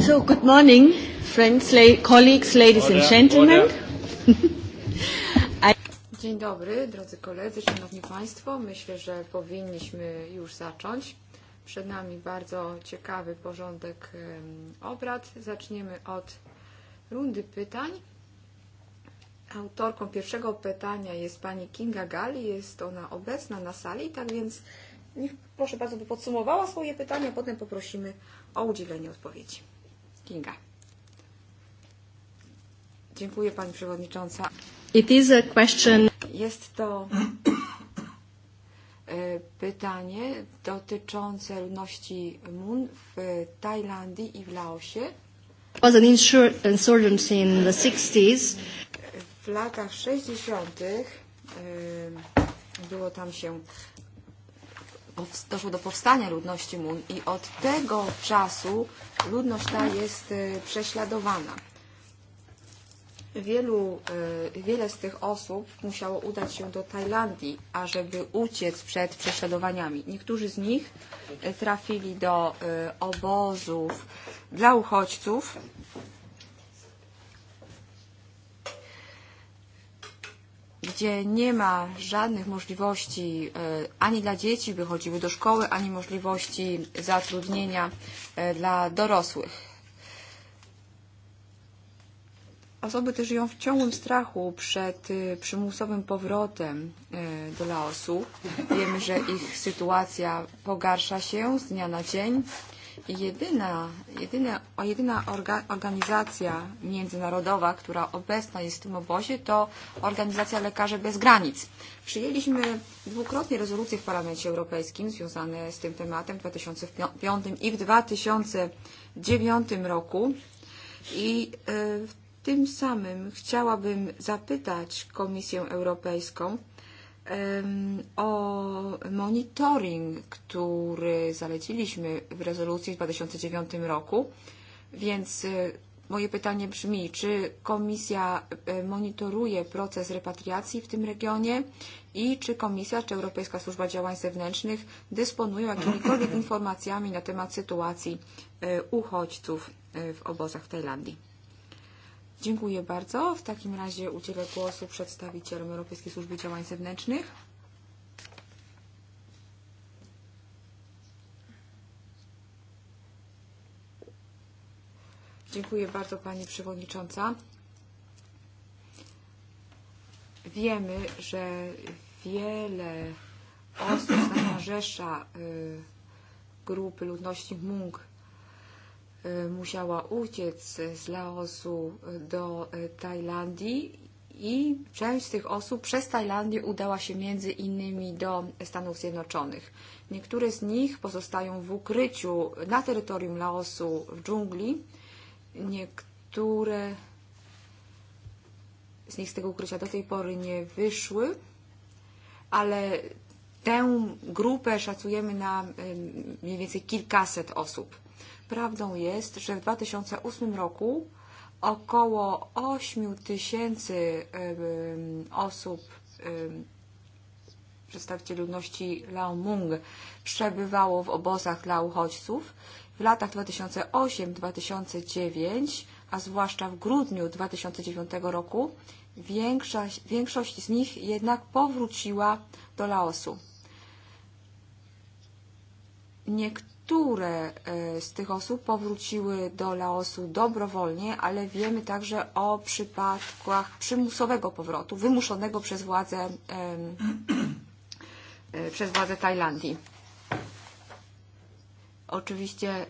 So, good morning, friends, la colleagues, ladies order, and gentlemen. I... Dzień dobry, drodzy koledzy, szanowni państwo. Myślę, że powinniśmy już zacząć. Przed nami bardzo ciekawy porządek obrad. Zaczniemy od rundy pytań. Autorką pierwszego pytania jest pani Kinga Gali. Jest ona obecna na sali, tak więc niech proszę bardzo by podsumowała swoje pytanie, potem poprosimy o udzielenie odpowiedzi. Kinga. Dziękuję Pani Przewodnicząca. It is a question. Jest to e, pytanie dotyczące ludności Mun w Tajlandii i w Laosie. Was an insurgency in the 60s. W latach 60. E, było tam się doszło do powstania ludności Mun i od tego czasu ludność ta jest e, prześladowana. Wielu, e, wiele z tych osób musiało udać się do Tajlandii, ażeby uciec przed prześladowaniami. Niektórzy z nich e, trafili do obozów dla uchodźców, gdzie nie ma żadnych możliwości e, ani dla dzieci, by chodziły do szkoły, ani możliwości zatrudnienia e, dla dorosłych. Osoby te żyją w ciągłym strachu przed e, przymusowym powrotem do Laosu. Wiemy, że ich sytuacja pogarsza się z dnia na dzień jedyna, jedyna, jedyna orga, organizacja międzynarodowa, która obecna jest w tym obozie, to Organizacja Lekarzy Bez Granic. Przyjęliśmy dwukrotnie rezolucje w Parlamencie Europejskim związane z tym tematem w 2005 i w 2009 roku. I w tym samym chciałabym zapytać Komisję Europejską, o monitoring, który zaleciliśmy w rezolucji w 2009 roku. Więc e, moje pytanie brzmi, czy komisja e, monitoruje proces repatriacji w tym regionie i czy komisja, czy Europejska Służba Działań Zewnętrznych dysponują jakimikolwiek informacjami na temat sytuacji e, uchodźców w obozach w Tajlandii? Dziękuję bardzo. W takim razie udzielę głosu przedstawicielom Europejskiej Służby Działań Zewnętrznych. Dziękuję bardzo Pani Przewodnicząca. Wiemy, że wiele osób z nami rzesza y, grupy ludności Mung E, musiała uciec z Laosu do e, Tajlandii i część z tych osób przez Tajlandię udała się między innymi do Stanów Zjednoczonych. Niektóre z nich pozostają w ukryciu na terytorium Laosu w dżungli. Niektóre z nich z tego ukrycia do tej pory nie wyszły, ale tę grupę szacujemy na e, mniej więcej kilkaset osób. Prawdą jest, że w 2008 roku około 8 tysięcy osób, przedstawicieli ludności Laomung, przebywało w obozach dla uchodźców. W latach 2008-2009, a zwłaszcza w grudniu 2009 roku, większość, większość z nich jednak powróciła do Laosu. Niektórzy Niektóre e, z tych osób powróciły do Laosu dobrowolnie, ale wiemy także o przypadkach przymusowego powrotu, wymuszonego przez władze, e, przez władze Tajlandii. Oczywiście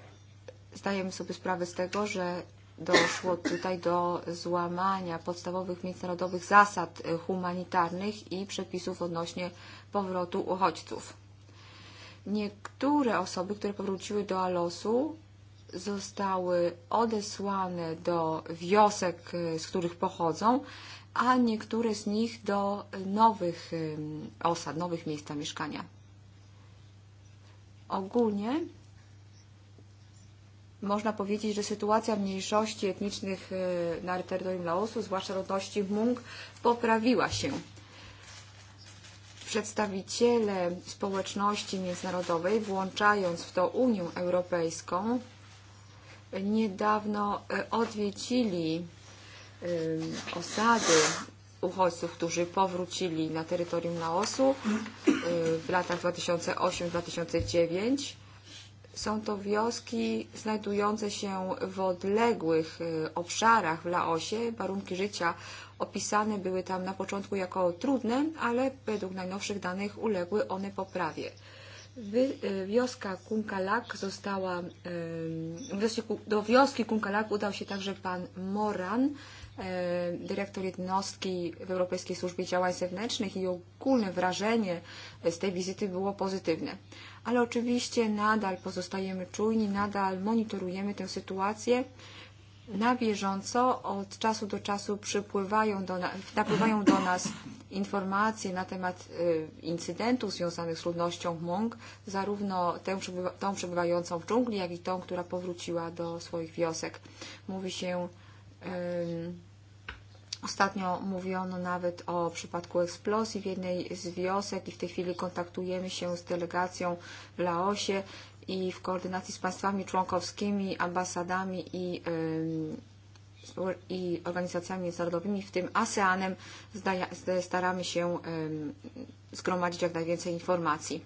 zdajemy sobie sprawę z tego, że doszło tutaj do złamania podstawowych międzynarodowych zasad e, humanitarnych i przepisów odnośnie powrotu uchodźców. Niektóre osoby, które powróciły do Alosu, zostały odesłane do wiosek, z których pochodzą, a niektóre z nich do nowych osad, nowych miejsc zamieszkania. Ogólnie można powiedzieć, że sytuacja mniejszości etnicznych e, na terytorium Laosu, zwłaszcza ludności Mung, poprawiła się przedstawiciele społeczności międzynarodowej, włączając w to Unię Europejską, niedawno e, odwiedzili e, osady uchodźców, którzy powrócili na terytorium Laosu e, w latach 2008-2009. Są to wioski znajdujące się w odległych obszarach w Laosie. Warunki życia Opisane były tam na początku jako trudne, ale według najnowszych danych uległy one poprawie. Wy, e, wioska Kunkalak została, wioski, do wioski Kunkalak udał się także pan Moran, e, dyrektor jednostki w Europejskiej Służbie Działań Zewnętrznych i ogólne wrażenie z tej wizyty było pozytywne. Ale oczywiście nadal pozostajemy czujni, nadal monitorujemy tę sytuację na bieżąco od czasu do czasu przypływają do na, napływają do nas informacje na temat y, incydentów związanych z ludnością Hmong, zarówno tę, przebywa, tą przebywającą w dżungli, jak i tą, która powróciła do swoich wiosek. Mówi się, y, ostatnio mówiono nawet o przypadku eksplozji w jednej z wiosek i w tej chwili kontaktujemy się z delegacją w Laosie i w koordynacji z państwami członkowskimi, ambasadami i, i organizacjami międzynarodowymi, w tym ASEANem, zdaja, staramy się zgromadzić jak najwięcej informacji.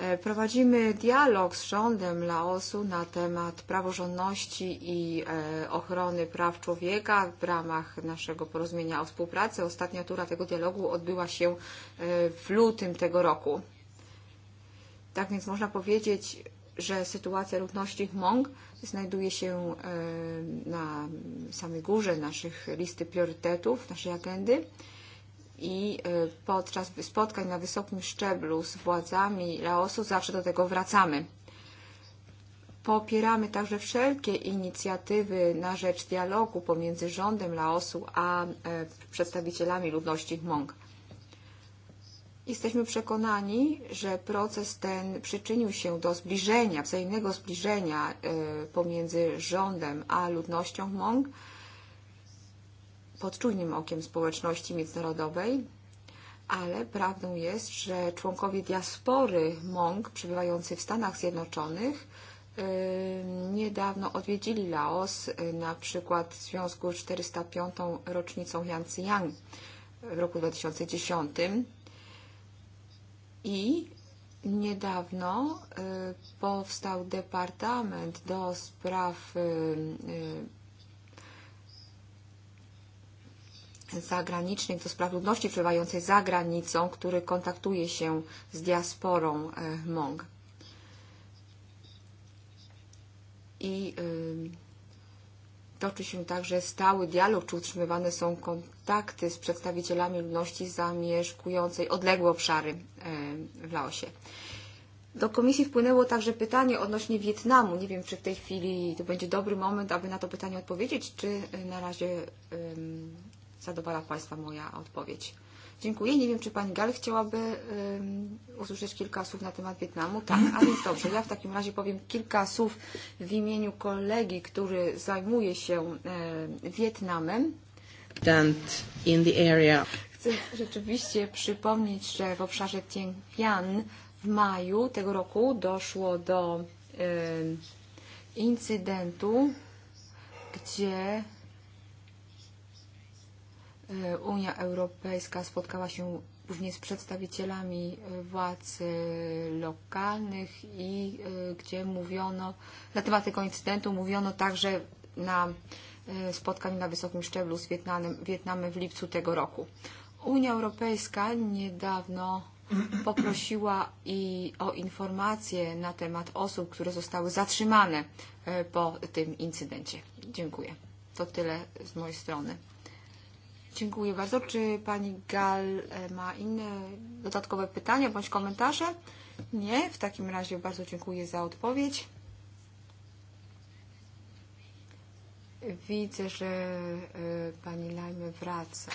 E, prowadzimy dialog z rządem Laosu na temat praworządności i e, ochrony praw człowieka w ramach naszego porozumienia o współpracy. Ostatnia tura tego dialogu odbyła się e, w lutym tego roku. Tak więc można powiedzieć, że sytuacja równości Hmong znajduje się e, na samej górze naszych listy priorytetów, naszej agendy i e, podczas spotkań na wysokim szczeblu z władzami Laosu zawsze do tego wracamy. Popieramy także wszelkie inicjatywy na rzecz dialogu pomiędzy rządem Laosu a e, przedstawicielami ludności Hmong. Jesteśmy przekonani, że proces ten przyczynił się do zbliżenia, wzajemnego zbliżenia e, pomiędzy rządem a ludnością Hmong pod czujnym okiem społeczności międzynarodowej, ale prawdą jest, że członkowie diaspory Hmong przebywający w Stanach Zjednoczonych e, niedawno odwiedzili Laos, e, na przykład w związku z 405. rocznicą Yancyang w roku 2010 I niedawno e, powstał Departament do Spraw e, e, zagranicznych, do spraw ludności przebywającej za granicą, który kontaktuje się z diasporą Mong. I toczy się także stały dialog, czy utrzymywane są kontakty kontakty z przedstawicielami ludności zamieszkującej odległe obszary e, w Laosie. Do komisji wpłynęło także pytanie odnośnie Wietnamu. Nie wiem, czy w tej chwili to będzie dobry moment, aby na to pytanie odpowiedzieć, czy e, na razie um, zadowala Państwa moja odpowiedź. Dziękuję. Nie wiem, czy Pani Gal chciałaby um, usłyszeć kilka słów na temat Wietnamu. Tak, a więc dobrze. Ja w takim razie powiem kilka słów w imieniu kolegi, który zajmuje się e, Wietnamem. Chcę rzeczywiście przypomnieć, że w obszarze Tienpian w maju tego roku doszło do y, incydentu, gdzie e, Unia Europejska spotkała się później z przedstawicielami e, władz e, lokalnych i gdzie mówiono na temat tego incydentu mówiono także na y, E, spotkaniu na wysokim szczeblu z Wietnamem, Wietnamem w lipcu tego roku. Unia Europejska niedawno poprosiła i o informacje na temat osób, które zostały zatrzymane e, po tym incydencie. Dziękuję. To tyle z mojej strony. Dziękuję bardzo. Czy pani Gal e, ma inne dodatkowe pytania bądź komentarze? Nie. W takim razie bardzo dziękuję za odpowiedź. Widzę, że e, pani Lajmy wraca.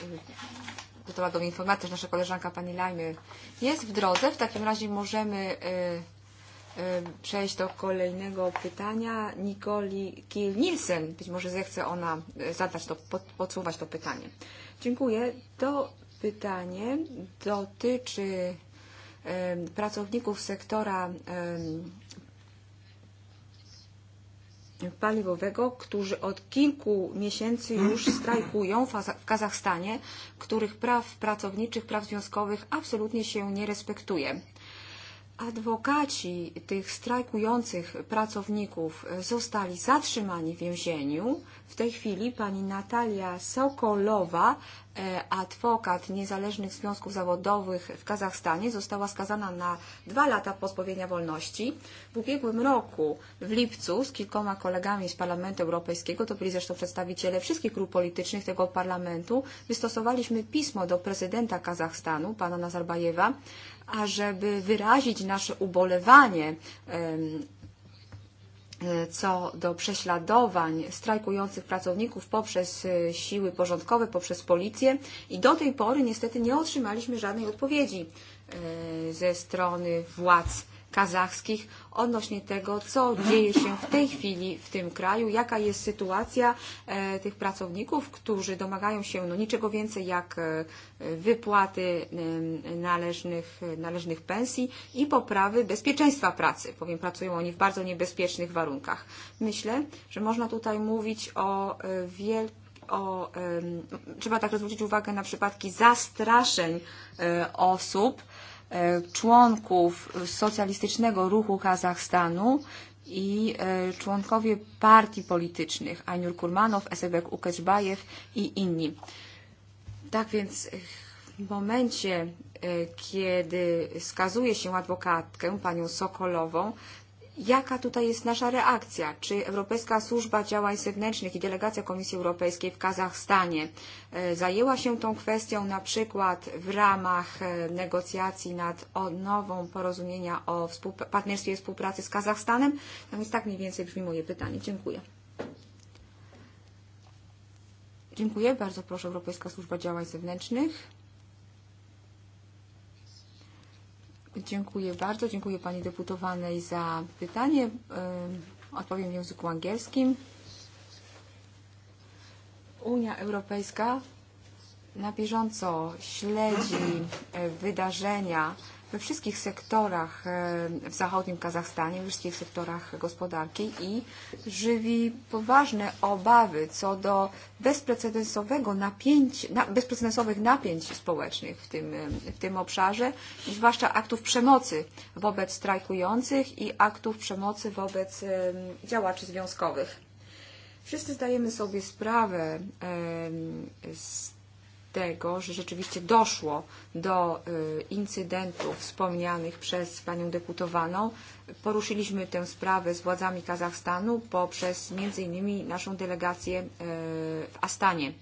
Dotarła do mnie informacja, że nasza koleżanka pani Lajmy jest w drodze. W takim razie możemy e, e, przejść do kolejnego pytania. Nikoli Kiel-Nielsen, być może zechce ona zadać to, podsuwać to pytanie. Dziękuję. To pytanie dotyczy pracowników sektora paliwowego, którzy od kilku miesięcy już strajkują w Kazachstanie, których praw pracowniczych, praw związkowych absolutnie się nie respektuje adwokaci tych strajkujących pracowników zostali zatrzymani w więzieniu. W tej chwili pani Natalia Sokolowa, e, adwokat niezależnych związków zawodowych w Kazachstanie, została skazana na dwa lata pozbawienia wolności. W ubiegłym roku, w lipcu, z kilkoma kolegami z Parlamentu Europejskiego, to byli zresztą przedstawiciele wszystkich grup politycznych tego parlamentu, wystosowaliśmy pismo do prezydenta Kazachstanu, pana Nazarbajewa, ażeby wyrazić nasze ubolewanie e, co do prześladowań strajkujących pracowników poprzez e, siły porządkowe, poprzez policję i do tej pory niestety nie otrzymaliśmy żadnej odpowiedzi e, ze strony władz kazachskich odnośnie tego, co dzieje się w tej chwili w tym kraju, jaka jest sytuacja e, tych pracowników, którzy domagają się no, niczego więcej jak e, wypłaty e, należnych, należnych pensji i poprawy bezpieczeństwa pracy, bowiem pracują oni w bardzo niebezpiecznych warunkach. Myślę, że można tutaj mówić o e, wielkim o, y, trzeba także zwrócić uwagę na przypadki zastraszeń y, e, osób, E, członków socjalistycznego ruchu Kazachstanu i e, członkowie partii politycznych Ainur Kurmanow, Esebek Ukeczbajew i inni. Tak więc e, w momencie, kiedy skazuje się adwokatkę, panią Sokolową, jaka tutaj jest nasza reakcja? Czy Europejska Służba Działań Zewnętrznych i delegacja Komisji Europejskiej w Kazachstanie e, zajęła się tą kwestią na przykład w ramach e, negocjacji nad nową porozumienia o partnerstwie i współpracy z Kazachstanem? No więc tak mniej więcej brzmi moje pytanie. Dziękuję. Dziękuję. Bardzo proszę Europejska Służba Działań Zewnętrznych. Dziękuję bardzo. Dziękuję Pani deputowanej za pytanie. E, odpowiem w języku angielskim. Unia Europejska na bieżąco śledzi e, wydarzenia, we wszystkich sektorach e, w zachodnim Kazachstanie, we wszystkich sektorach gospodarki i żywi poważne obawy co do bezprecedensowego napięć, na, bezprecedensowych napięć społecznych w tym, e, w tym obszarze, zwłaszcza aktów przemocy wobec strajkujących i aktów przemocy wobec e, działaczy związkowych. Wszyscy zdajemy sobie sprawę z tego, że rzeczywiście doszło do e, incydentów wspomnianych przez panią deputowaną. Poruszyliśmy tę sprawę z władzami Kazachstanu poprzez między innymi naszą delegację e, w Astanie.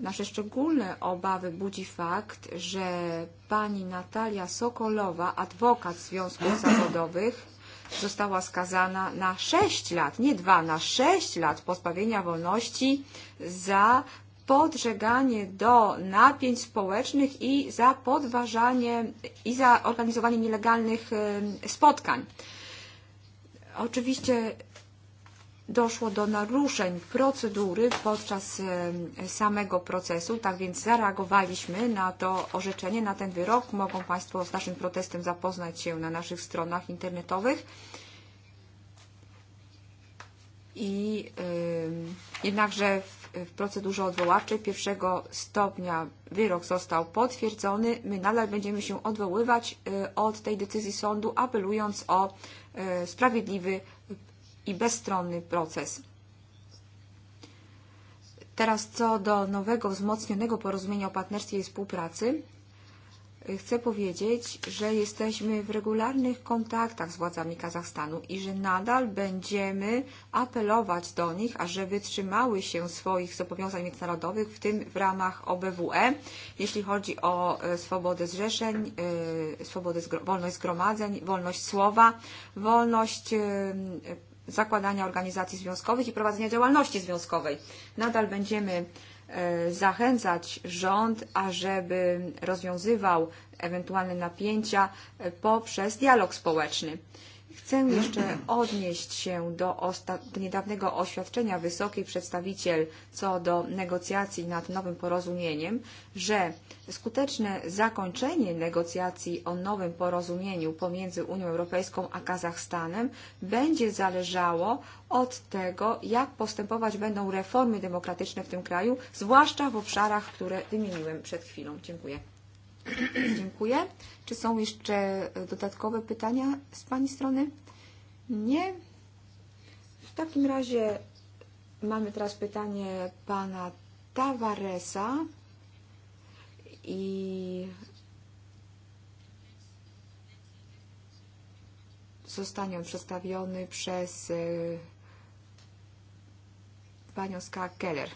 Nasze szczególne obawy budzi fakt, że pani Natalia Sokolowa, adwokat związków zawodowych, została skazana na 6 lat, nie 2, na 6 lat pozbawienia wolności za podżeganie do napięć społecznych i za podważanie i za organizowanie nielegalnych e, spotkań. Oczywiście doszło do naruszeń procedury podczas e, samego procesu, tak więc zareagowaliśmy na to orzeczenie, na ten wyrok. Mogą Państwo z naszym protestem zapoznać się na naszych stronach internetowych. I yy, e, jednakże w w procedurze odwoławczej pierwszego stopnia wyrok został potwierdzony, my nadal będziemy się odwoływać od tej decyzji sądu, apelując o sprawiedliwy i bezstronny proces. Teraz co do nowego wzmocnionego porozumienia o partnerstwie i współpracy, chcę powiedzieć, że jesteśmy w regularnych kontaktach z władzami Kazachstanu i że nadal będziemy apelować do nich, ażeby trzymały się swoich zobowiązań międzynarodowych, w tym w ramach OBWE, jeśli chodzi o e, swobodę zrzeszeń, e, swobodę, wolność zgromadzeń, wolność słowa, wolność e, zakładania organizacji związkowych i prowadzenia działalności związkowej. Nadal będziemy E, zachęcać rząd, ażeby rozwiązywał ewentualne napięcia e, poprzez dialog społeczny. Chcę jeszcze odnieść się do, do niedawnego oświadczenia wysokiej przedstawiciel co do negocjacji nad nowym porozumieniem, że skuteczne zakończenie negocjacji o nowym porozumieniu pomiędzy Unią Europejską a Kazachstanem będzie zależało od tego, jak postępować będą reformy demokratyczne w tym kraju, zwłaszcza w obszarach, które wymieniłem przed chwilą. Dziękuję. Dziękuję. Czy są jeszcze dodatkowe pytania z Pani strony? Nie. W takim razie mamy teraz pytanie Pana Tavaresa i zostanie on przedstawiony przez e, Panią Ska Keller.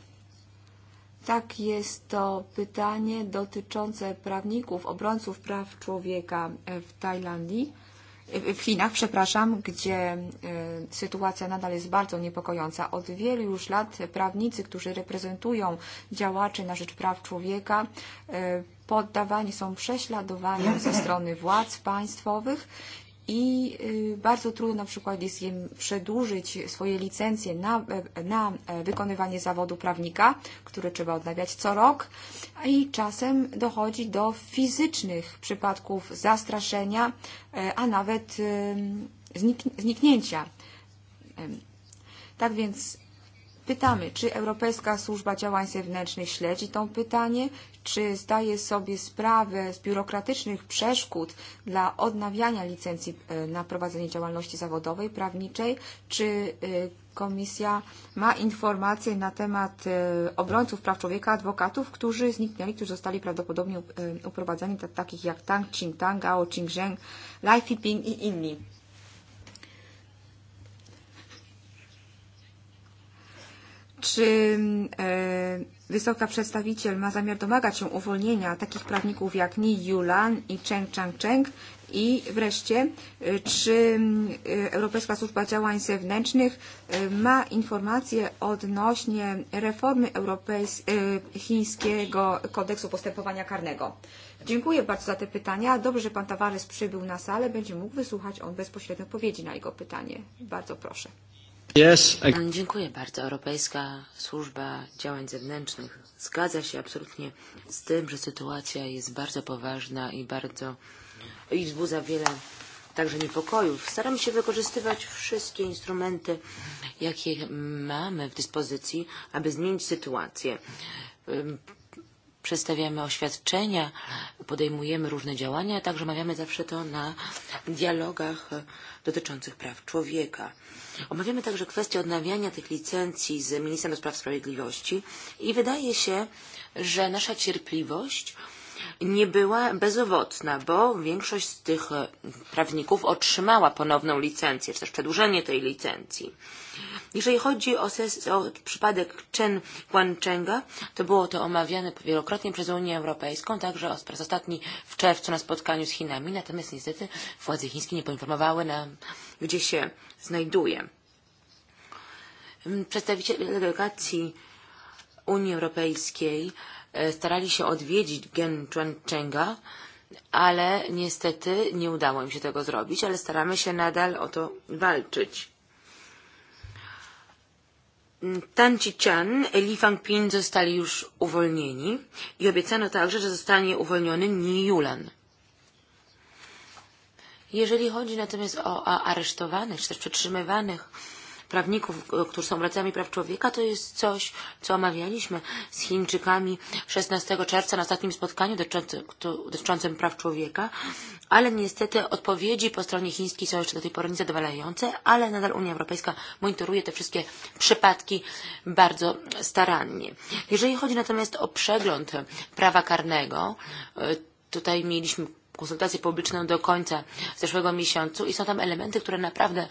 Tak jest to pytanie dotyczące prawników, obrońców praw człowieka w Tajlandii, w Chinach, przepraszam, gdzie e, sytuacja nadal jest bardzo niepokojąca. Od wielu już lat prawnicy, którzy reprezentują działaczy na rzecz praw człowieka, e, poddawani są prześladowaniom ze strony władz państwowych i bardzo trudno przykład im przedłużyć swoje licencje na, na wykonywanie zawodu prawnika, które trzeba odnawiać co rok i czasem dochodzi do fizycznych przypadków zastraszenia, e, a nawet zniknięcia. Tak więc Pytamy, czy Europejska Służba Działań Zewnętrznych śledzi to pytanie, czy zdaje sobie sprawę z biurokratycznych przeszkód dla odnawiania licencji e, na prowadzenie działalności zawodowej, prawniczej, czy e, komisja ma informacje na temat e, obrońców praw człowieka, adwokatów, którzy zniknęli, którzy zostali prawdopodobnie uprowadzeni, takich jak Tang Ching-tang, Gao Ching-zheng, Lai Fiping i inni. Czy e, wysoka przedstawiciel ma zamiar domagać się uwolnienia takich prawników jak Ni Yulan i Cheng Chang-cheng? I wreszcie, e, czy e, Europejska Służba Działań Zewnętrznych ma informacje odnośnie reformy europejs- chińskiego kodeksu postępowania karnego? Dziękuję bardzo za te pytania. Dobrze, że pan Tawares przybył na salę. Będzie mógł wysłuchać on bezpośrednio odpowiedzi na jego pytanie. Bardzo proszę. Yes, I... Mm, dziękuję bardzo. Europejska Służba Działań Zewnętrznych zgadza się absolutnie z tym, że sytuacja jest bardzo poważna i bardzo i wzbudza wiele także niepokojów. Staramy się wykorzystywać wszystkie instrumenty, jakie mamy w dyspozycji, aby zmienić sytuację. Przedstawiamy oświadczenia, podejmujemy różne działania, a także mawiamy zawsze to na dialogach e, dotyczących praw człowieka. Omawiamy także kwestię odnawiania tych licencji z Ministrem do Spraw Sprawiedliwości i wydaje się, że nasza cierpliwość yy, nie była bezowocna, bo większość z tych e, prawników otrzymała ponowną licencję, czy też przedłużenie tej licencji. Jeżeli chodzi o, ses- o przypadek Chen Guangchenga, to było to omawiane wielokrotnie przez Unię Europejską, także przez ostatni w czerwcu na spotkaniu z Chinami, natomiast niestety władze chińskie nie poinformowały nam, gdzie się znajduje. Mm, przedstawiciele delegacji Unii Europejskiej E, starali się odwiedzić Gen Chuancheng'a, ale niestety nie udało im się tego zrobić, ale staramy się nadal o to walczyć. Tan Chi-chan, Li Fangpin zostali już uwolnieni i obiecano także, że zostanie uwolniony Ni Yulan. Jeżeli chodzi natomiast o aresztowanych czy też przetrzymywanych prawników, e, którzy są obrońcami praw człowieka, to jest coś, co omawialiśmy z Chińczykami 16 czerwca na ostatnim spotkaniu dotyczącym, dotyczącym praw człowieka, ale niestety odpowiedzi po stronie chińskiej są jeszcze do tej pory niezadowalające, ale nadal Unia Europejska monitoruje te wszystkie przypadki bardzo starannie. Jeżeli chodzi natomiast o przegląd prawa karnego, e, tutaj mieliśmy konsultacji publiczną do końca zeszłego miesiącu i są tam elementy, które naprawdę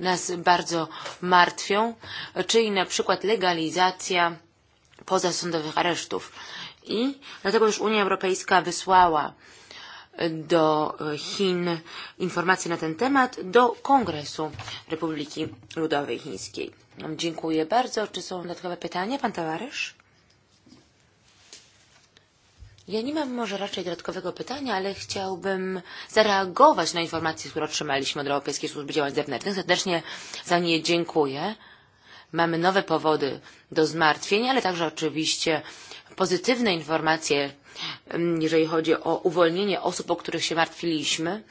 nas bardzo martwią, czyli na przykład legalizacja pozasądowych aresztów. I dlatego już Unia Europejska wysłała do Chin informacje na ten temat do Kongresu Republiki Ludowej Chińskiej. Dziękuję bardzo. Czy są dodatkowe pytania? Pan Towarzysz? Ja nie mam może raczej dodatkowego pytania, ale chciałbym zareagować na informacje, które otrzymaliśmy od Europejskiej Służby Działań Zewnętrznych. Serdecznie za nie dziękuję. Mamy nowe powody do zmartwień, ale także oczywiście pozytywne informacje, mm, jeżeli chodzi o uwolnienie osób, o których się martwiliśmy.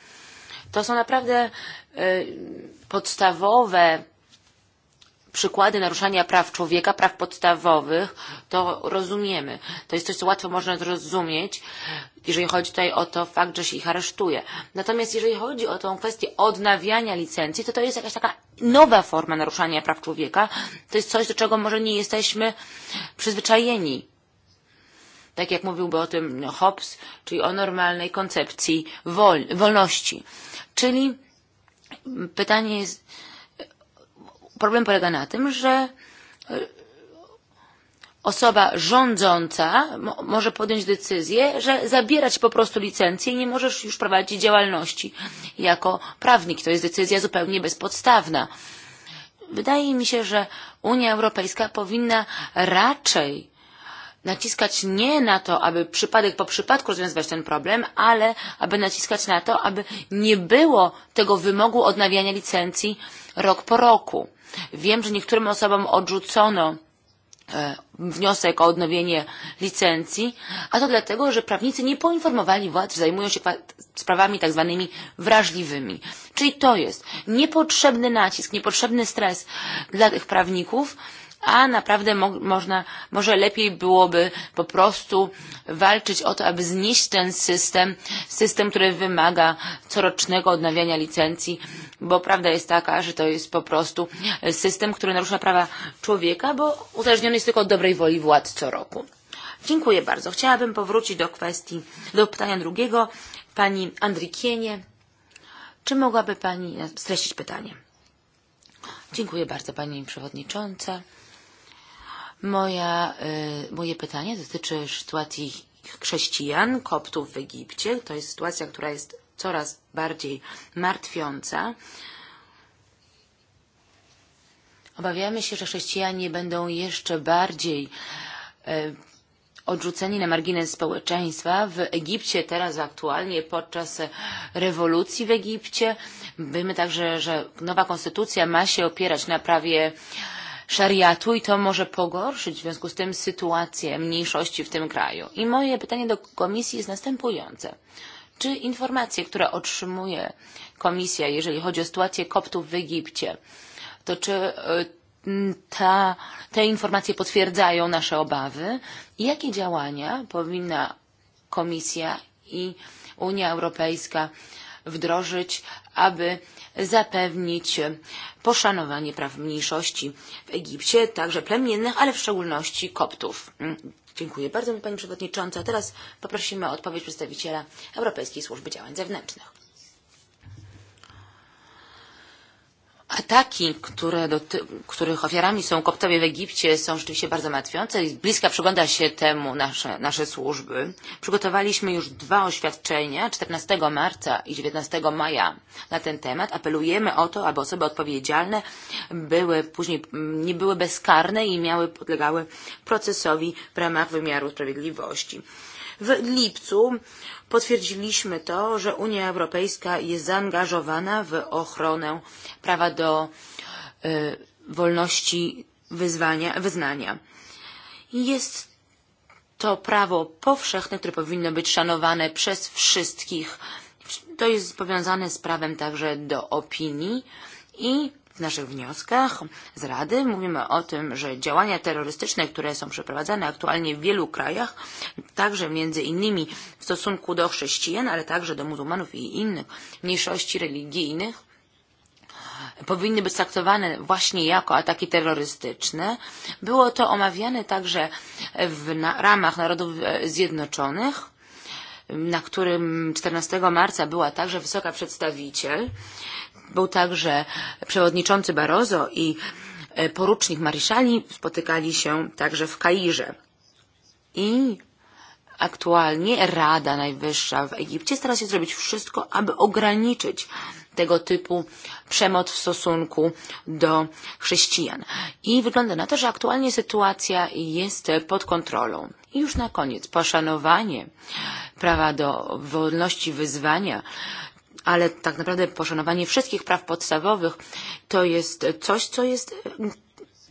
To są naprawdę podstawowe przykłady naruszania praw człowieka, praw podstawowych, to rozumiemy. To jest coś, co łatwo można zrozumieć, jeżeli chodzi tutaj o to fakt, że się ich aresztuje. Natomiast jeżeli chodzi o tą kwestię odnawiania licencji, to to jest jakaś taka nowa forma naruszania praw człowieka. To jest coś, do czego może nie jesteśmy przyzwyczajeni tak jak mówiłby o tym Hobbes, czyli o normalnej koncepcji wol, wolności. Czyli pytanie jest, problem polega na tym, że e, osoba rządząca może podjąć decyzję, że zabiera ci po prostu licencję i nie możesz już prowadzić działalności jako prawnik. To jest decyzja zupełnie bezpodstawna. Wydaje mi się, że Unia Europejska powinna raczej naciskać nie na to, aby przypadek po przypadku rozwiązywać ten problem, ale aby naciskać na to, aby nie było tego wymogu odnawiania licencji rok po roku. Wiem, że niektórym osobom odrzucono e, wniosek o odnowienie licencji, a to dlatego, że prawnicy nie poinformowali władz, że zajmują się sprawami tak zwanymi wrażliwymi. Czyli to jest niepotrzebny nacisk, niepotrzebny stres dla tych prawników, a naprawdę mo można, może lepiej byłoby po prostu walczyć o to, aby zniszczyć ten system, system, który wymaga corocznego odnawiania licencji, bo prawda jest taka, że to jest po prostu system, który narusza prawa człowieka, bo uzależniony jest tylko od dobrej woli władz co roku. Dziękuję bardzo. Chciałabym powrócić do kwestii, do pytania drugiego. Pani Andrikienie, czy mogłaby Pani e, streścić pytanie? Dziękuję bardzo Pani Przewodnicząca. Moja, y, e, moje pytanie dotyczy sytuacji chrześcijan, koptów w Egipcie. To jest sytuacja, która jest coraz bardziej martwiąca. Obawiamy się, że chrześcijanie będą jeszcze bardziej y, e, odrzuceni na margines społeczeństwa. W Egipcie teraz aktualnie podczas rewolucji w Egipcie wiemy także, że nowa konstytucja ma się opierać na prawie y, szariatu i to może pogorszyć w związku z tym sytuację mniejszości w tym kraju. I moje pytanie do komisji jest następujące. Czy informacje, które otrzymuje komisja, jeżeli chodzi o sytuację koptów w Egipcie, to czy e, ta, te informacje potwierdzają nasze obawy? I jakie działania powinna komisja i Unia Europejska wdrożyć, aby zapewnić poszanowanie praw mniejszości w Egipcie, także plemiennych, ale w szczególności koptów. Mm, dziękuję bardzo Pani Przewodnicząca. Teraz poprosimy o odpowiedź przedstawiciela Europejskiej Służby Działań Zewnętrznych. Ataki, które doty- których ofiarami są koptowie w Egipcie, są rzeczywiście bardzo martwiące i z bliska przygląda się temu nasze, nasze służby. Przygotowaliśmy już dwa oświadczenia 14 marca i 19 maja na ten temat. Apelujemy o to, aby osoby odpowiedzialne były później nie były bezkarne i miały podlegały procesowi w ramach wymiaru sprawiedliwości. W lipcu potwierdziliśmy to, że Unia Europejska jest zaangażowana w ochronę prawa do y, wolności wyzwania, wyznania. Jest to prawo powszechne, które powinno być szanowane przez wszystkich. To jest powiązane z prawem także do opinii i W naszych wnioskach z Rady mówimy o tym, że działania terrorystyczne, które są przeprowadzane aktualnie w wielu krajach, także między innymi w stosunku do chrześcijan, ale także do muzułmanów i innych mniejszości religijnych, powinny być traktowane właśnie jako ataki terrorystyczne. Było to omawiane także w na ramach Narodów e, Zjednoczonych, na którym 14 marca była także wysoka przedstawiciel Był tak, że przewodniczący Barroso i e, porucznik Maryszali spotykali się także w Kairze. I aktualnie Rada Najwyższa w Egipcie stara się zrobić wszystko, aby ograniczyć tego typu przemoc w stosunku do chrześcijan. I wygląda na to, że aktualnie sytuacja jest pod kontrolą. I już na koniec poszanowanie prawa do wolności wyzwania ale tak naprawdę poszanowanie wszystkich praw podstawowych to jest coś, co jest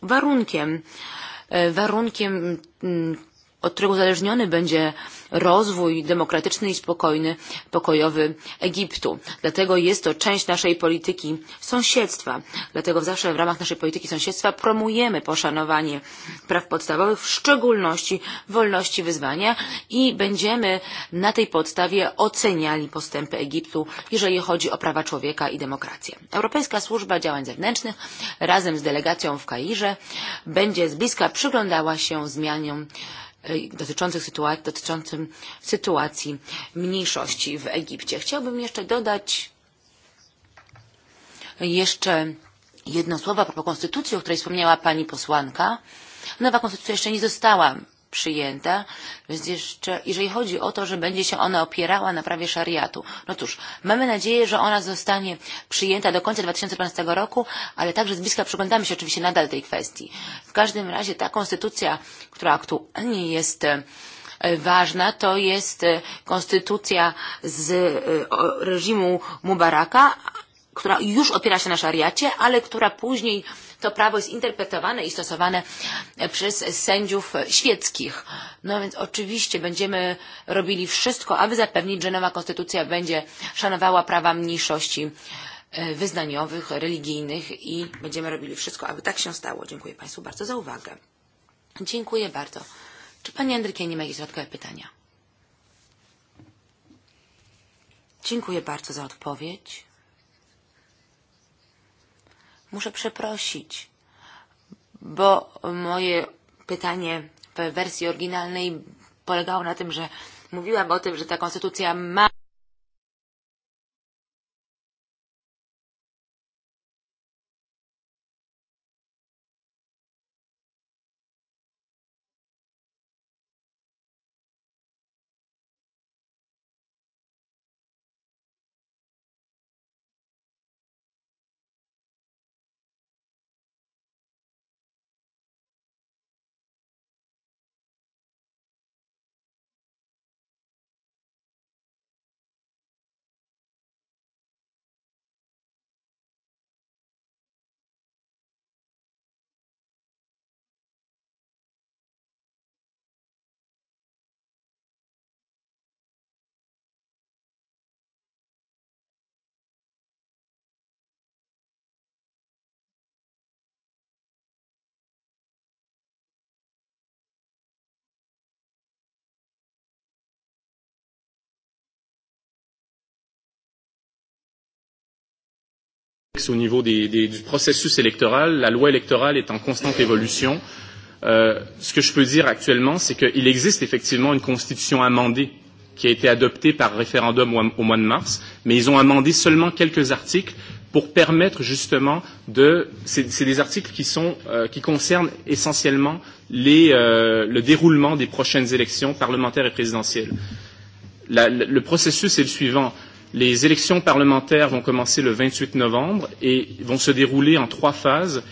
warunkiem e, warunkiem mm, od którego uzależniony będzie rozwój demokratyczny i spokojny, pokojowy Egiptu. Dlatego jest to część naszej polityki sąsiedztwa. Dlatego zawsze w ramach naszej polityki sąsiedztwa promujemy poszanowanie praw podstawowych, w szczególności wolności wyzwania i będziemy na tej podstawie oceniali postępy Egiptu, jeżeli chodzi o prawa człowieka i demokrację. Europejska Służba Działań Zewnętrznych razem z delegacją w Kairze będzie z bliska przyglądała się zmianom E, dotyczących sytuacji, dotyczącym sytuacji mniejszości w Egipcie. Chciałbym jeszcze dodać jeszcze jedno słowo a propos konstytucji, o której wspomniała pani posłanka. Nowa konstytucja jeszcze nie została przyjęta, więc jeszcze, jeżeli chodzi o to, że będzie się ona opierała na prawie szariatu. No cóż, mamy nadzieję, że ona zostanie przyjęta do końca 2015 roku, ale także z bliska przyglądamy się oczywiście nadal tej kwestii. W każdym razie ta konstytucja, która aktualnie jest e, ważna, to jest e, konstytucja z e, reżimu Mubaraka, która już opiera się na szariacie, ale która później to prawo jest interpretowane i stosowane e, przez sędziów świeckich. No więc oczywiście będziemy robili wszystko, aby zapewnić, że nowa konstytucja będzie szanowała prawa mniejszości e, wyznaniowych, religijnych i będziemy robili wszystko, aby tak się stało. Dziękuję Państwu bardzo za uwagę. Dziękuję bardzo. Czy Pani Andrykie nie ma jakieś dodatkowe pytania? Dziękuję bardzo za odpowiedź. Muszę przeprosić, bo moje pytanie w wersji oryginalnej polegało na tym, że mówiłam o tym, że ta konstytucja ma au niveau des, des, du processus électoral. La loi électorale est en constante évolution. Euh, ce que je peux dire actuellement, c'est qu'il existe effectivement une constitution amendée qui a été adoptée par référendum au, au mois de mars, mais ils ont amendé seulement quelques articles pour permettre justement de c'est des articles qui sont euh, qui concernent essentiellement les, euh, le déroulement des prochaines élections parlementaires et présidentielles. La, le, le processus est le suivant Les élections parlementaires vont commencer le 28 novembre et vont se dérouler en trois phases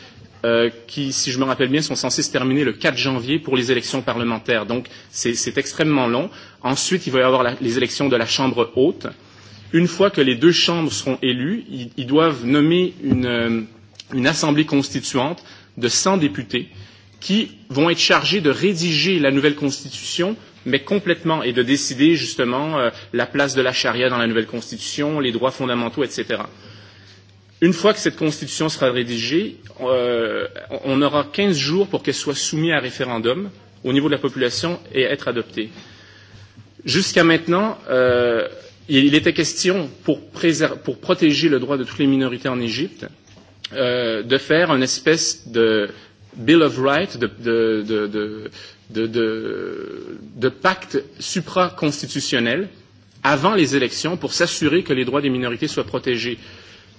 euh, qui, si je me rappelle bien, sont censées se terminer le 4 janvier pour les élections parlementaires. Donc, c'est extrêmement long. Ensuite, il va y avoir la, les élections de la Chambre haute. Une fois que les deux chambres seront élues, ils, ils doivent nommer une, euh, une assemblée constituante de 100 députés qui vont être chargés de rédiger la nouvelle constitution mais complètement, et de décider justement euh, la place de la charia dans la nouvelle constitution, les droits fondamentaux, etc. Une fois que cette constitution sera rédigée, euh, on aura 15 jours pour qu'elle soit soumise à référendum au niveau de la population et être adoptée. Jusqu'à maintenant, euh, il était question, pour, pour protéger le droit de toutes les minorités en Égypte, euh, de faire une espèce de Bill of Rights, de, de, de, de, de, de, de pacte supraconstitutionnel avant les élections pour s'assurer que les droits des minorités soient protégés.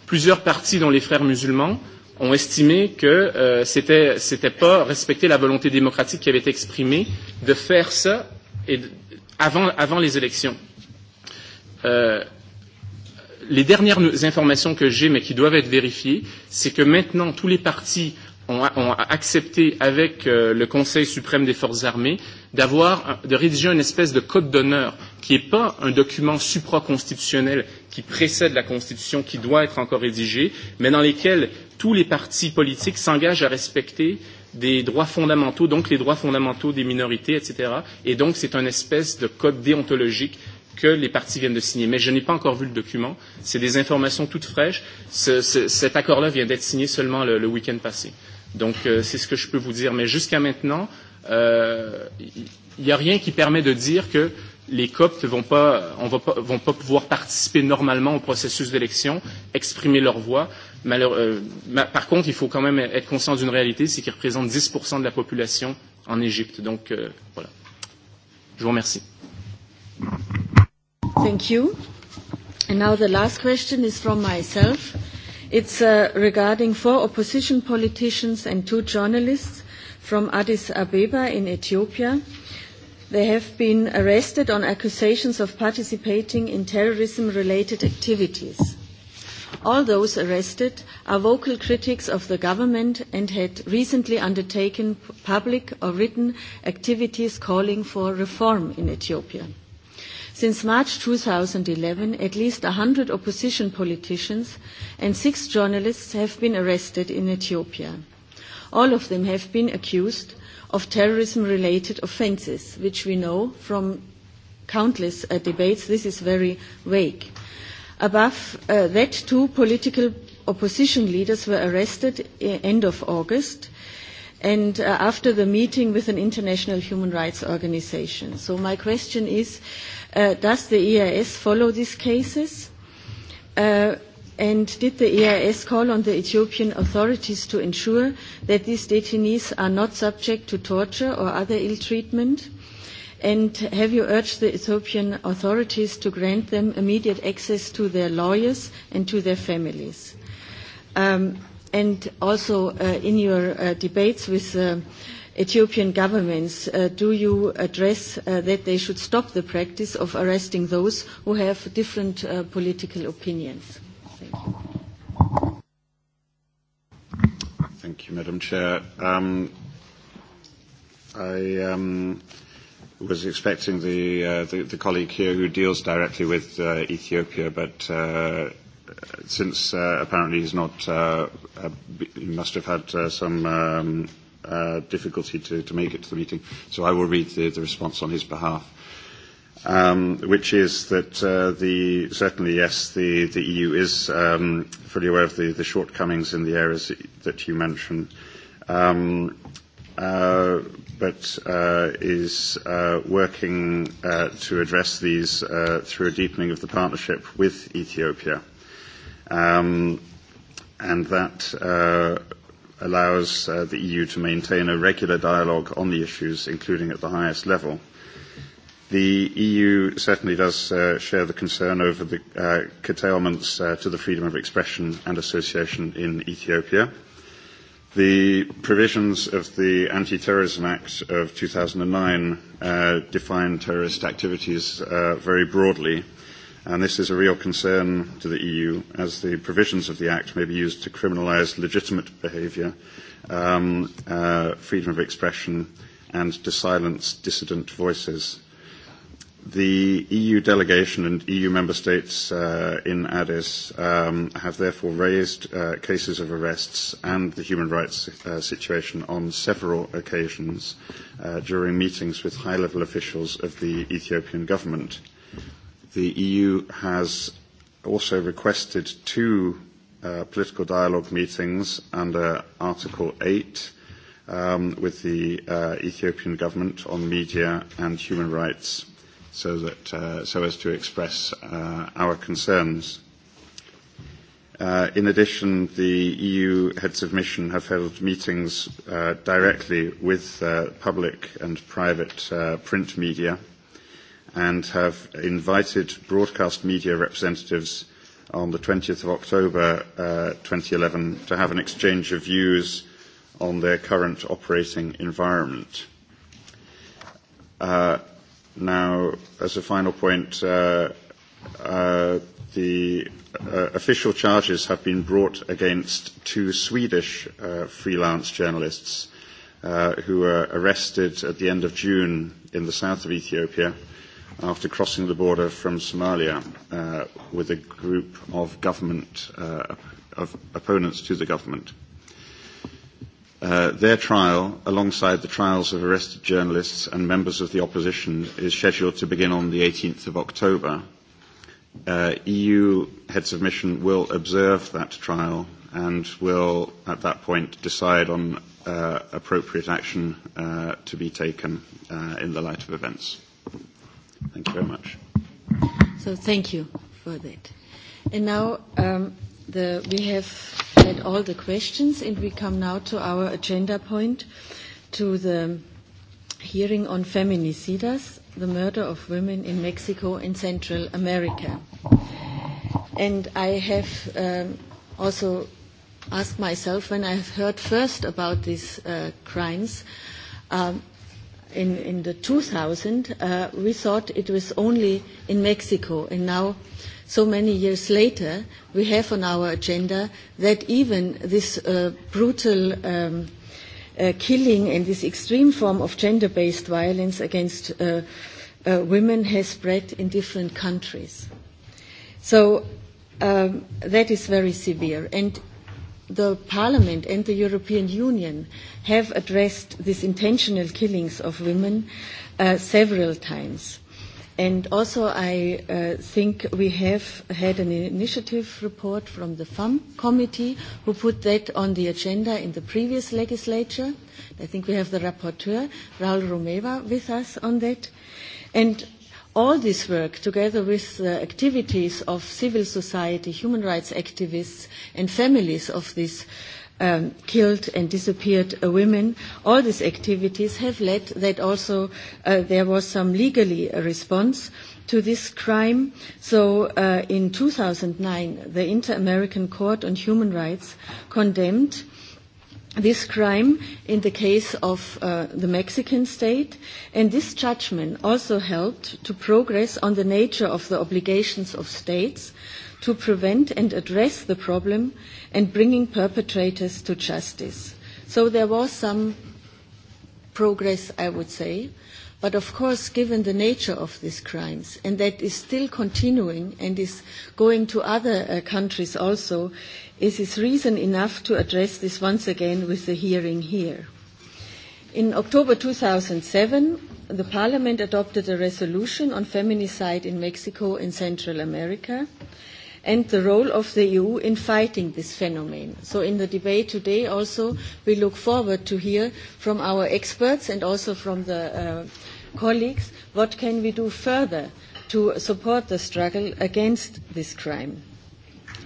Plusieurs partis, dont les frères musulmans, ont estimé que euh, c'était c'était pas respecter la volonté démocratique qui avait été exprimée de faire ça et de, avant avant les élections. Euh, les dernières informations que j'ai, mais qui doivent être vérifiées, c'est que maintenant tous les partis ont, ont accepté avec euh, le Conseil suprême des forces armées d'avoir de rédiger une espèce de code d'honneur qui n'est pas un document supraconstitutionnel qui précède la Constitution, qui doit être encore rédigé, mais dans lesquels tous les partis politiques s'engagent à respecter des droits fondamentaux, donc les droits fondamentaux des minorités, etc. Et donc c'est une espèce de code déontologique que les partis viennent de signer. Mais je n'ai pas encore vu le document. C'est des informations toutes fraîches. Ce, ce, cet accord-là vient d'être signé seulement le, le week-end passé. Euh, Donc euh, c'est ce que je peux vous dire. Mais jusqu'à maintenant, il euh, n'y a rien qui permet de dire que les Coptes ne vont, pas, on va pas, vont pas pouvoir participer normalement au processus d'élection, exprimer leur voix. Malheure, euh, ma, par contre, il faut quand même être conscient d'une réalité, c'est qu'ils représentent 10 de la population en Égypte. Donc euh, voilà. Je vous remercie. Thank you. And now the last question is from myself. It's uh, regarding four opposition politicians and two journalists from Addis Abeba in Ethiopia. They have been arrested on accusations of participating in terrorism related activities. All those arrested are vocal critics of the government and had recently undertaken public or written activities calling for reform in Ethiopia. Since March 2011, at least 100 opposition politicians and six journalists have been arrested in Ethiopia. All of them have been accused of terrorism-related offences, which we know from countless uh, debates. This is very vague. Above uh, that, two political opposition leaders were arrested uh, end of August and uh, after the meeting with an international human rights organization. So my question is, Uh, does the EIS follow these cases? Uh, and did the EIS call on the Ethiopian authorities to ensure that these detainees are not subject to torture or other ill treatment? And have you urged the Ethiopian authorities to grant them immediate access to their lawyers and to their families? Um, and also uh, in your uh, debates with uh, Ethiopian governments, uh, do you address uh, that they should stop the practice of arresting those who have different uh, political opinions? Thank you. Thank you, Madam Chair. Um, I um, was expecting the, uh, the, the colleague here who deals directly with uh, Ethiopia, but uh, since uh, apparently he's not, uh, uh, he must have had uh, some um, uh, difficulty to, to make it to the meeting, so I will read the, the response on his behalf. Um, which is that uh, the, certainly, yes, the, the EU is um, fully aware of the, the shortcomings in the areas that you mentioned, um, uh, but uh, is uh, working uh, to address these uh, through a deepening of the partnership with Ethiopia. Um, and that uh, allows uh, the EU to maintain a regular dialogue on the issues, including at the highest level. The EU certainly does uh, share the concern over the uh, curtailments uh, to the freedom of expression and association in Ethiopia. The provisions of the Anti-Terrorism Act of 2009 uh, define terrorist activities uh, very broadly and this is a real concern to the EU as the provisions of the Act may be used to criminalise legitimate behaviour, um, uh, freedom of expression, and to silence dissident voices. The EU delegation and EU member states uh, in Addis um, have therefore raised uh, cases of arrests and the human rights uh, situation on several occasions uh, during meetings with high-level officials of the Ethiopian government. Uh, the EU has also requested two uh, political dialogue meetings under Article 8 um, with the uh, Ethiopian government on media and human rights, so that uh, so as to express uh, our concerns. Uh, in addition, the EU heads of mission have held meetings uh, directly with uh, public and private uh, print media. Uh, and have invited broadcast media representatives on the 20th of October uh, 2011 to have an exchange of views on their current operating environment. Uh, now, as a final point, uh, uh, the uh, official charges have been brought against two Swedish uh, freelance journalists uh, who were arrested at the end of June in the south of Ethiopia. Uh, after crossing the border from Somalia uh, with a group of government uh, of opponents to the government. Uh, their trial, alongside the trials of arrested journalists and members of the opposition, is scheduled to begin on the 18th of October. Uh, EU heads of mission will observe that trial and will, at that point, decide on uh, appropriate action uh, to be taken uh, in the light of events. Thank you very much. So thank you for that. And now um, the, we have had all the questions, and we come now to our agenda point, to the hearing on feminicidas, the murder of women in Mexico and Central America. And I have um, also asked myself when I have heard first about these uh, crimes, um, in, in the 2000, uh, we thought it was only in Mexico. And now, so many years later, we have on our agenda that even this uh, brutal um, uh, killing and this extreme form of gender-based violence against uh, uh, women has spread in different countries. So um, that is very severe. And the Parliament and the European Union have addressed these intentional killings of women uh, several times. And also, I uh, think we have had an initiative report from the FAM committee who put that on the agenda in the previous legislature. I think we have the rapporteur, Raul Romeva, with us on that. And all this work, together with the activities of civil society, human rights activists, and families of these um, killed and disappeared uh, women, all these activities have led that also uh, there was some legally a response to this crime. So uh, in 2009, the Inter-American Court on Human Rights condemned uh, this crime in the case of uh, the Mexican state, and this judgment also helped to progress on the nature of the obligations of states to prevent and address the problem and bringing perpetrators to justice. So there was some progress, I would say. But of course, given the nature of these crimes, and that is still continuing and is going to other uh, countries also, is this reason enough to address this once again with the hearing here? In October 2007, the Parliament adopted a resolution on feminicide in Mexico and Central America and the role of the EU in fighting this phenomenon. So in the debate today also, we look forward to hear from our experts and also from the uh, colleagues what can we do further to support the struggle against this crime.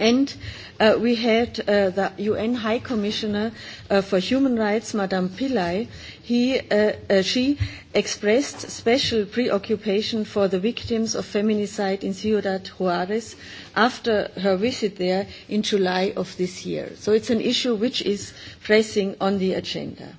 And uh, we had uh, the UN High Commissioner uh, for Human Rights, Madame Pillai. He, uh, uh, she expressed special preoccupation for the victims of feminicide in Ciudad Juarez after her visit there in July of this year. So it's an issue which is pressing on the agenda.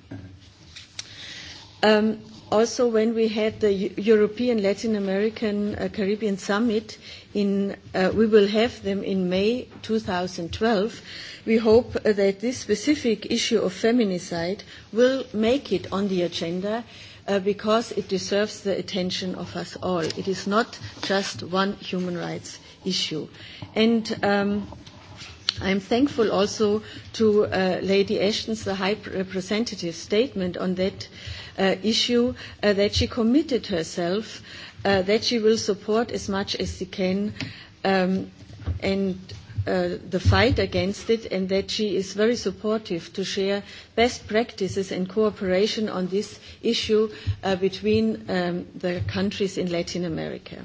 Um, also when we had the European Latin American uh, Caribbean Summit in, uh, we will have them in May 2012. We hope uh, that this specific issue of feminicide will make it on the agenda uh, because it deserves the attention of us all. It is not just one human rights issue. And um, I'm thankful also to uh, Lady Ashton's the High Representative's statement on that uh, uh, issue, uh, that she committed herself uh, that she will support as much as she can um, and uh, the fight against it and that she is very supportive to share best practices and cooperation on this issue uh, between um, the countries in Latin America.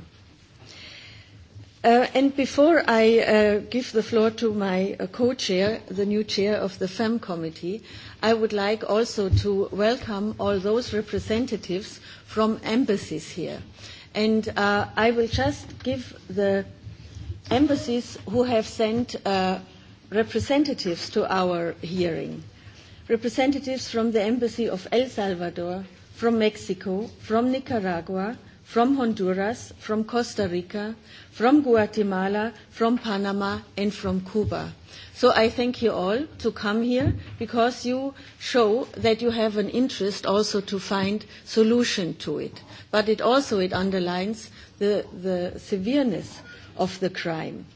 Uh, and before I uh, give the floor to my uh, co-chair, the new chair of the FEM committee, uh, I would like also to welcome all those representatives from embassies here. And uh, I will just give the embassies who have sent uh, representatives to our hearing. Representatives from the Embassy of El Salvador, from Mexico, from Nicaragua, from Honduras, from Costa Rica, from Guatemala, from Panama, and from Cuba. So I thank you all to come here because you show that you have an interest also to find solution to it. But it also it underlines the, the severeness of the crime.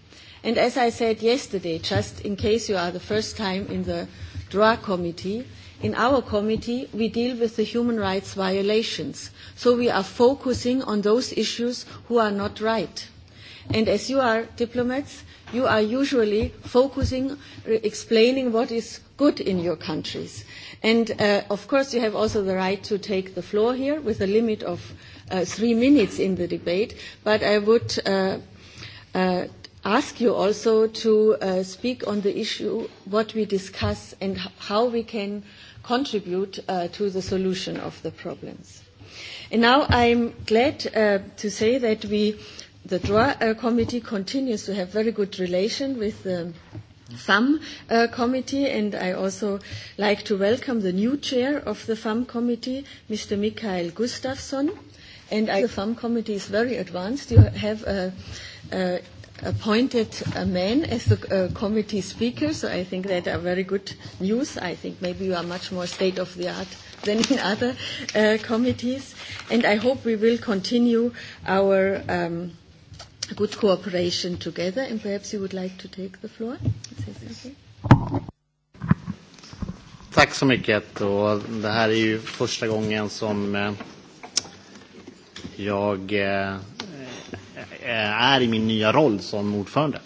And as I said yesterday, just in case you are the first time in the DRA committee, in our committee, we deal with the human rights violations. So we are focusing on those issues who are not right. And as you are diplomats, you are usually focusing, explaining what is good in your countries. And uh, of course, you have also the right to take the floor here with a limit of uh, three minutes in the debate. But I would uh, uh, ask you also to uh, speak on the issue what we discuss and how we can contribute uh, to the solution of the problems. And now I'm glad uh, to say that we the DROA uh, committee continues to have very good relation with the FAM uh, committee, and I also like to welcome the new chair of the FAM committee, Mr. Mikhail Gustafsson. And I, the FAM committee is very advanced. You have a, uh, a uh, appointed a man as the uh, committee speaker, so I think that are very good news. I think maybe you are much more state of the art than in other uh, committees, and I hope we will continue our. Um, good cooperation together. And perhaps you would like to take the floor and say something. Tack så mycket. Och det här är ju första gången som eh, jag eh, eh, är i min nya roll som ordförande.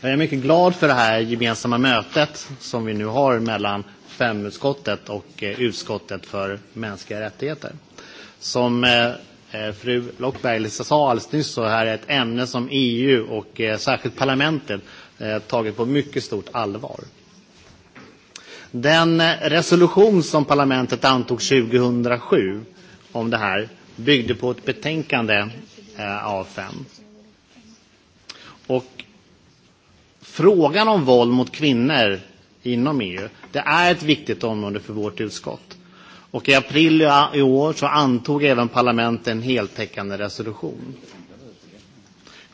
Jag är mycket glad för det här gemensamma mötet som vi nu har mellan FEM-utskottet och utskottet för mänskliga rättigheter. Som Eh, fru Lockberg sa alldeles nyss så här är ett ämne som EU och eh, särskilt parlamentet eh, tagit på mycket stort allvar. Den resolution som parlamentet antog 2007 om det här byggde på ett betänkande av fem. Och frågan om våld mot kvinnor inom EU, det är ett viktigt område för vårt utskott. Och i april i år så antog även parlamentet en heltäckande resolution.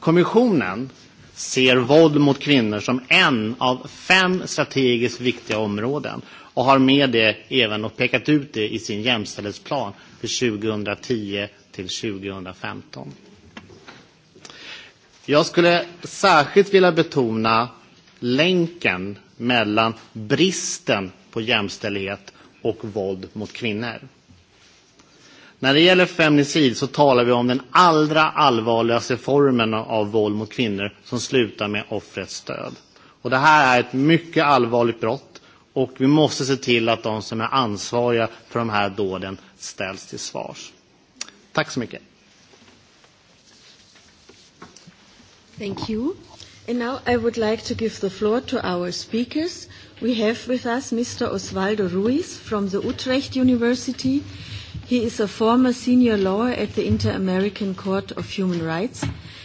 Kommissionen ser våld mot kvinnor som en av fem strategiskt viktiga områden och har med det även och pekat ut det i sin jämställdhetsplan för 2010 till 2015. Jag skulle särskilt vilja betona länken mellan bristen på jämställdhet och våld mot kvinnor. När det gäller feminicid så talar vi om den allra allvarligaste formen av våld mot kvinnor som slutar med offrets död. Och det här är ett mycket allvarligt brott och vi måste se till att de som är ansvariga för de här dåden ställs till svars. Tack så mycket. Thank you. And now I would like to give the floor to our speakers. We have with us Mr. Osvaldo Ruiz from the Utrecht University. He is a former senior lawyer at the Inter-American Court of Human Rights.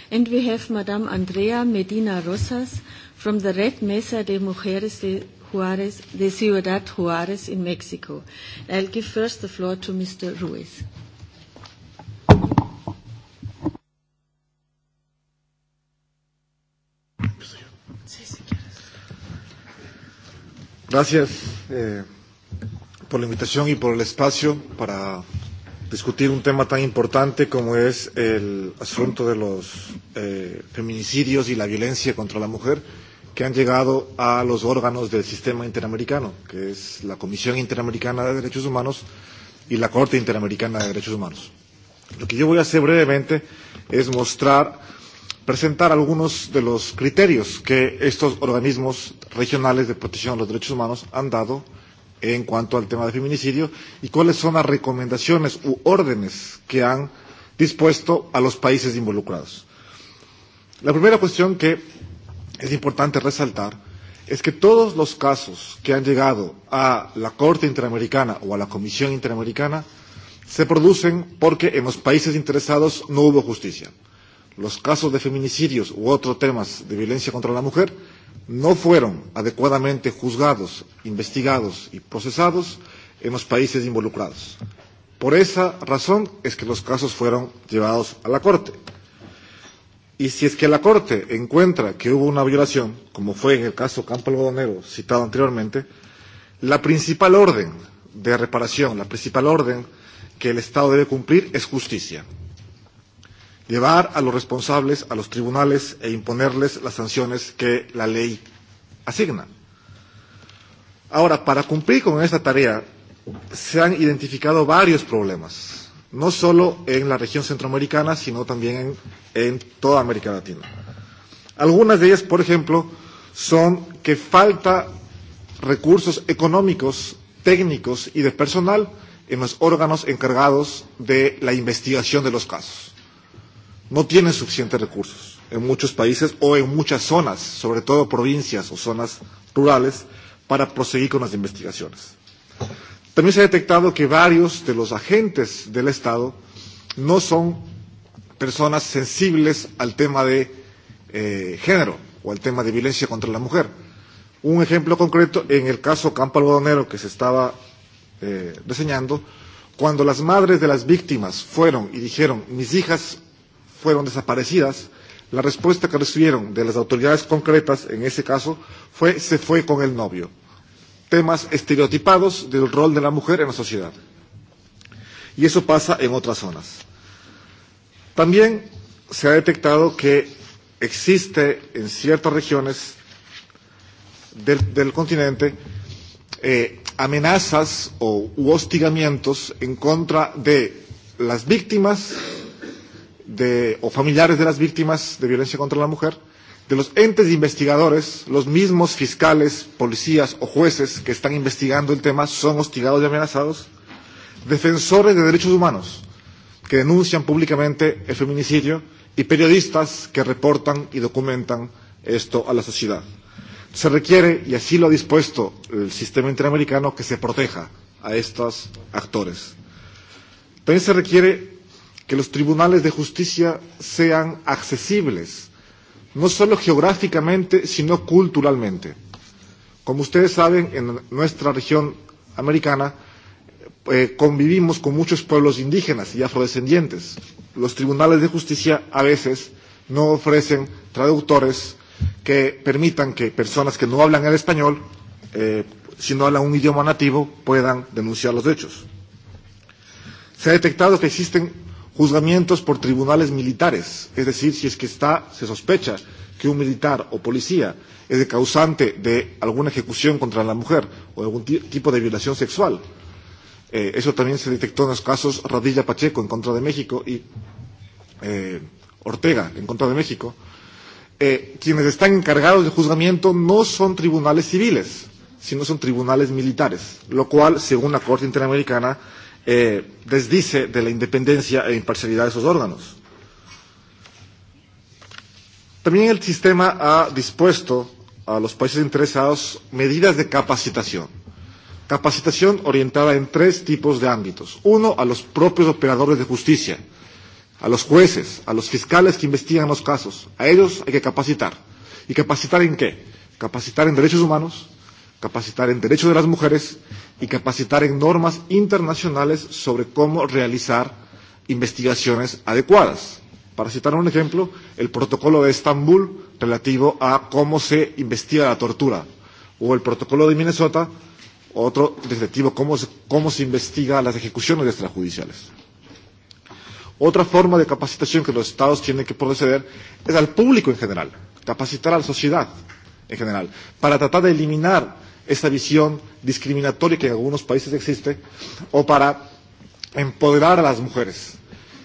And we have Madame Andrea Medina Rosas from the Red Mesa de Mujeres de Juárez, de Ciudad Juárez in Mexico. I'll give first the floor to Mr. Ruiz. Gracias eh, por la invitación y por el espacio para discutir un tema tan importante como es el asunto de los eh, feminicidios y la violencia contra la mujer que han llegado a los órganos del sistema interamericano, que es la Comisión Interamericana de Derechos Humanos y la Corte Interamericana de Derechos Humanos. Lo que yo voy a hacer brevemente es mostrar presentar algunos de los criterios que estos organismos regionales de protección de los derechos humanos han dado en cuanto al tema de feminicidio y cuáles son las recomendaciones u órdenes que han dispuesto a los países involucrados. La primera cuestión que es importante resaltar es que todos los casos que han llegado a la Corte Interamericana o a la Comisión Interamericana se producen porque en los países interesados no hubo justicia los casos de feminicidios u otros temas de violencia contra la mujer no fueron adecuadamente juzgados, investigados y procesados en los países involucrados. Por esa razón es que los casos fueron llevados a la Corte. Y si es que la Corte encuentra que hubo una violación, como fue en el caso Campo Algodonero citado anteriormente, la principal orden de reparación, la principal orden que el Estado debe cumplir es justicia llevar a los responsables a los tribunales e imponerles las sanciones que la ley asigna. Ahora, para cumplir con esta tarea, se han identificado varios problemas, no solo en la región centroamericana, sino también en, en toda América Latina. Algunas de ellas, por ejemplo, son que falta recursos económicos, técnicos y de personal en los órganos encargados de la investigación de los casos no tienen suficientes recursos en muchos países o en muchas zonas, sobre todo provincias o zonas rurales, para proseguir con las investigaciones. También se ha detectado que varios de los agentes del Estado no son personas sensibles al tema de eh, género o al tema de violencia contra la mujer. Un ejemplo concreto en el caso Campo Algodonero que se estaba eh, reseñando, cuando las madres de las víctimas fueron y dijeron, mis hijas fueron desaparecidas, la respuesta que recibieron de las autoridades concretas en ese caso fue se fue con el novio. Temas estereotipados del rol de la mujer en la sociedad. Y eso pasa en otras zonas. También se ha detectado que existe en ciertas regiones del, del continente eh, amenazas o u hostigamientos en contra de las víctimas de, o familiares de las víctimas de violencia contra la mujer, de los entes investigadores, los mismos fiscales, policías o jueces que están investigando el tema son hostigados y amenazados, defensores de derechos humanos que denuncian públicamente el feminicidio y periodistas que reportan y documentan esto a la sociedad. Se requiere, y así lo ha dispuesto el sistema interamericano, que se proteja a estos actores. También se requiere que los tribunales de justicia sean accesibles, no solo geográficamente, sino culturalmente. Como ustedes saben, en nuestra región americana eh, convivimos con muchos pueblos indígenas y afrodescendientes. Los tribunales de justicia a veces no ofrecen traductores que permitan que personas que no hablan el español, eh, si no hablan un idioma nativo, puedan denunciar los hechos. Se ha detectado que existen juzgamientos por tribunales militares, es decir, si es que está, se sospecha que un militar o policía es el causante de alguna ejecución contra la mujer o algún tipo de violación sexual. Eh, eso también se detectó en los casos Radilla Pacheco en contra de México y eh, Ortega en contra de México. Eh, quienes están encargados del juzgamiento no son tribunales civiles, sino son tribunales militares, lo cual, según la Corte Interamericana, eh, desdice de la independencia e imparcialidad de esos órganos. También el sistema ha dispuesto a los países interesados medidas de capacitación. Capacitación orientada en tres tipos de ámbitos. Uno, a los propios operadores de justicia, a los jueces, a los fiscales que investigan los casos. A ellos hay que capacitar. ¿Y capacitar en qué? Capacitar en derechos humanos, capacitar en derechos de las mujeres y capacitar en normas internacionales sobre cómo realizar investigaciones adecuadas. Para citar un ejemplo, el protocolo de Estambul relativo a cómo se investiga la tortura, o el protocolo de Minnesota, otro relativo a cómo se, cómo se investiga las ejecuciones extrajudiciales. Otra forma de capacitación que los Estados tienen que proceder es al público en general, capacitar a la sociedad en general, para tratar de eliminar esa visión discriminatoria que en algunos países existe, o para empoderar a las mujeres.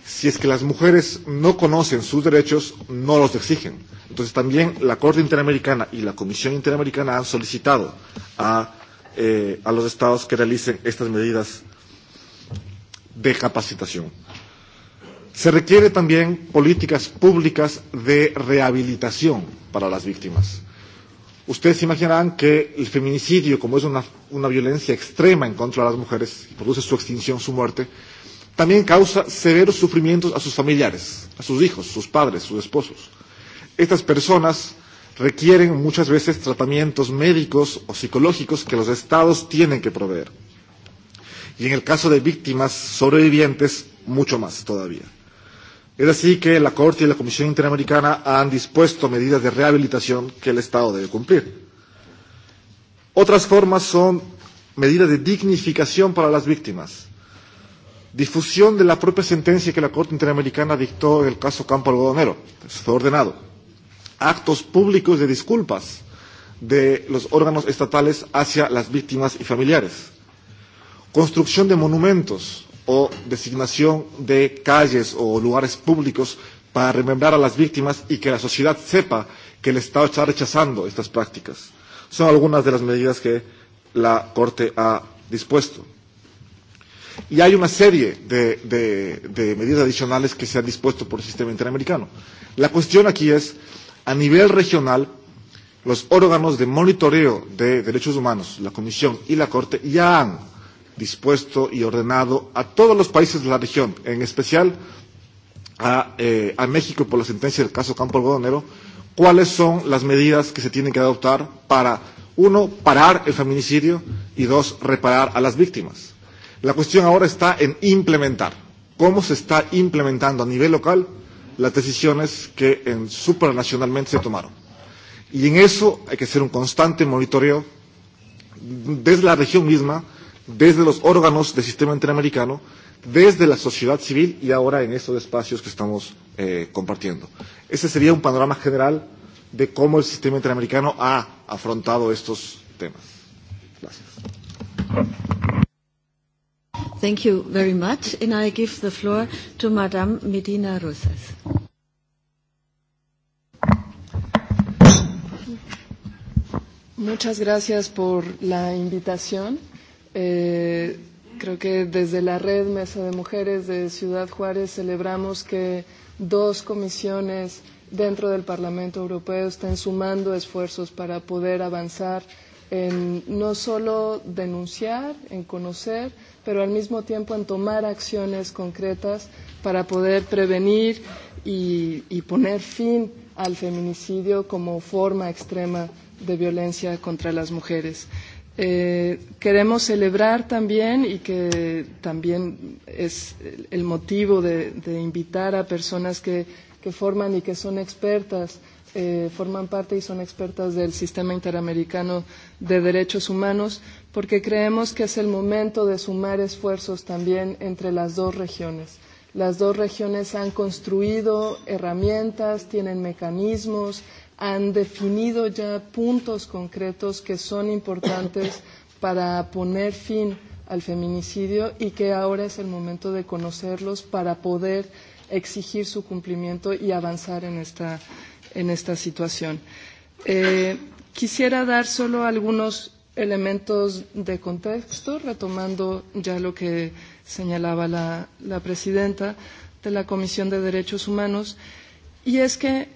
Si es que las mujeres no conocen sus derechos, no los exigen. Entonces también la Corte Interamericana y la Comisión Interamericana han solicitado a, eh, a los estados que realicen estas medidas de capacitación. Se requiere también políticas públicas de rehabilitación para las víctimas. Ustedes imaginarán que el feminicidio, como es una, una violencia extrema en contra de las mujeres, y produce su extinción, su muerte, también causa severos sufrimientos a sus familiares, a sus hijos, sus padres, sus esposos. Estas personas requieren muchas veces tratamientos médicos o psicológicos que los estados tienen que proveer. Y en el caso de víctimas sobrevivientes, mucho más todavía. Es así que la Corte y la Comisión Interamericana han dispuesto medidas de rehabilitación que el Estado debe cumplir. Otras formas son medidas de dignificación para las víctimas, difusión de la propia sentencia que la Corte Interamericana dictó en el caso Campo Algodonero, eso fue ordenado, actos públicos de disculpas de los órganos estatales hacia las víctimas y familiares, construcción de monumentos o designación de calles o lugares públicos para remembrar a las víctimas y que la sociedad sepa que el Estado está rechazando estas prácticas. Son algunas de las medidas que la Corte ha dispuesto. Y hay una serie de, de, de medidas adicionales que se han dispuesto por el sistema interamericano. La cuestión aquí es, a nivel regional, los órganos de monitoreo de derechos humanos, la Comisión y la Corte, ya han dispuesto y ordenado a todos los países de la región, en especial a, eh, a México por la sentencia del caso Campo Algodonero, cuáles son las medidas que se tienen que adoptar para, uno, parar el feminicidio y, dos, reparar a las víctimas. La cuestión ahora está en implementar. ¿Cómo se está implementando a nivel local las decisiones que en, supranacionalmente se tomaron? Y en eso hay que hacer un constante monitoreo desde la región misma desde los órganos del sistema interamericano, desde la sociedad civil y ahora en estos espacios que estamos eh, compartiendo. Ese sería un panorama general de cómo el sistema interamericano ha afrontado estos temas. Gracias. Thank you very much, and I give the floor to Madame Medina Rosas. Muchas gracias por la invitación. Eh, creo que desde la red Mesa de Mujeres de Ciudad Juárez celebramos que dos comisiones dentro del Parlamento Europeo estén sumando esfuerzos para poder avanzar en no solo denunciar, en conocer, pero al mismo tiempo en tomar acciones concretas para poder prevenir y, y poner fin al feminicidio como forma extrema de violencia contra las mujeres. Eh, Eh, queremos celebrar también y que también es el motivo de, de invitar a personas que, que forman y que son expertas, eh, forman parte y son expertas del sistema interamericano de derechos humanos, porque creemos que es el momento de sumar esfuerzos también entre las dos regiones. Las dos regiones han construido herramientas, tienen mecanismos, han definido ya puntos concretos que son importantes para poner fin al feminicidio y que ahora es el momento de conocerlos para poder exigir su cumplimiento y avanzar en esta, en esta situación. Eh, quisiera dar solo algunos elementos de contexto, retomando ya lo que señalaba la, la presidenta de la Comisión de Derechos Humanos, y es que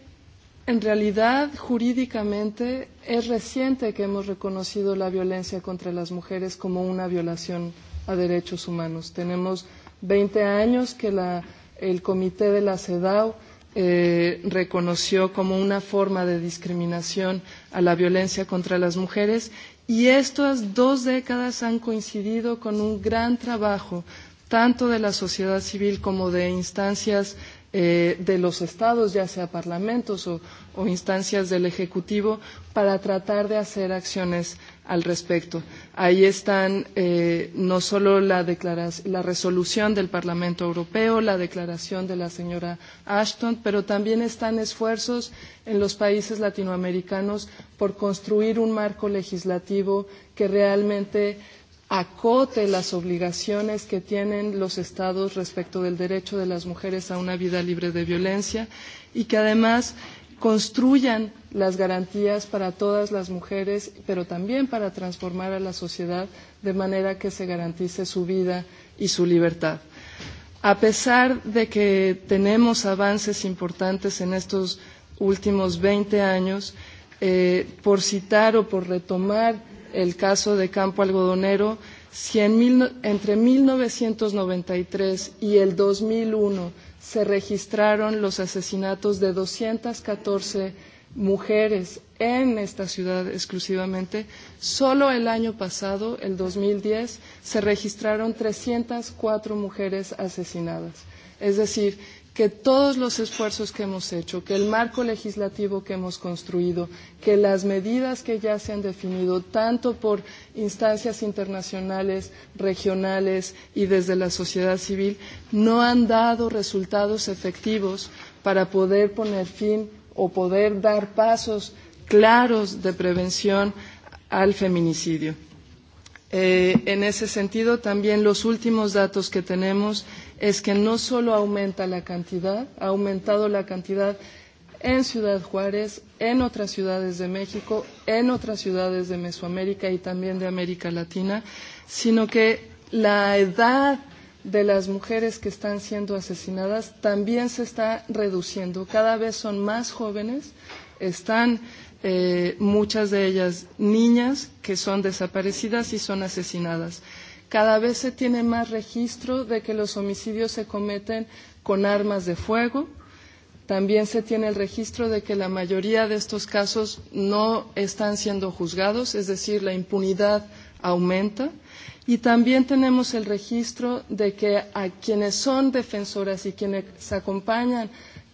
En realidad, jurídicamente, es reciente que hemos reconocido la violencia contra las mujeres como una violación a derechos humanos. Tenemos 20 años que la, el comité de la CEDAW eh, reconoció como una forma de discriminación a la violencia contra las mujeres y estas dos décadas han coincidido con un gran trabajo tanto de la sociedad civil como de instancias eh, de los estados, ya sea parlamentos o, o instancias del Ejecutivo, para tratar de hacer acciones al respecto. Ahí están eh, no solo la, la resolución del Parlamento Europeo, la declaración de la señora Ashton, pero también están esfuerzos en los países latinoamericanos por construir un marco legislativo que realmente eh, acote las obligaciones que tienen los estados respecto del derecho de las mujeres a una vida libre de violencia y que además construyan las garantías para todas las mujeres, pero también para transformar a la sociedad de manera que se garantice su vida y su libertad. A pesar de que tenemos avances importantes en estos últimos 20 años, eh, por citar o por retomar el caso de Campo Algodonero, si en mil, entre 1993 y el 2001 se registraron los asesinatos de 214 mujeres en esta ciudad exclusivamente, solo el año pasado, el 2010, se registraron 304 mujeres asesinadas. Es decir, que todos los esfuerzos que hemos hecho, que el marco legislativo que hemos construido, que las medidas que ya se han definido, tanto por instancias internacionales, regionales y desde la sociedad civil, no han dado resultados efectivos para poder poner fin o poder dar pasos claros de prevención al feminicidio. Eh, en ese sentido, también los últimos datos que tenemos es que no solo aumenta la cantidad, ha aumentado la cantidad en Ciudad Juárez, en otras ciudades de México, en otras ciudades de Mesoamérica y también de América Latina, sino que la edad de las mujeres que están siendo asesinadas también se está reduciendo. Cada vez son más jóvenes, están eh, muchas de ellas niñas que son desaparecidas y son asesinadas. Cada vez se tiene más registro de que los homicidios se cometen con armas de fuego. También se tiene el registro de que la mayoría de estos casos no están siendo juzgados, es decir, la impunidad aumenta. Y también tenemos el registro de que a quienes son defensoras y quienes acompañan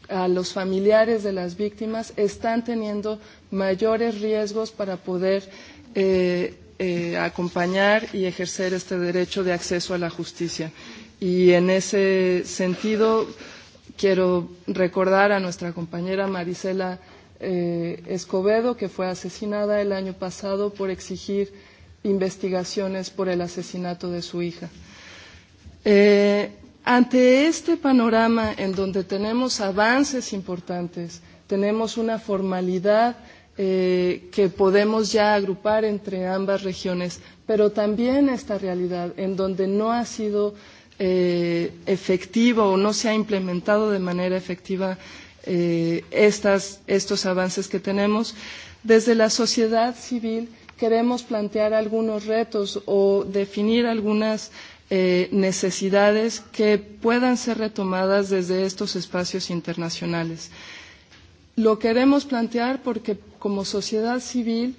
a los familiares de las víctimas están teniendo mayores riesgos para poder eh, eh, acompañar y ejercer este derecho de acceso a la justicia. Y en ese sentido, quiero recordar a nuestra compañera Marisela eh, Escobedo, que fue asesinada el año pasado por exigir investigaciones por el asesinato de su hija. Eh, Ante este panorama en donde tenemos avances importantes, tenemos una formalidad eh, que podemos ya agrupar entre ambas regiones, pero también esta realidad en donde no ha sido eh, efectivo o no se ha implementado de manera efectiva eh, estas, estos avances que tenemos, desde la sociedad civil queremos plantear algunos retos o definir algunas eh, eh, necesidades que puedan ser retomadas desde estos espacios internacionales. Lo queremos plantear porque como sociedad civil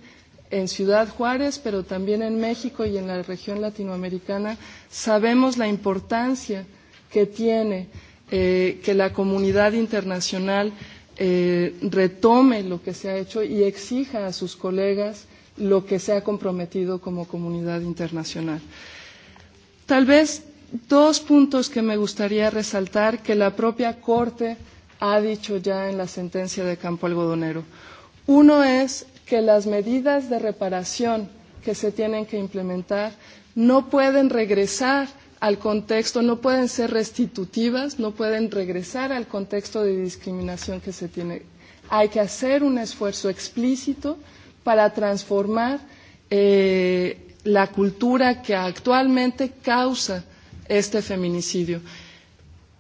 en Ciudad Juárez, pero también en México y en la región latinoamericana, sabemos la importancia que tiene eh, que la comunidad internacional eh, retome lo que se ha hecho y exija a sus colegas lo que se ha comprometido como comunidad internacional. Eh, Tal vez dos puntos que me gustaría resaltar que la propia Corte ha dicho ya en la sentencia de Campo Algodonero. Uno es que las medidas de reparación que se tienen que implementar no pueden regresar al contexto, no pueden ser restitutivas, no pueden regresar al contexto de discriminación que se tiene. Hay que hacer un esfuerzo explícito para transformar eh, la cultura que actualmente causa este feminicidio.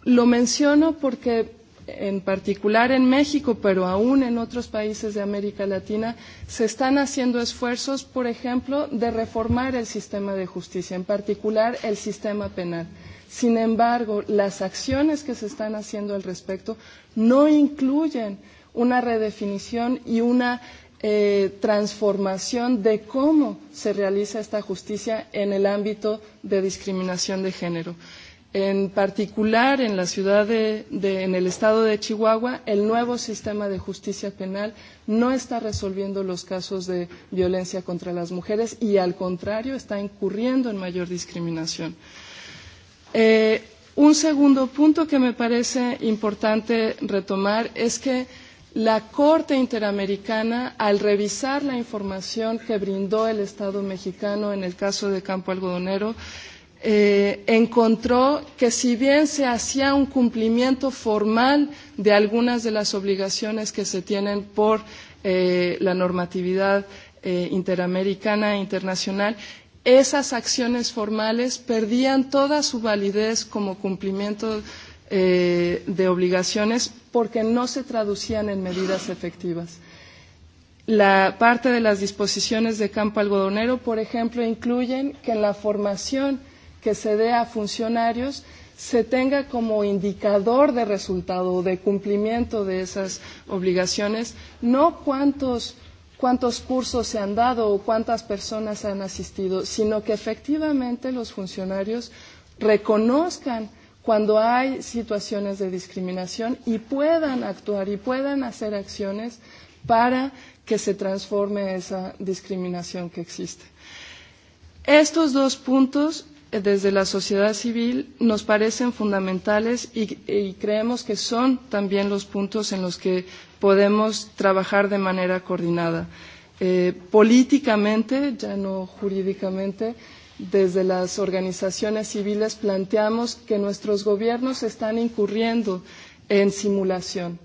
Lo menciono porque en particular en México, pero aún en otros países de América Latina, se están haciendo esfuerzos, por ejemplo, de reformar el sistema de justicia, en particular el sistema penal. Sin embargo, las acciones que se están haciendo al respecto no incluyen una redefinición y una eh, transformación de cómo se realiza esta justicia en el ámbito de discriminación de género. En particular, en la ciudad de, de, en el estado de Chihuahua, el nuevo sistema de justicia penal no está resolviendo los casos de violencia contra las mujeres y, al contrario, está incurriendo en mayor discriminación. Eh, un segundo punto que me parece importante retomar es que la Corte Interamericana, al revisar la información que brindó el Estado mexicano en el caso de Campo Algodonero, eh, encontró que si bien se hacía un cumplimiento formal de algunas de las obligaciones que se tienen por eh, la normatividad eh, interamericana e internacional, esas acciones formales perdían toda su validez como cumplimiento de eh, de obligaciones porque no se traducían en medidas efectivas. La parte de las disposiciones de campo algodonero, por ejemplo, incluyen que en la formación que se dé a funcionarios se tenga como indicador de resultado o de cumplimiento de esas obligaciones, no cuántos, cuántos cursos se han dado o cuántas personas han asistido, sino que efectivamente los funcionarios reconozcan cuando hay situaciones de discriminación y puedan actuar y puedan hacer acciones para que se transforme esa discriminación que existe. Estos dos puntos eh, desde la sociedad civil nos parecen fundamentales y, y creemos que son también los puntos en los que podemos trabajar de manera coordinada. Eh, políticamente, ya no jurídicamente, desde las organizaciones civiles planteamos que nuestros gobiernos están incurriendo en simulación.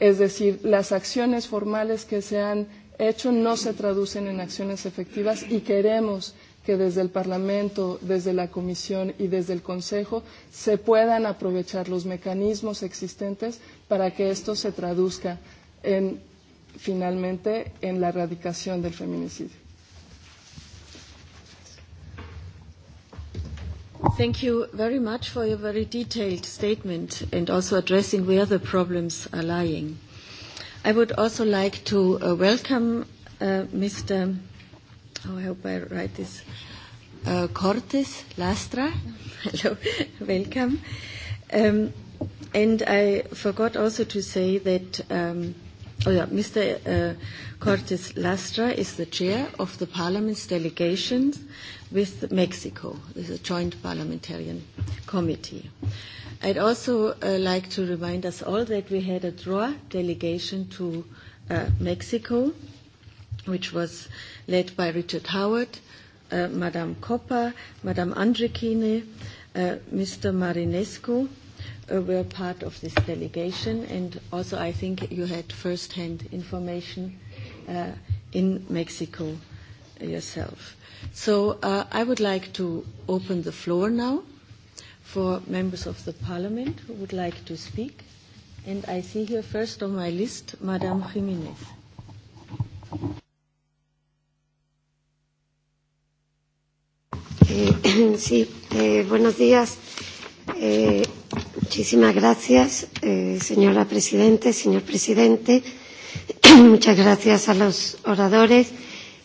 Es decir, las acciones formales que se han hecho no se traducen en acciones efectivas y queremos que desde el Parlamento, desde la Comisión y desde el Consejo se puedan aprovechar los mecanismos existentes para que esto se traduzca en, finalmente en la erradicación del feminicidio. Thank you very much for your very detailed statement and also addressing where the problems are lying. I would also like to uh, welcome uh, Mr. Oh, I hope I write this. Uh, Cortes Lastra. Hello, welcome. Um, and I forgot also to say that um, Oh yeah, Mr. Uh, Cortes Lastra is the chair of the parliament's delegation with Mexico. This is a joint parliamentarian committee. I'd also uh, like to remind us all that we had a draw delegation to uh, Mexico, which was led by Richard Howard, uh, Madame Coppa, Madame Andrikine, uh, Mr. Marinescu, uh, were part of this delegation, and also I think you had first-hand information uh, in Mexico yourself. So uh, I would like to open the floor now for members of the parliament who would like to speak. And I see here first on my list, Madame Jiménez. Eh, sí, eh, buenos días. Eh, muchísimas gracias, eh, señora Presidente, señor Presidente. Muchas gracias a los oradores.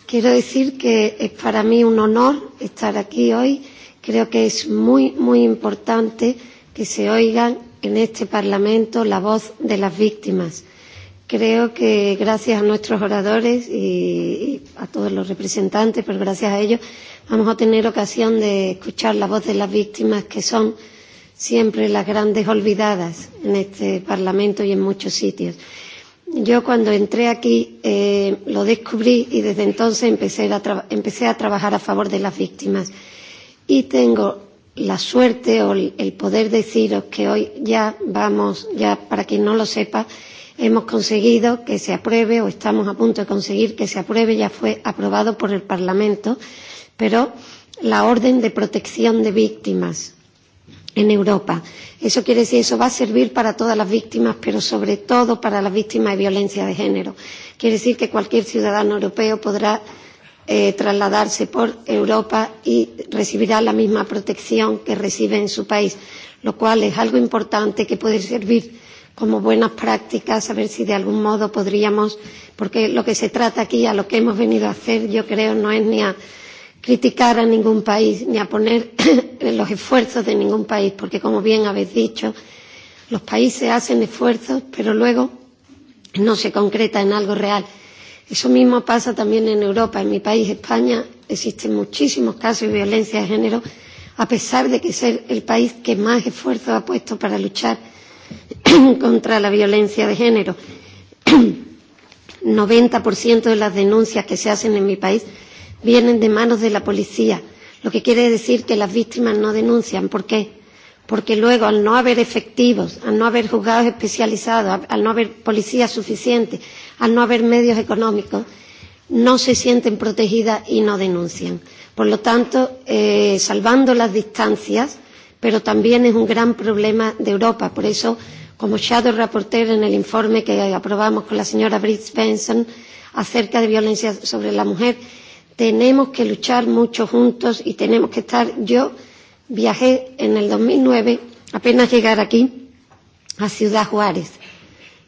Quiero decir que es para mí un honor estar aquí hoy. Creo que es muy, muy importante que se oigan en este Parlamento la voz de las víctimas. Creo que gracias a nuestros oradores y, y a todos los representantes, pero gracias a ellos, vamos a tener ocasión de escuchar la voz de las víctimas que son siempre las grandes olvidadas en este Parlamento y en muchos sitios. Yo cuando entré aquí eh, lo descubrí y desde entonces empecé a, empecé a trabajar a favor de las víctimas. Y tengo la suerte o el poder deciros que hoy ya vamos, ya para quien no lo sepa, hemos conseguido que se apruebe o estamos a punto de conseguir que se apruebe, ya fue aprobado por el Parlamento, pero la orden de protección de víctimas en Europa. Eso quiere decir, eso va a servir para todas las víctimas, pero sobre todo para las víctimas de violencia de género. Quiere decir que cualquier ciudadano europeo podrá eh, trasladarse por Europa y recibirá la misma protección que recibe en su país, lo cual es algo importante que puede servir como buenas prácticas, a ver si de algún modo podríamos, porque lo que se trata aquí, a lo que hemos venido a hacer, yo creo, no es ni a criticar a ningún país ni a poner los esfuerzos de ningún país, porque como bien habéis dicho, los países hacen esfuerzos, pero luego no se concreta en algo real. Eso mismo pasa también en Europa. En mi país, España, existen muchísimos casos de violencia de género, a pesar de que ser el país que más esfuerzo ha puesto para luchar contra la violencia de género. 90% de las denuncias que se hacen en mi país vienen de manos de la policía, lo que quiere decir que las víctimas no denuncian. ¿Por qué? Porque luego, al no haber efectivos, al no haber juzgados especializados, al no haber policías suficientes, al no haber medios económicos, no se sienten protegidas y no denuncian. Por lo tanto, eh, salvando las distancias, pero también es un gran problema de Europa. Por eso, como shadow rapporteur en el informe que aprobamos con la señora Britt Benson acerca de violencia sobre la mujer, Tenemos que luchar mucho juntos y tenemos que estar. Yo viajé en el 2009, apenas llegar aquí, a Ciudad Juárez.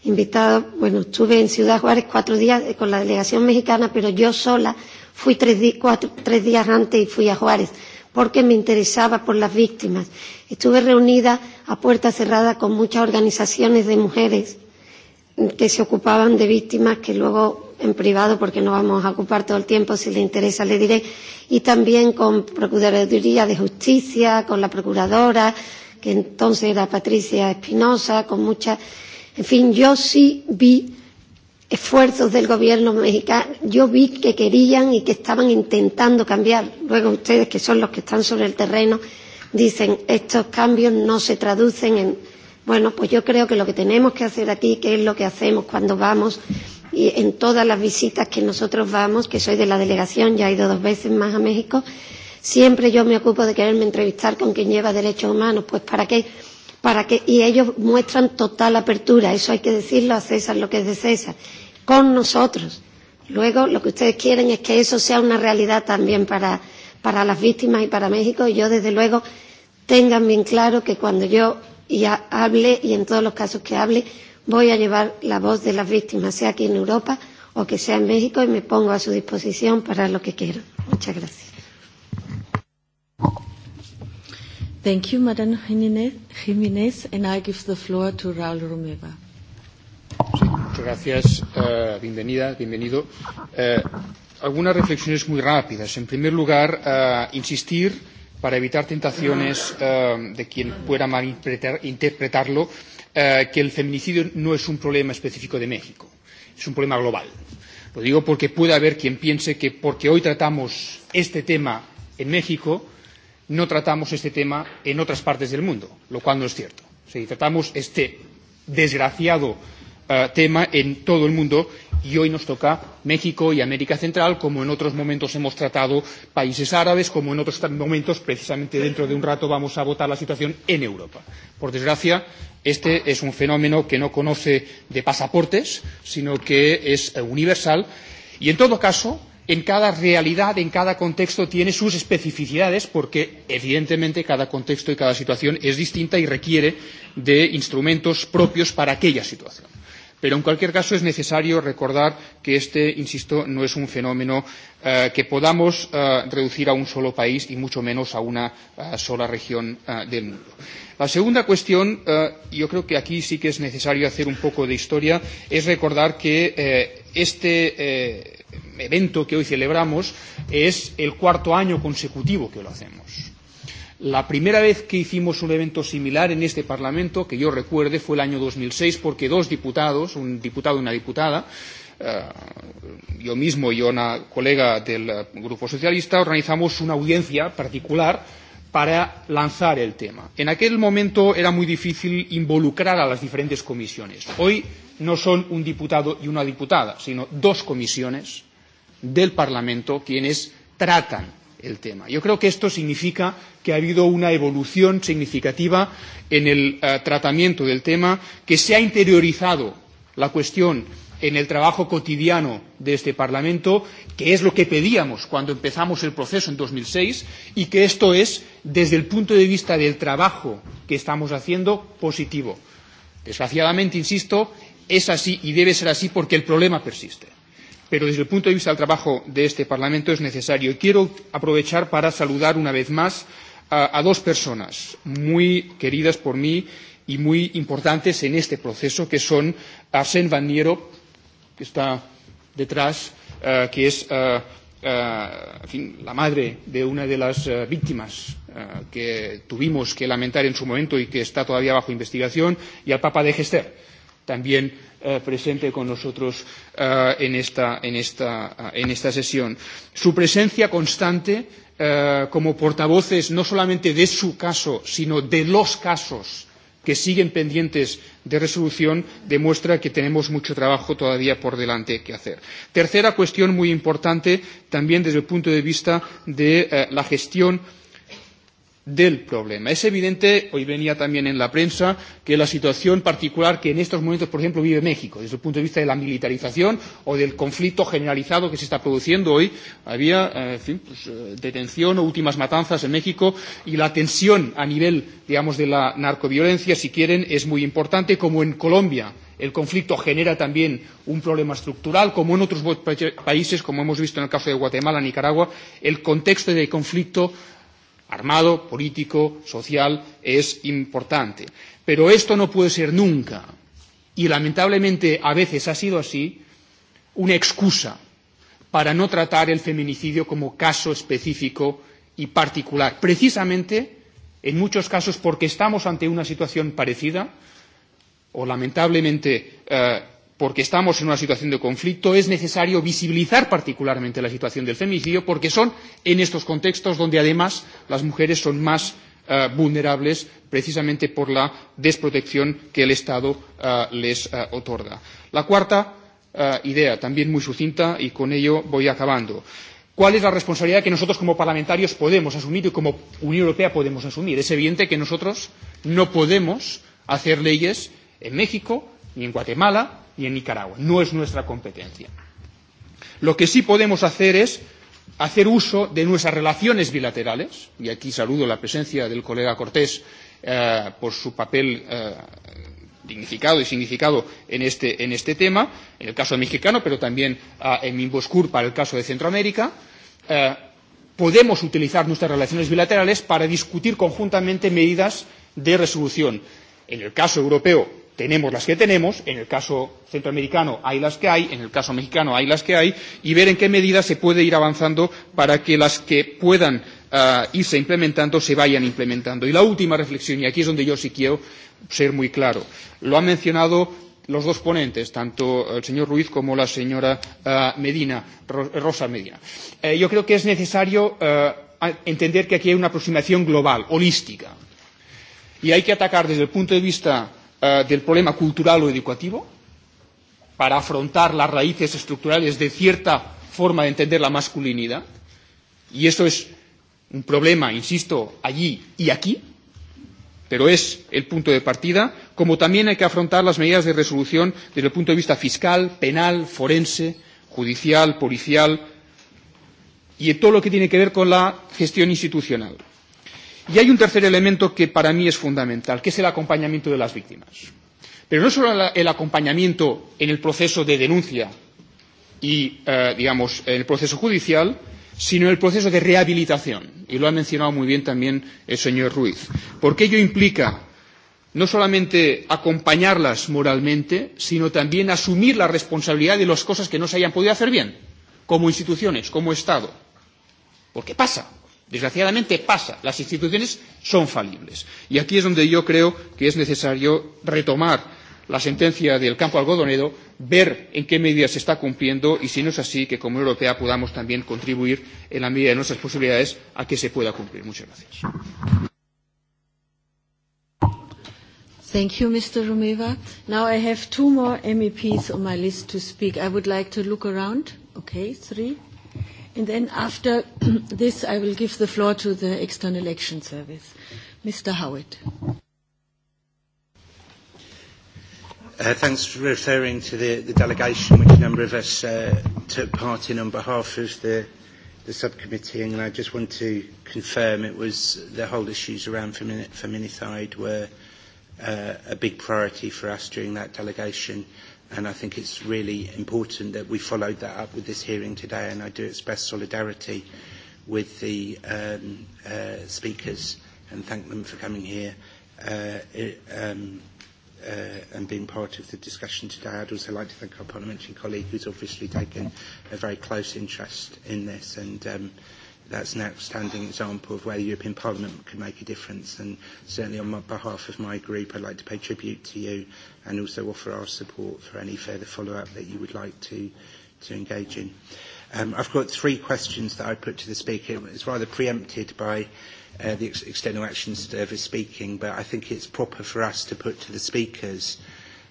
Invitado, bueno, estuve en Ciudad Juárez cuatro días eh, con la delegación mexicana, pero yo sola fui tres, di cuatro, tres días antes y fui a Juárez porque me interesaba por las víctimas. Estuve reunida a puerta cerrada con muchas organizaciones de mujeres que se ocupaban de víctimas que luego en privado porque no vamos a ocupar todo el tiempo. Si le interesa, le diré. Y también con Procuraduría de Justicia, con la Procuradora, que entonces era Patricia Espinosa, con muchas. En fin, yo sí vi esfuerzos del gobierno mexicano, yo vi que querían y que estaban intentando cambiar. Luego ustedes, que son los que están sobre el terreno, dicen estos cambios no se traducen en. Bueno, pues yo creo que lo que tenemos que hacer aquí, que es lo que hacemos cuando vamos y en todas las visitas que nosotros vamos, que soy de la delegación, ya he ido dos veces más a México, siempre yo me ocupo de quererme entrevistar con quien lleva derechos humanos, pues para qué, para qué, y ellos muestran total apertura, eso hay que decirlo a César lo que es de César, con nosotros. Luego lo que ustedes quieren es que eso sea una realidad también para, para las víctimas y para México, y yo desde luego tengan bien claro que cuando yo y a, hable y en todos los casos que hable voy a llevar la voz de las víctimas, sea aquí en Europa o que sea en México, y me pongo a su disposición para lo que quieran. Muchas gracias. Thank you, Madam Jiménez, and I give the floor to Raúl Romeva. Sí, muchas gracias. Eh, bienvenida, bienvenido. Eh, algunas reflexiones muy rápidas. En primer lugar, eh, insistir para evitar tentaciones eh, de quien pueda malinterpretarlo. Malinterpretar, eh, que el feminicidio no es un problema específico de México, es un problema global. Lo digo porque puede haber quien piense que porque hoy tratamos este tema en México, no tratamos este tema en otras partes del mundo, lo cual no es cierto. Si tratamos este desgraciado uh, tema en todo el mundo y hoy nos toca México y América Central, como en otros momentos hemos tratado países árabes, como en otros momentos, precisamente dentro de un rato, vamos a votar la situación en Europa. Por desgracia, este es un fenómeno que no conoce de pasaportes, sino que es eh, universal y, en todo caso, en cada realidad, en cada contexto, tiene sus especificidades, porque, evidentemente, cada contexto y cada situación es distinta y requiere de instrumentos propios para aquella situación. Pero, en cualquier caso, es necesario recordar que este, insisto, no es un fenómeno eh, que podamos eh, reducir a un solo país y mucho menos a una eh, sola región eh, del mundo. La segunda cuestión, eh, yo creo que aquí sí que es necesario hacer un poco de historia, es recordar que eh, este eh, evento que hoy celebramos es el cuarto año consecutivo que lo hacemos La primera vez que hicimos un evento similar en este Parlamento, que yo recuerde, fue el año 2006, porque dos diputados, un diputado y una diputada, Uh, yo mismo y una colega del uh, Grupo Socialista organizamos una audiencia particular para lanzar el tema. En aquel momento era muy difícil involucrar a las diferentes comisiones. Hoy no son un diputado y una diputada, sino dos comisiones del Parlamento quienes tratan el tema. Yo creo que esto significa que ha habido una evolución significativa en el uh, tratamiento del tema, que se ha interiorizado la cuestión en el trabajo cotidiano de este Parlamento, que es lo que pedíamos cuando empezamos el proceso en 2006, y que esto es, desde el punto de vista del trabajo que estamos haciendo, positivo. Desgraciadamente, insisto, es así y debe ser así porque el problema persiste pero desde el punto de vista del trabajo de este Parlamento es necesario. Y quiero aprovechar para saludar una vez más a, a dos personas muy queridas por mí y muy importantes en este proceso, que son Arsène Van Nierop, que está detrás, uh, que es uh, uh, en fin, la madre de una de las uh, víctimas uh, que tuvimos que lamentar en su momento y que está todavía bajo investigación, y al Papa de Gester también eh, presente con nosotros eh, en, esta, en, esta, eh, en esta sesión. Su presencia constante eh, como portavoces no solamente de su caso, sino de los casos que siguen pendientes de resolución demuestra que tenemos mucho trabajo todavía por delante que hacer. Tercera cuestión muy importante también desde el punto de vista de eh, la gestión eh, del problema. Es evidente, hoy venía también en la prensa, que la situación particular que en estos momentos, por ejemplo, vive México, desde el punto de vista de la militarización o del conflicto generalizado que se está produciendo hoy, había eh, en fin, pues, eh, detención o últimas matanzas en México y la tensión a nivel, digamos, de la narcoviolencia, si quieren, es muy importante, como en Colombia. El conflicto genera también un problema estructural, como en otros países, como hemos visto en el caso de Guatemala, Nicaragua, el contexto de conflicto armado, político, social, es importante. Pero esto no puede ser nunca, y lamentablemente a veces ha sido así, una excusa para no tratar el feminicidio como caso específico y particular. Precisamente, en muchos casos, porque estamos ante una situación parecida, o lamentablemente eh, porque estamos en una situación de conflicto, es necesario visibilizar particularmente la situación del feminicidio, porque son en estos contextos donde además las mujeres son más eh, vulnerables precisamente por la desprotección que el Estado eh, les eh, otorga. La cuarta eh, idea, también muy sucinta, y con ello voy acabando. ¿Cuál es la responsabilidad que nosotros como parlamentarios podemos asumir y como Unión Europea podemos asumir? Es evidente que nosotros no podemos hacer leyes en México, ni en Guatemala, y en Nicaragua. No es nuestra competencia. Lo que sí podemos hacer es hacer uso de nuestras relaciones bilaterales, y aquí saludo la presencia del colega Cortés eh, por su papel eh, dignificado y significado en este, en este tema, en el caso mexicano, pero también eh, en Mimboscur para el caso de Centroamérica. Eh, podemos utilizar nuestras relaciones bilaterales para discutir conjuntamente medidas de resolución. En el caso europeo, tenemos las que tenemos, en el caso centroamericano hay las que hay, en el caso mexicano hay las que hay, y ver en qué medida se puede ir avanzando para que las que puedan uh, irse implementando se vayan implementando. Y la última reflexión, y aquí es donde yo sí quiero ser muy claro, lo han mencionado los dos ponentes, tanto el señor Ruiz como la señora uh, Medina, Rosa Medina. Eh, yo creo que es necesario uh, entender que aquí hay una aproximación global, holística, y hay que atacar desde el punto de vista eh, del problema cultural o educativo, para afrontar las raíces estructurales de cierta forma de entender la masculinidad. Y eso es un problema, insisto, allí y aquí, pero es el punto de partida, como también hay que afrontar las medidas de resolución desde el punto de vista fiscal, penal, forense, judicial, policial y en todo lo que tiene que ver con la gestión institucional. Y hay un tercer elemento que para mí es fundamental, que es el acompañamiento de las víctimas. Pero no solo el acompañamiento en el proceso de denuncia y, eh, digamos, en el proceso judicial, sino el proceso de rehabilitación. Y lo ha mencionado muy bien también el señor Ruiz. Porque ello implica no solamente acompañarlas moralmente, sino también asumir la responsabilidad de las cosas que no se hayan podido hacer bien, como instituciones, como Estado. Porque pasa, Desgraciadamente pasa, las instituciones son falibles. Y aquí es donde yo creo que es necesario retomar la sentencia del campo algodonero, ver en qué medida se está cumpliendo y, si no es así, que como Europea podamos también contribuir en la medida de nuestras posibilidades a que se pueda cumplir. Muchas gracias. Thank you, Mr. Romeva. Now I have two more MEPs on my list to speak. I would like to look around. Okay, three. And then after this, I will give the floor to the External Action Service. Mr. Howitt. Uh, thanks for referring to the, the delegation which a number of us uh, took part in on behalf of the, the subcommittee and I just want to confirm it was the whole issues around femini- feminicide were uh, a big priority for us during that delegation and I think it's really important that we followed that up with this hearing today, and I do express solidarity with the um, uh, speakers and thank them for coming here uh, it, um, uh, and being part of the discussion today. I'd also like to thank our parliamentary colleague who's obviously taken a very close interest in this and um, uh, that's an outstanding example of where the European Parliament can make a difference. And certainly on my, behalf of my group, I'd like to pay tribute to you and also offer our support for any further follow-up that you would like to, to engage in. Um, I've got three questions that I put to the speaker. It's rather preempted by uh, the ex- External Action Service speaking, but I think it's proper for us to put to the speakers,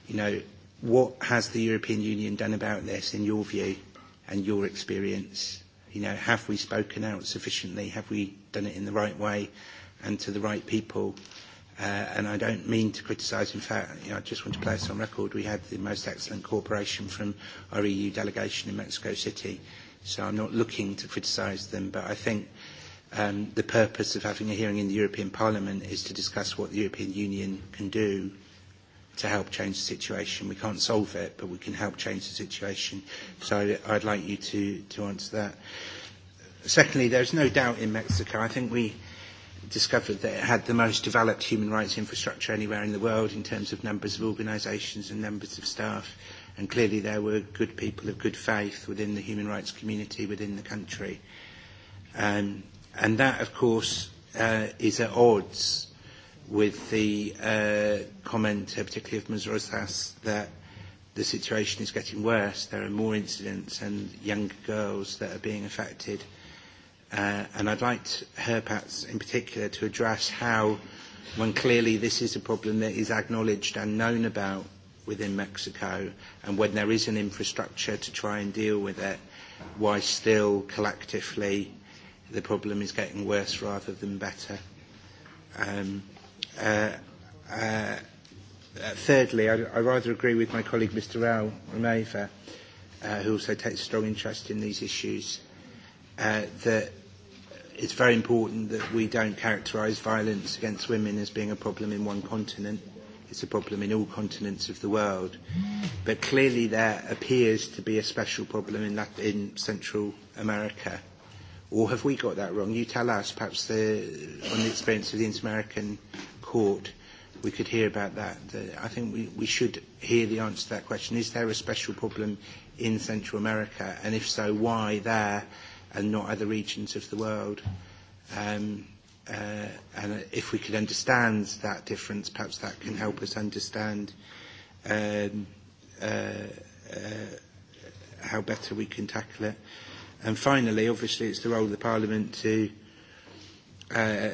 you know, what has the European Union done about this in your view and your experience? You know, have we spoken out sufficiently? Have we done it in the right way and to the right people? Uh, and I don't mean to criticise. In fact, you know, I just want to place on record we had the most excellent cooperation from our EU delegation in Mexico City. So I'm not looking to criticise them, but I think um, the purpose of having a hearing in the European Parliament is to discuss what the European Union can do to help change the situation. We can't solve it, but we can help change the situation. So I'd, I'd like you to, to answer that. Secondly, there's no doubt in Mexico. I think we discovered that it had the most developed human rights infrastructure anywhere in the world in terms of numbers of organisations and numbers of staff. And clearly there were good people of good faith within the human rights community within the country. Um, and that, of course, uh, is at odds with the uh, comment, uh, particularly of Ms. Rosas, that the situation is getting worse. There are more incidents and young girls that are being affected. Uh, and I'd like to, her, perhaps, in particular, to address how, when clearly this is a problem that is acknowledged and known about within Mexico, and when there is an infrastructure to try and deal with it, why still collectively the problem is getting worse rather than better. Um, Uh, uh, thirdly, I, I rather agree with my colleague Mr Rao Romeva, uh, who also takes strong interest in these issues, uh, that it's very important that we don't characterise violence against women as being a problem in one continent. It's a problem in all continents of the world. But clearly there appears to be a special problem in, Latin, in Central America. Or have we got that wrong? You tell us, perhaps the, on the experience of the Inter-American court, we could hear about that. I think we, we should hear the answer to that question. Is there a special problem in Central America? And if so, why there and not other regions of the world? Um, uh, and if we could understand that difference, perhaps that can help us understand um, uh, uh, how better we can tackle it. And finally, obviously, it's the role of the Parliament to uh,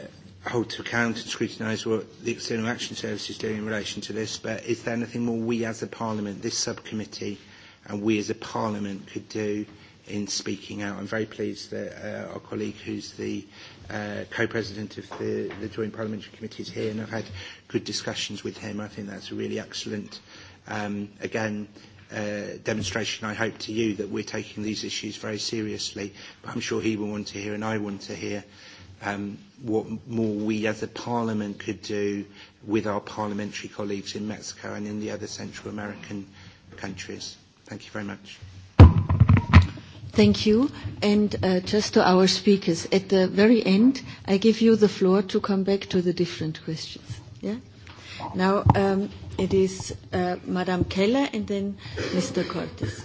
hold to account and scrutinise what the External Action Service is doing in relation to this, but is there anything more we as a Parliament, this subcommittee, and we as a Parliament could do in speaking out? I'm very pleased that uh, our colleague, who's the uh, co-president of the, the Joint Parliamentary Committee, is here, and I've had good discussions with him. I think that's a really excellent, um, again, uh, demonstration, I hope, to you that we're taking these issues very seriously. But I'm sure he will want to hear, and I want to hear um, what more we as a parliament could do with our parliamentary colleagues in Mexico and in the other Central American countries. Thank you very much. Thank you. And uh, just to our speakers, at the very end, I give you the floor to come back to the different questions. Yeah? Now um, it is uh, Madame Keller and then Mr. Cortes.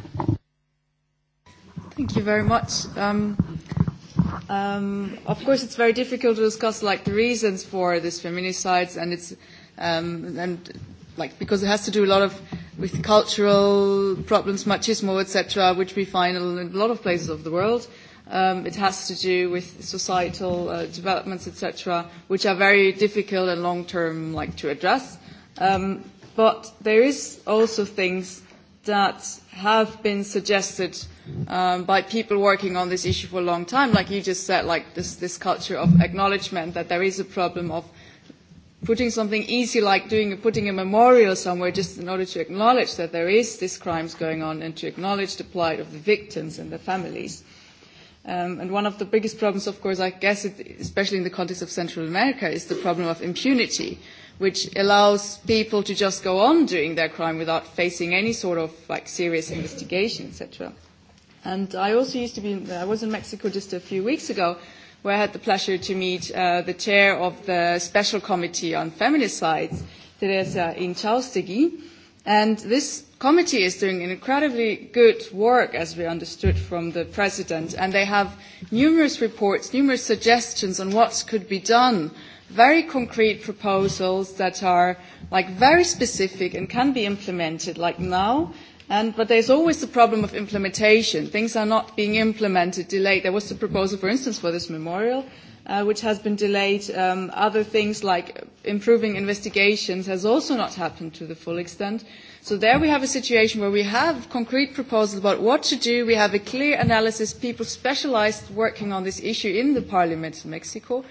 Thank you very much. Um, Um, of course, it's very difficult to discuss like the reasons for these feminicides, and it's um, and like because it has to do a lot of with cultural problems, machismo, etc., which we find in a lot of places of the world. Um, it has to do with societal uh, developments, etc., which are very difficult and long-term, like to address. Um, but there is also things that have been suggested um, by people working on this issue for a long time, like you just said, like this, this culture of acknowledgement that there is a problem of putting something easy like doing putting a memorial somewhere just in order to acknowledge that there is these crimes going on and to acknowledge the plight of the victims and their families. Um, and one of the biggest problems, of course, I guess, it, especially in the context of Central America, is the problem of impunity, which allows people to just go on doing their crime without facing any sort of like serious investigation, etc. And I also used to be, in, I was in Mexico just a few weeks ago, where I had the pleasure to meet uh, the chair of the Special Committee on Feminist Rights, Teresa Inchaustegui. And this committee is doing incredibly good work, as we understood from the president, and they have numerous reports, numerous suggestions on what could be done, very concrete proposals that are like very specific and can be implemented like now And, but there's always the problem of implementation. Things are not being implemented, delayed. There was the proposal, for instance, for this memorial, uh, which has been delayed. Um, other things like improving investigations has also not happened to the full extent. So there we have a situation where we have concrete proposals about what to do. We have a clear analysis, people specialized working on this issue in the parliament in Mexico.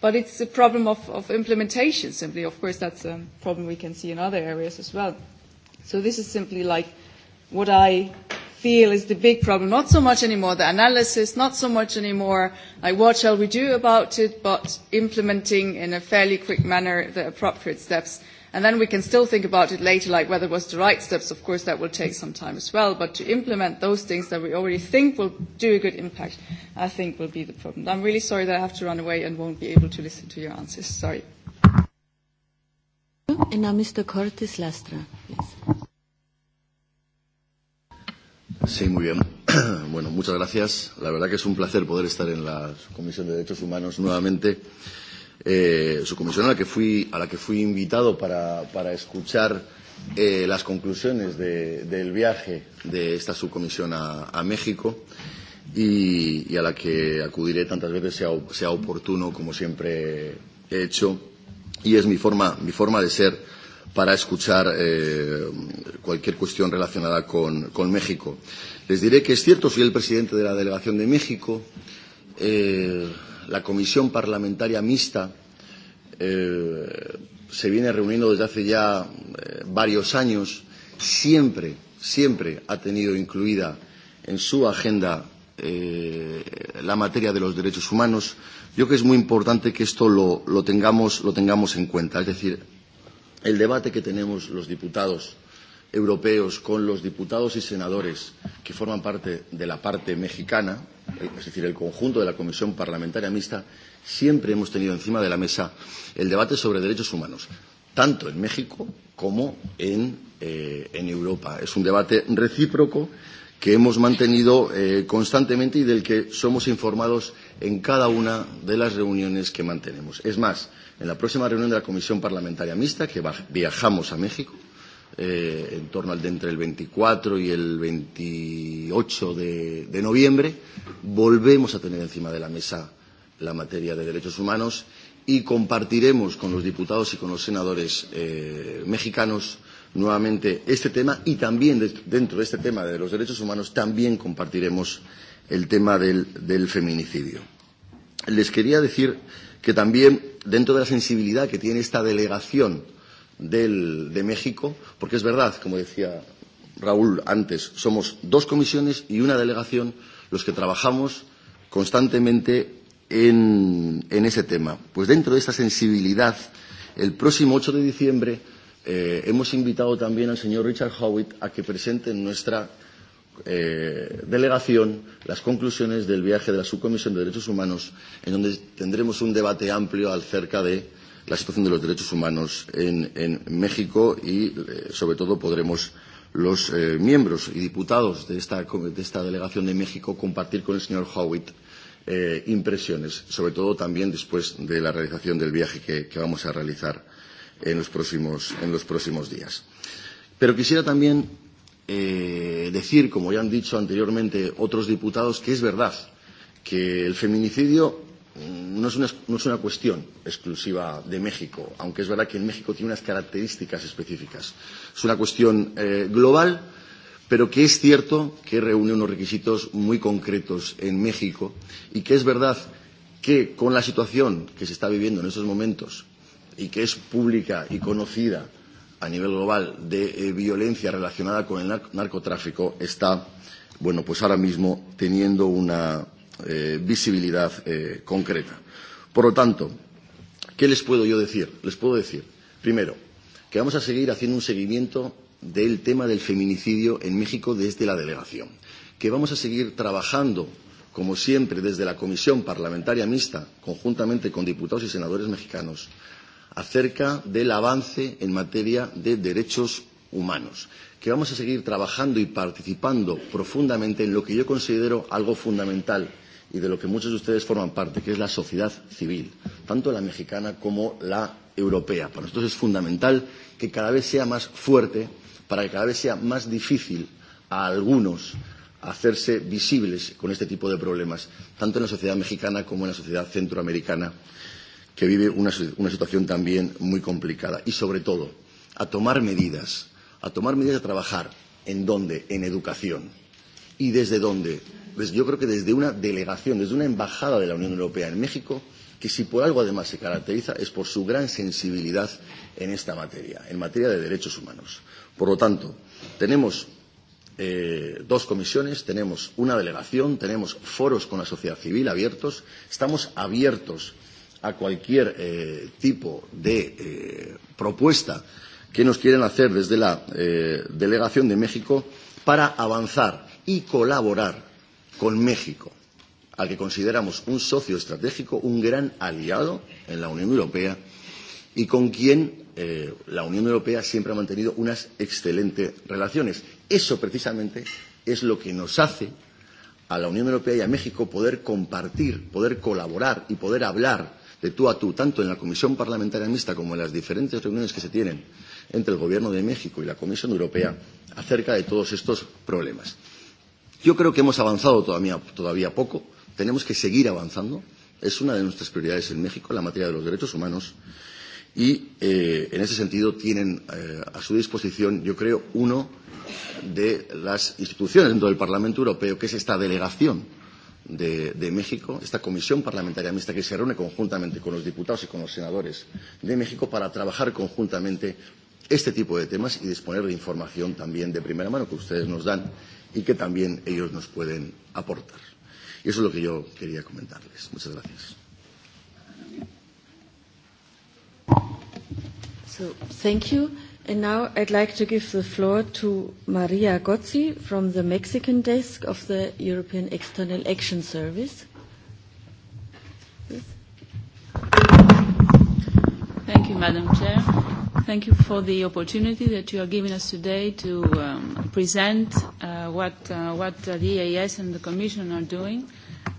But it's a problem of, of implementation simply. Of course, that's a problem we can see in other areas as well. So this is simply like what I feel is the big problem. Not so much anymore the analysis, not so much anymore like what shall we do about it, but implementing in a fairly quick manner the appropriate steps. And then we can still think about it later, like whether it was the right steps. Of course, that will take some time as well. But to implement those things that we already think will do a good impact, I think will be the problem. I'm really sorry that I have to run away and won't be able to listen to your answers. Sorry. And now Mr. Curtis Lastra, please. Sí, muy bien. Bueno, muchas gracias. La verdad que es un placer poder estar en la Comisión de Derechos Humanos nuevamente. Eh, su comisión a la que fui, a la que fui invitado para, para escuchar eh, las conclusiones de, del viaje de esta subcomisión a, a México y, y a la que acudiré tantas veces sea, sea oportuno como siempre he hecho. Y es mi forma, mi forma de ser para escuchar eh, cualquier cuestión relacionada con, con México. Les diré que es cierto, soy el presidente de la delegación de México. Eh, la comisión parlamentaria mixta eh, se viene reuniendo desde hace ya eh, varios años. Siempre, siempre ha tenido incluida en su agenda eh, la materia de los derechos humanos. Yo creo que es muy importante que esto lo, lo, tengamos, lo tengamos en cuenta. Es decir, el debate que tenemos los diputados europeos con los diputados y senadores que forman parte de la parte mexicana, es decir, el conjunto de la Comisión Parlamentaria Mixta, siempre hemos tenido encima de la mesa el debate sobre derechos humanos, tanto en México como en, eh, en Europa. Es un debate recíproco que hemos mantenido eh, constantemente y del que somos informados en cada una de las reuniones que mantenemos. Es más, eh, En la próxima reunión de la Comisión Parlamentaria Mixta, que viajamos a México, eh, en torno al de entre el 24 y el 28 de, de noviembre, volvemos a tener encima de la mesa la materia de derechos humanos y compartiremos con los diputados y con los senadores eh, mexicanos nuevamente este tema y también de, dentro de este tema de los derechos humanos también compartiremos el tema del, del feminicidio les quería decir que también dentro de la sensibilidad que tiene esta delegación del, de México, porque es verdad, como decía Raúl antes, somos dos comisiones y una delegación los que trabajamos constantemente en, en ese tema. Pues dentro de esta sensibilidad, el próximo 8 de diciembre eh, hemos invitado también al señor Richard Howitt a que presente en nuestra eh, delegación las conclusiones del viaje de la Subcomisión de Derechos Humanos, en donde tendremos un debate amplio acerca de la situación de los derechos humanos en, en México y, eh, sobre todo, podremos los eh, miembros y diputados de esta, de esta delegación de México compartir con el señor Howitt eh, impresiones, sobre todo también después de la realización del viaje que, que vamos a realizar en los, próximos, en los próximos días. Pero quisiera también eh, decir, como ya han dicho anteriormente otros diputados, que es verdad que el feminicidio mm, no es, una, no es una cuestión exclusiva de México, aunque es verdad que en México tiene unas características específicas. Es una cuestión eh, global, pero que es cierto que reúne unos requisitos muy concretos en México y que es verdad que con la situación que se está viviendo en estos momentos y que es pública y conocida a nivel global de eh, violencia relacionada con el narcotráfico está, bueno, pues ahora mismo teniendo una eh, visibilidad eh, concreta. Por lo tanto, ¿qué les puedo yo decir? Les puedo decir, primero, que vamos a seguir haciendo un seguimiento del tema del feminicidio en México desde la delegación, que vamos a seguir trabajando, como siempre, desde la Comisión Parlamentaria Mixta, conjuntamente con diputados y senadores mexicanos, acerca del avance en materia de derechos humanos, que vamos a seguir trabajando y participando profundamente en lo que yo considero algo fundamental y de lo que muchos de ustedes forman parte, que es la sociedad civil, tanto la mexicana como la europea. Para nosotros es fundamental que cada vez sea más fuerte, para que cada vez sea más difícil a algunos hacerse visibles con este tipo de problemas, tanto en la sociedad mexicana como en la sociedad centroamericana que vive una, una situación también muy complicada. Y sobre todo, a tomar medidas, a tomar medidas a trabajar. ¿En dónde? En educación. ¿Y desde dónde? Pues yo creo que desde una delegación, desde una embajada de la Unión Europea en México, que si por algo además se caracteriza es por su gran sensibilidad en esta materia, en materia de derechos humanos. Por lo tanto, tenemos eh, dos comisiones, tenemos una delegación, tenemos foros con la sociedad civil abiertos, estamos abiertos a cualquier eh, tipo de eh, propuesta que nos quieren hacer desde la eh, delegación de México para avanzar y colaborar con México, al que consideramos un socio estratégico, un gran aliado en la Unión Europea y con quien eh, la Unión Europea siempre ha mantenido unas excelentes relaciones. Eso precisamente es lo que nos hace a la Unión Europea y a México poder compartir, poder colaborar y poder hablar de tú a tú, tanto en la Comisión Parlamentaria Mixta como en las diferentes reuniones que se tienen entre el Gobierno de México y la Comisión Europea acerca de todos estos problemas. Yo creo que hemos avanzado todavía, todavía poco, tenemos que seguir avanzando, es una de nuestras prioridades en México, la materia de los derechos humanos, y eh, en ese sentido tienen eh, a su disposición, yo creo, uno de las instituciones dentro del Parlamento Europeo, que es esta delegación de, de México, esta comisión parlamentaria mixta que se reúne conjuntamente con los diputados y con los senadores de México para trabajar conjuntamente este tipo de temas y disponer de información también de primera mano que ustedes nos dan y que también ellos nos pueden aportar. Y eso es lo que yo quería comentarles. Muchas gracias. So, thank you. And now I'd like to give the floor to Maria Gozzi from the Mexican desk of the European External Action Service. Please. Thank you, Madam Chair. Thank you for the opportunity that you are giving us today to um, present uh, what, uh, what the EAS and the Commission are doing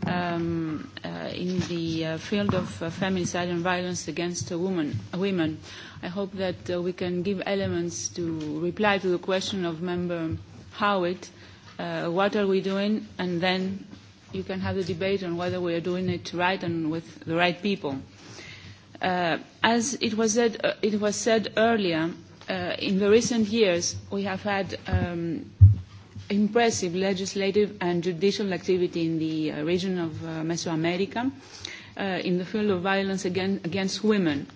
um, uh, Uh, in the uh, field of uh, feminicide and violence against uh, women, women. I hope that uh, we can give elements to reply to the question of Member Howitt, uh, what are we doing, and then you can have the debate on whether we are doing it right and with the right people. Uh, as it was said, uh, it was said earlier, uh, in the recent years we have had um, impressive legislative and judicial activity in the uh, region of uh, Mesoamerica uh, in the field of violence again, against women.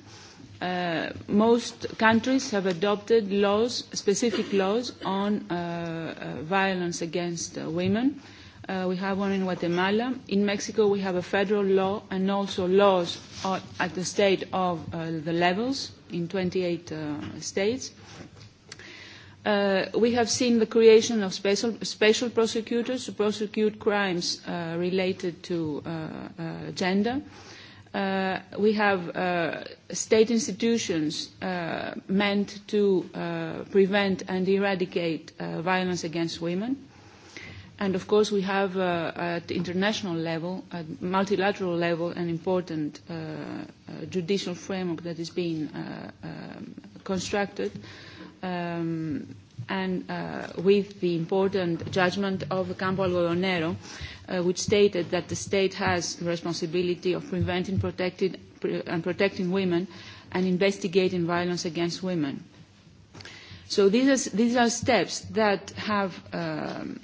Uh, most countries have adopted laws, specific laws on uh, uh, violence against uh, women. Uh, we have one in Guatemala. In Mexico, we have a federal law and also laws at the state of uh, the levels in 28 uh, states. Uh, uh, we have seen the creation of special, special prosecutors to prosecute crimes uh, related to uh, uh, gender. Uh, we have uh, state institutions uh, meant to uh, prevent and eradicate uh, violence against women. And of course, we have uh, at international level, at multilateral level, an important uh, uh, judicial framework that is being uh, um, constructed uh, um, and uh, with the important judgment of Campo Algodonero, uh, which stated that the state has the responsibility of preventing protected, pre- and protecting women and investigating violence against women. So these are, these are steps that have um,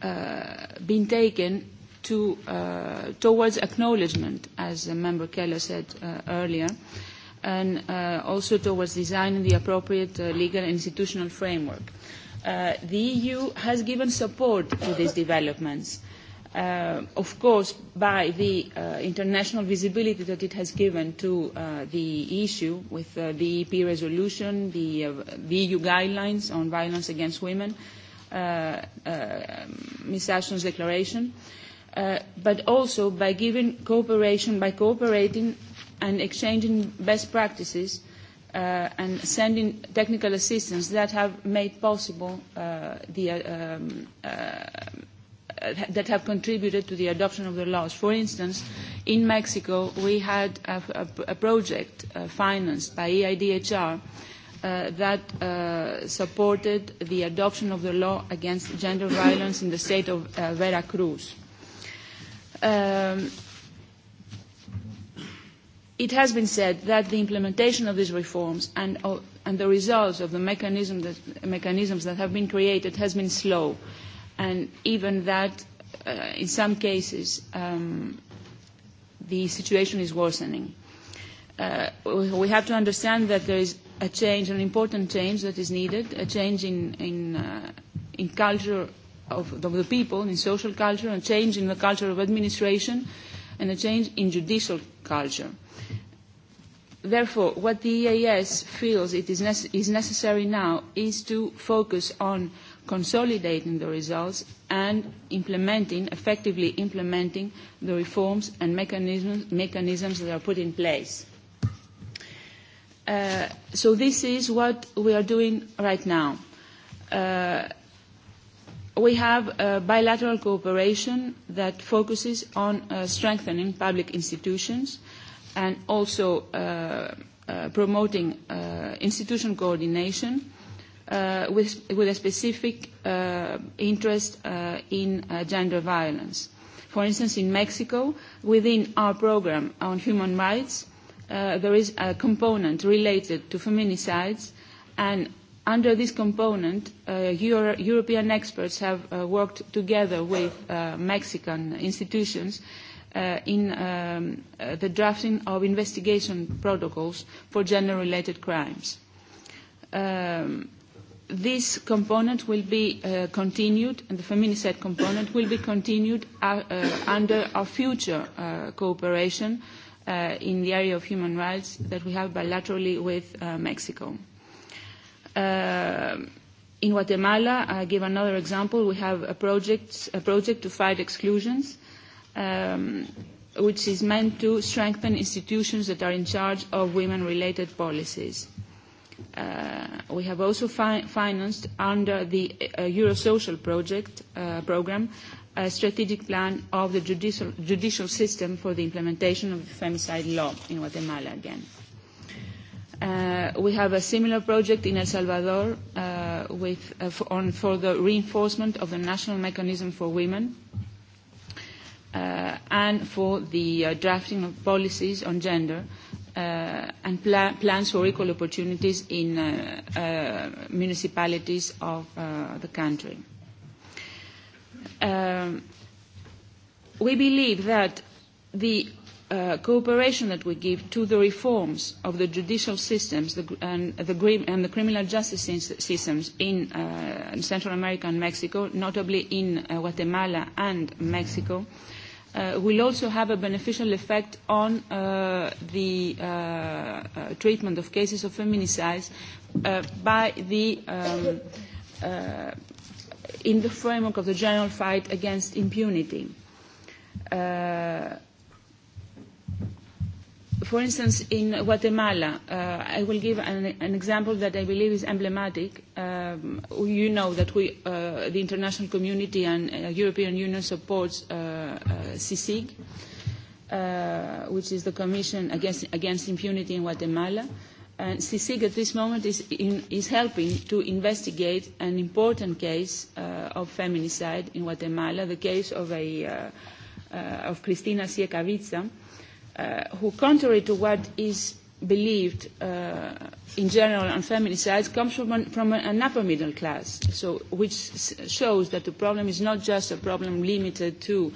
uh, been taken to, uh, towards acknowledgement, as uh, Member Keller said uh, earlier. Uh, and uh, also towards designing the appropriate uh, legal and institutional framework. Uh, the EU has given support to these developments, uh, of course, by the uh, international visibility that it has given to uh, the issue with uh, the EP resolution, the, uh, the EU guidelines on violence against women, uh, uh, Ms. Ashton's declaration. Uh, but also by giving cooperation, by cooperating and exchanging best practices uh, and sending technical assistance that have made possible uh, the, uh, um, uh, that have contributed to the adoption of the laws. For instance, in Mexico, we had a, a, a project uh, financed by EIDHR uh, that uh, supported the adoption of the law against gender violence in the state of uh, Veracruz. Um, It has been said that the implementation of these reforms and, of, uh, and the results of the mechanism that, mechanisms that have been created has been slow, and even that uh, in some cases um, the situation is worsening. Uh, we have to understand that there is a change, an important change that is needed, a change in, in, uh, in culture of, of the people, in social culture, a change in the culture of administration, and a change in judicial culture. Uh, Therefore, what the EAS feels it is, nece is necessary now is to focus on consolidating the results and implementing, effectively implementing the reforms and mechanisms, mechanisms that are put in place. Uh, so this is what we are doing right now. Uh, we have uh, bilateral cooperation that focuses on uh, strengthening public institutions uh, and also uh, uh, promoting uh, institution coordination uh, with, with a specific uh, interest uh, in uh, gender violence. For instance, in Mexico, within our program on human rights, uh, there is a component related to feminicides, and under this component, uh, Euro- European experts have uh, worked together with uh, Mexican institutions uh, uh, in um, uh, the drafting of investigation protocols for gender-related crimes. Um, this component will be uh, continued, and the feminicide component will be continued uh, uh, under our future uh, cooperation uh, in the area of human rights that we have bilaterally with uh, Mexico. Uh, in Guatemala, I give another example, we have a project, a project to fight exclusions um, which is meant to strengthen institutions that are in charge of women-related policies. Uh, we have also fi financed under the uh, Eurosocial project uh, program a strategic plan of the judicial, judicial system for the implementation of the femicide law in Guatemala again. Uh, we have a similar project in El Salvador uh, with, uh, for, on, for the reinforcement of the national mechanism for women uh, uh, and for the uh, drafting of policies on gender uh, and pla- plans for equal opportunities in uh, uh, municipalities of uh, the country. Um, we believe that the uh, cooperation that we give to the reforms of the judicial systems the, and, the, and the criminal justice systems in uh, Central America and Mexico, notably in uh, Guatemala and Mexico, uh, uh, will also have a beneficial effect on uh, the uh, uh, treatment of cases of feminicide uh, by the, um, uh, in the framework of the general fight against impunity. Uh, for instance, in Guatemala, uh, I will give an, an example that I believe is emblematic. Um, you know that we, uh, the international community and uh, European Union supports uh, uh, CICIG, uh, which is the Commission Against, Against Impunity in Guatemala. And CICIG at this moment is, in, is helping to investigate an important case uh, of feminicide in Guatemala, the case of, a, uh, uh, of Cristina Siecavica, uh, uh, who, contrary to what is believed uh, in general on feminist sides, comes from an, from an upper middle class, so, which shows that the problem is not just a problem limited to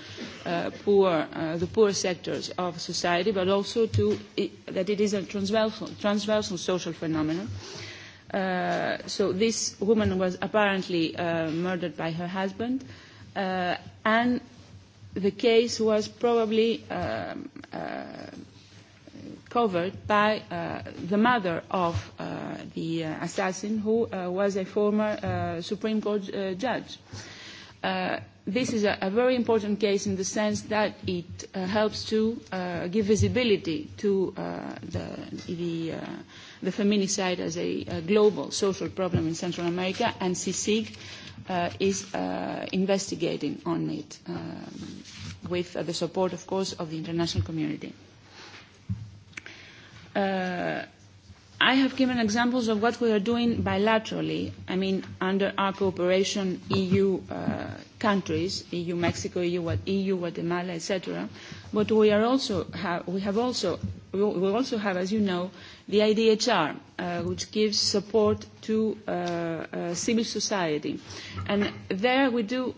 uh, poor, uh, the poor sectors of society, but also to it, that it is a transversal, transversal social phenomenon. Uh, so this woman was apparently uh, murdered by her husband, uh, and the case was probably um, uh, covered by uh, the mother of uh, the uh, assassin, who uh, was a former uh, Supreme Court uh, judge. Uh, this is a, a very important case in the sense that it uh, helps to uh, give visibility to uh, the, the, uh, the feminicide as a, a global social problem in Central America, and CSIG uh, uh, is uh, investigating on it um, with uh, the support, of course, of the international community. Uh, I have given examples of what we are doing bilaterally, I mean, under our cooperation EU uh, countries, EU-Mexico, EU-Guatemala, e EU, etc., But we are also have, we have also we also have, as you know, the IDHR, uh, which gives support to uh, uh, civil society, and there we do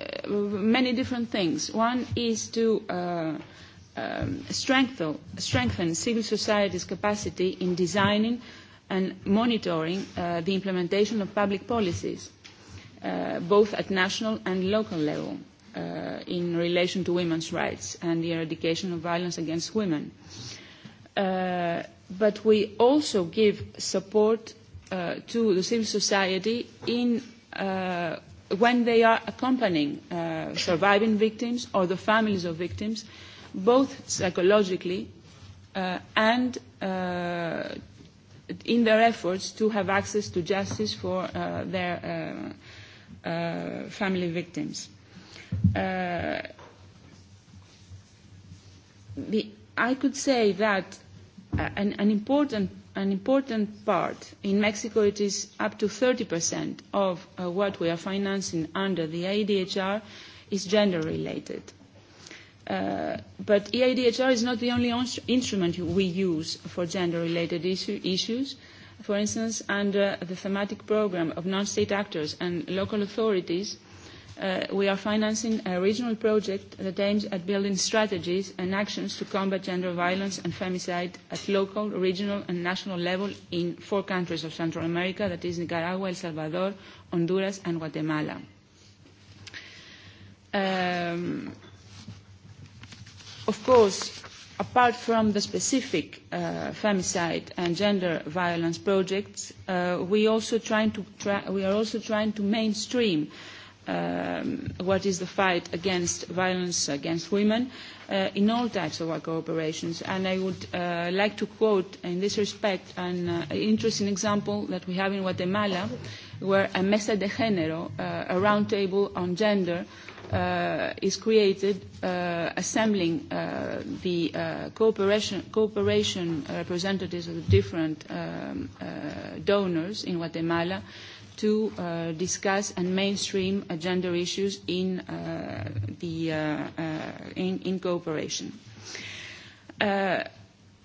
uh, many different things. One is to uh, um, strengthen, strengthen civil society's capacity in designing and monitoring uh, the implementation of public policies, uh, both at national and local level uh, in relation to women's rights and the eradication of violence against women. Uh, but we also give support uh, to the civil society in, uh, when they are accompanying uh, surviving victims or the families of victims, both psychologically uh, and uh, in their efforts to have access to justice for uh, their uh, uh, family victims. Uh, the, I could say that uh, an, an, important, an important part in Mexico it is up to 30% of uh, what we are financing under the ADHR is gender related. Uh, but EIDHR is not the only instrument we use for gender-related issue, issues. For instance, under the thematic program of non-state actors and local authorities, uh, we are financing a regional project that aims at building strategies and actions to combat gender violence and femicide at local, regional and national level in four countries of Central America, that is Nicaragua, El Salvador, Honduras and Guatemala. Um, of course, apart from the specific uh, femicide and gender violence projects, uh, we, also trying to try, we are also trying to mainstream uh, um, what is the fight against violence against women uh, in all types of our cooperations. And I would uh, like to quote in this respect an uh, interesting example that we have in Guatemala, where a mesa de género, uh, a roundtable on gender, uh, is created uh, assembling uh, the uh, cooperation, cooperation representatives of different um, uh, donors in Guatemala uh, to uh, discuss and mainstream uh, gender issues in, uh, the, uh, uh, in, in cooperation. Uh,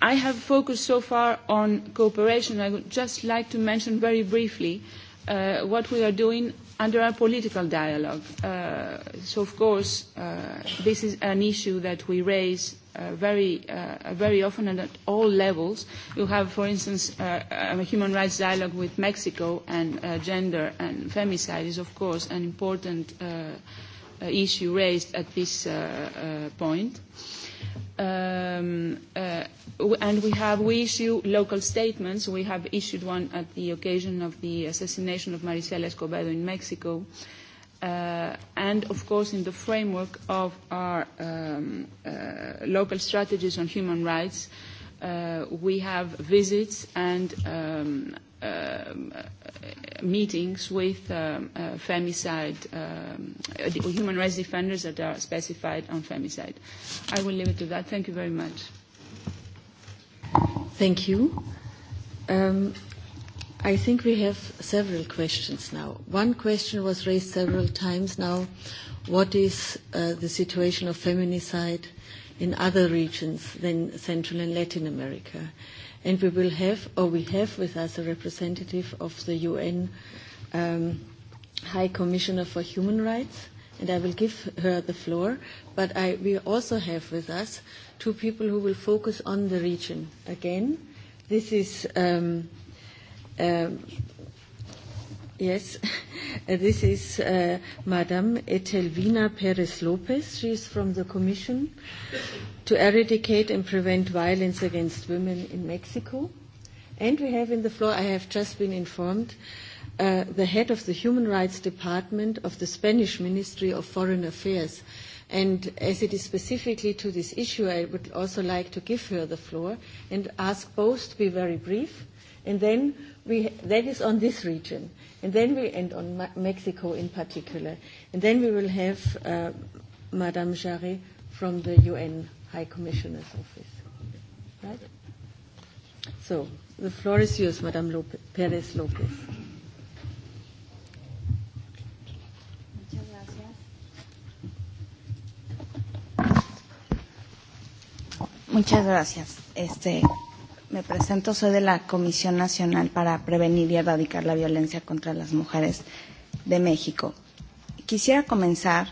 I have focused so far on cooperation. I would just like to mention very briefly uh, what we are doing under our political dialogue. Uh, so, of course, uh, this is an issue that we raise uh, very, uh, very often and at all levels. You have, for instance, uh, um, a human rights dialogue with Mexico, and uh, gender and femicide is, of course, an important uh, uh issue raised at this uh, uh, point. Um, uh, and we have, we issue local statements. We have issued one at the occasion of the assassination of Maricela Escobedo in Mexico. Uh, uh, and of course in the framework of our um, uh, local strategies on human rights, uh, we have visits and um, uh, meetings with um, uh, femicide, um, human rights defenders that are specified on femicide. I will leave it to that. Thank you very much. Thank you. Um, I think we have several questions now. One question was raised several times now. What is uh, the situation of feminicide in other regions than Central and Latin America? And we will have, or we have with us, a representative of the UN um, High Commissioner for Human Rights, and I will give her the floor. But I, we also have with us two people who will focus on the region again. This is um, Um, yes, this is uh, Madame Etelvina Perez Lopez. She is from the Commission to Eradicate and Prevent Violence Against Women in Mexico. And we have in the floor, I have just been informed, uh, the head of the Human Rights Department of the Spanish Ministry of Foreign Affairs. And as it is specifically to this issue, I would also like to give her the floor and ask both to be very brief. And then we, that is on this region, and then we and on Mexico in particular, and then we will have uh, Madame Jarre from the UN High Commissioner's office, right? So the floor is yours, Madame Lopez, Perez Lopez. Muchas gracias. Este, Me presento, soy de la Comisión Nacional para Prevenir y Erradicar la Violencia contra las Mujeres de México. Quisiera comenzar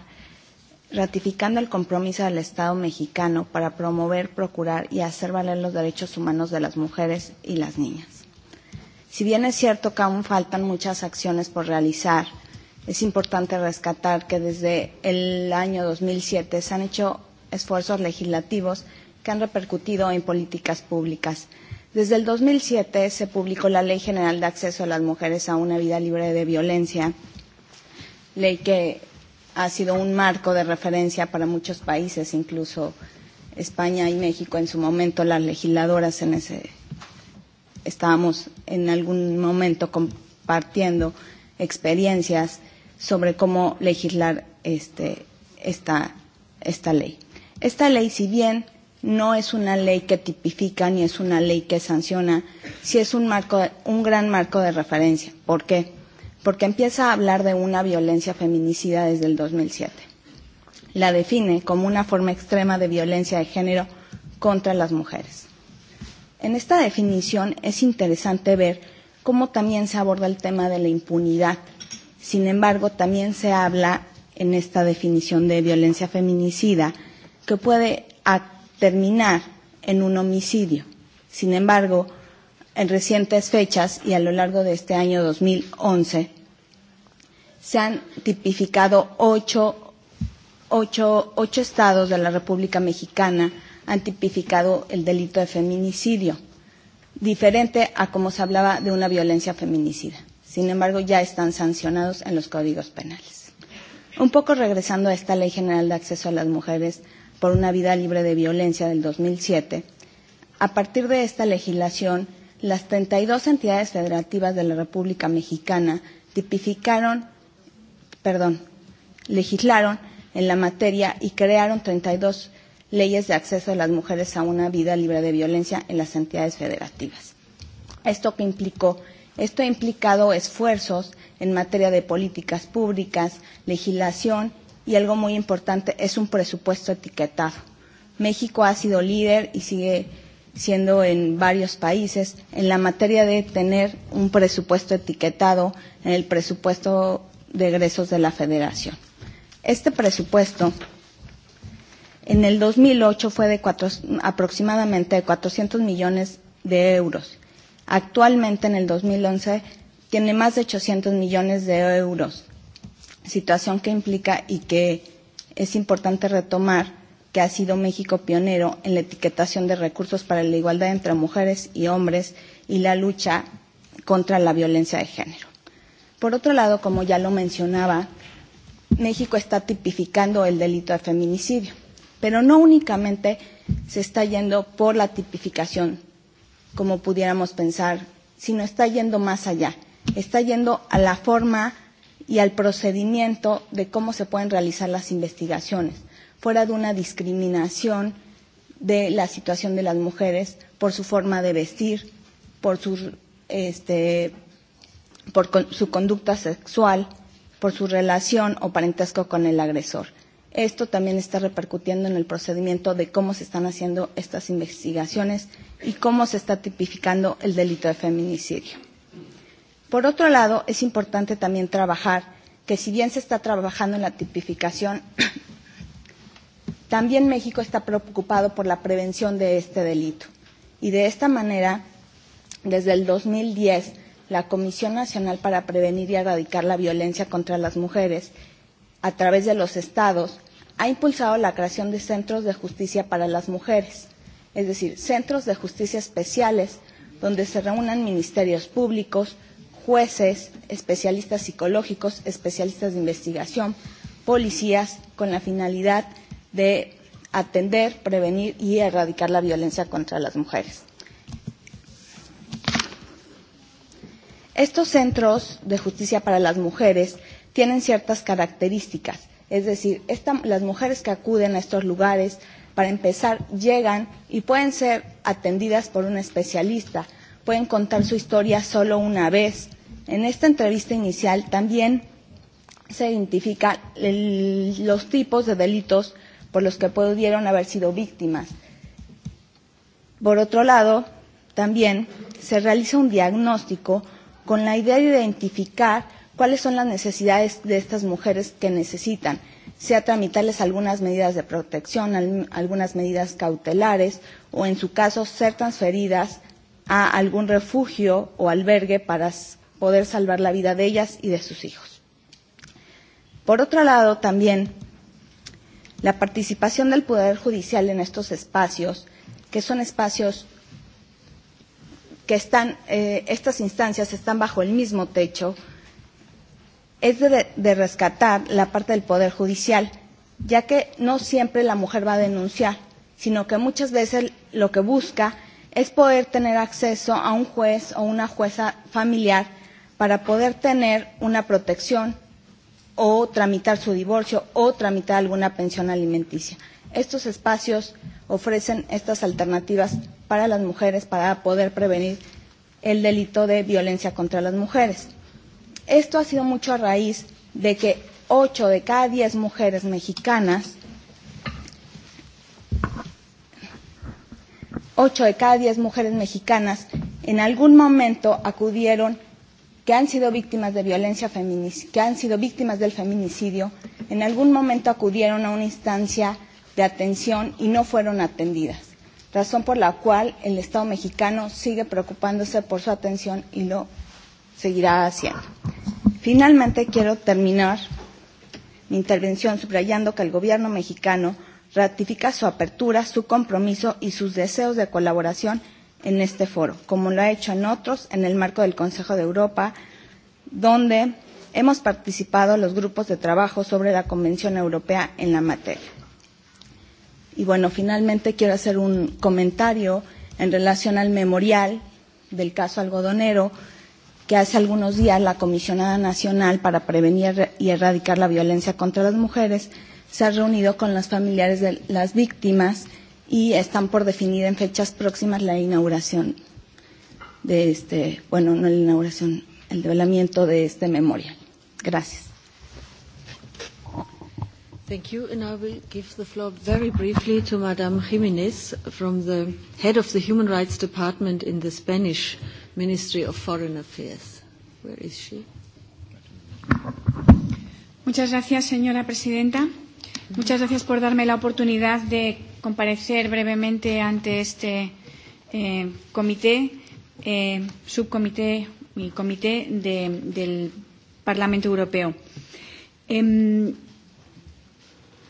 ratificando el compromiso del Estado mexicano para promover, procurar y hacer valer los derechos humanos de las mujeres y las niñas. Si bien es cierto que aún faltan muchas acciones por realizar, es importante rescatar que desde el año 2007 se han hecho esfuerzos legislativos que han repercutido en políticas públicas Desde el 2007 se publicó la Ley General de Acceso a las Mujeres a una Vida Libre de Violencia, ley que ha sido un marco de referencia para muchos países, incluso España y México en su momento, las legisladoras en ese estábamos en algún momento compartiendo experiencias sobre cómo legislar este, esta, esta ley. Esta ley, si bien no es una ley que tipifica ni es una ley que sanciona, sí es un, marco, un gran marco de referencia. ¿Por qué? Porque empieza a hablar de una violencia feminicida desde el 2007. La define como una forma extrema de violencia de género contra las mujeres. En esta definición es interesante ver cómo también se aborda el tema de la impunidad. Sin embargo, también se habla en esta definición de violencia feminicida que puede a terminar en un homicidio. Sin embargo, en recientes fechas y a lo largo de este año 2011, se han tipificado ocho, ocho, ocho estados de la República Mexicana han tipificado el delito de feminicidio, diferente a como se hablaba de una violencia feminicida. Sin embargo, ya están sancionados en los códigos penales. Un poco regresando a esta Ley General de Acceso a las Mujeres, por una vida libre de violencia del 2007, a partir de esta legislación, las 32 entidades federativas de la República Mexicana tipificaron, perdón, legislaron en la materia y crearon 32 leyes de acceso de las mujeres a una vida libre de violencia en las entidades federativas. Esto que implicó, esto ha implicado esfuerzos en materia de políticas públicas, legislación y algo muy importante es un presupuesto etiquetado. México ha sido líder y sigue siendo en varios países en la materia de tener un presupuesto etiquetado en el presupuesto de egresos de la federación. Este presupuesto en el 2008 fue de cuatro, aproximadamente de 400 millones de euros. Actualmente en el 2011 tiene más de 800 millones de euros situación que implica y que es importante retomar que ha sido México pionero en la etiquetación de recursos para la igualdad entre mujeres y hombres y la lucha contra la violencia de género. Por otro lado, como ya lo mencionaba, México está tipificando el delito de feminicidio, pero no únicamente se está yendo por la tipificación, como pudiéramos pensar, sino está yendo más allá, está yendo a la forma y al procedimiento de cómo se pueden realizar las investigaciones, fuera de una discriminación de la situación de las mujeres por su forma de vestir, por su, este, por con, su conducta sexual, por su relación o parentesco con el agresor. Esto también está repercutiendo en el procedimiento de cómo se están haciendo estas investigaciones y cómo se está tipificando el delito de feminicidio. Por otro lado, es importante también trabajar que si bien se está trabajando en la tipificación, también México está preocupado por la prevención de este delito. Y de esta manera, desde el 2010, la Comisión Nacional para Prevenir y Erradicar la Violencia contra las Mujeres, a través de los estados, ha impulsado la creación de centros de justicia para las mujeres, es decir, centros de justicia especiales donde se reúnan ministerios públicos, jueces, especialistas psicológicos, especialistas de investigación, policías, con la finalidad de atender, prevenir y erradicar la violencia contra las mujeres. Estos centros de justicia para las mujeres tienen ciertas características, es decir, esta, las mujeres que acuden a estos lugares, para empezar, llegan y pueden ser atendidas por un especialista, pueden contar su historia solo una vez. En esta entrevista inicial también se identifican los tipos de delitos por los que pudieron haber sido víctimas. Por otro lado, también se realiza un diagnóstico con la idea de identificar cuáles son las necesidades de estas mujeres que necesitan, sea tramitarles algunas medidas de protección, al, algunas medidas cautelares o, en su caso, ser transferidas a algún refugio o albergue para poder salvar la vida de ellas y de sus hijos. Por otro lado, también la participación del Poder Judicial en estos espacios, que son espacios que están, eh, estas instancias están bajo el mismo techo, es de, de rescatar la parte del Poder Judicial, ya que no siempre la mujer va a denunciar, sino que muchas veces lo que busca es es poder tener acceso a un juez o una jueza familiar para poder tener una protección o tramitar su divorcio o tramitar alguna pensión alimenticia. Estos espacios ofrecen estas alternativas para las mujeres para poder prevenir el delito de violencia contra las mujeres. Esto ha sido mucho a raíz de que 8 de cada 10 mujeres mexicanas 8 de cada 10 mujeres mexicanas en algún momento acudieron que han sido víctimas de violencia feminicidio, que han sido víctimas del feminicidio, en algún momento acudieron a una instancia de atención y no fueron atendidas, razón por la cual el Estado mexicano sigue preocupándose por su atención y lo seguirá haciendo. Finalmente, quiero terminar mi intervención subrayando que el gobierno mexicano ratifica su apertura, su compromiso y sus deseos de colaboración en este foro, como lo ha hecho en otros en el marco del Consejo de Europa, donde hemos participado los grupos de trabajo sobre la Convención Europea en la materia. Y bueno, finalmente quiero hacer un comentario en relación al memorial del caso algodonero que hace algunos días la Comisionada Nacional para Prevenir y Erradicar la Violencia contra las Mujeres se ha reunido con los familiares de las víctimas y están por definir en fechas próximas la inauguración de este, bueno, no la inauguración, el develamiento de este memorial. Gracias. Thank you, and I will give the floor very briefly to Madame Jiménez from the head of the Human Rights Department in the Spanish Ministry of Foreign Affairs. Where is she? Muchas gracias, señora presidenta. Muchas gracias por darme la oportunidad de comparecer brevemente ante este eh, comité, eh, subcomité y comité de, del Parlamento Europeo. Eh,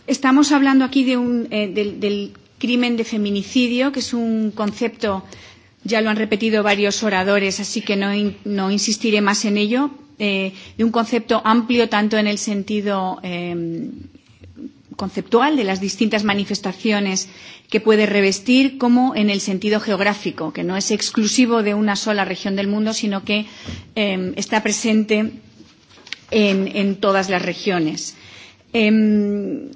estamos hablando aquí de un, eh, del, del crimen de feminicidio, que es un concepto, ya lo han repetido varios oradores, así que no, in, no insistiré más en ello, eh, de un concepto amplio tanto en el sentido eh, conceptual de las distintas manifestaciones que puede revestir, como en el sentido geográfico, que no es exclusivo de una sola región del mundo, sino que eh, está presente en, en todas las regiones. Eh,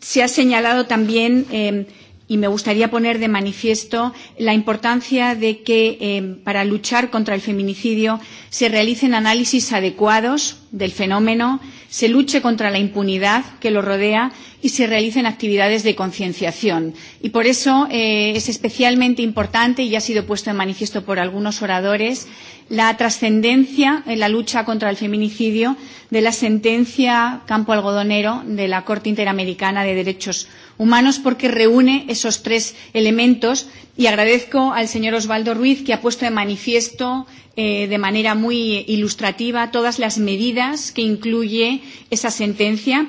se ha señalado también eh, y me gustaría poner de manifiesto la importancia de que eh, para luchar contra el feminicidio se realicen análisis adecuados del fenómeno, se luche contra la impunidad que lo rodea y se realicen actividades de concienciación. Y por eso eh, es especialmente importante, y ha sido puesto de manifiesto por algunos oradores, la trascendencia en la lucha contra el feminicidio de la sentencia Campo Algodonero de la Corte Interamericana de Derechos Humanos, porque reúne esos tres elementos. Y agradezco al señor Osvaldo Ruiz que ha puesto de manifiesto eh, de manera muy ilustrativa todas las medidas que incluye esa sentencia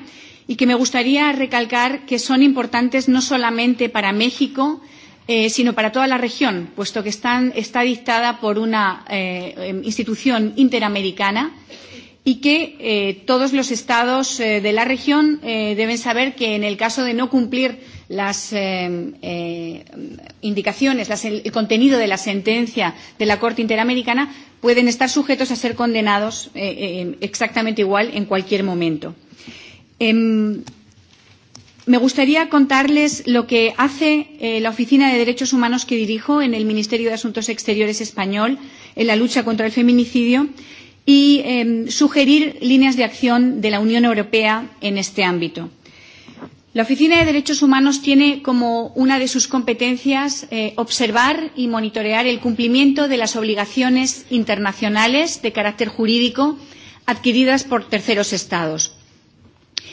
y que me gustaría recalcar que son importantes no solamente para México, eh, sino para toda la región, puesto que están, está dictada por una eh, institución interamericana y que eh, todos los estados eh, de la región eh, deben saber que en el caso de no cumplir las eh, eh, indicaciones, las, el, el contenido de la sentencia de la Corte Interamericana, pueden estar sujetos a ser condenados eh, eh, exactamente igual en cualquier momento. Eh, Eh, me gustaría contarles lo que hace eh, la Oficina de Derechos Humanos que dirijo en el Ministerio de Asuntos Exteriores español en la lucha contra el feminicidio y eh, sugerir líneas de acción de la Unión Europea en este ámbito. La Oficina de Derechos Humanos tiene como una de sus competencias eh, observar y monitorear el cumplimiento de las obligaciones internacionales de carácter jurídico adquiridas por terceros estados.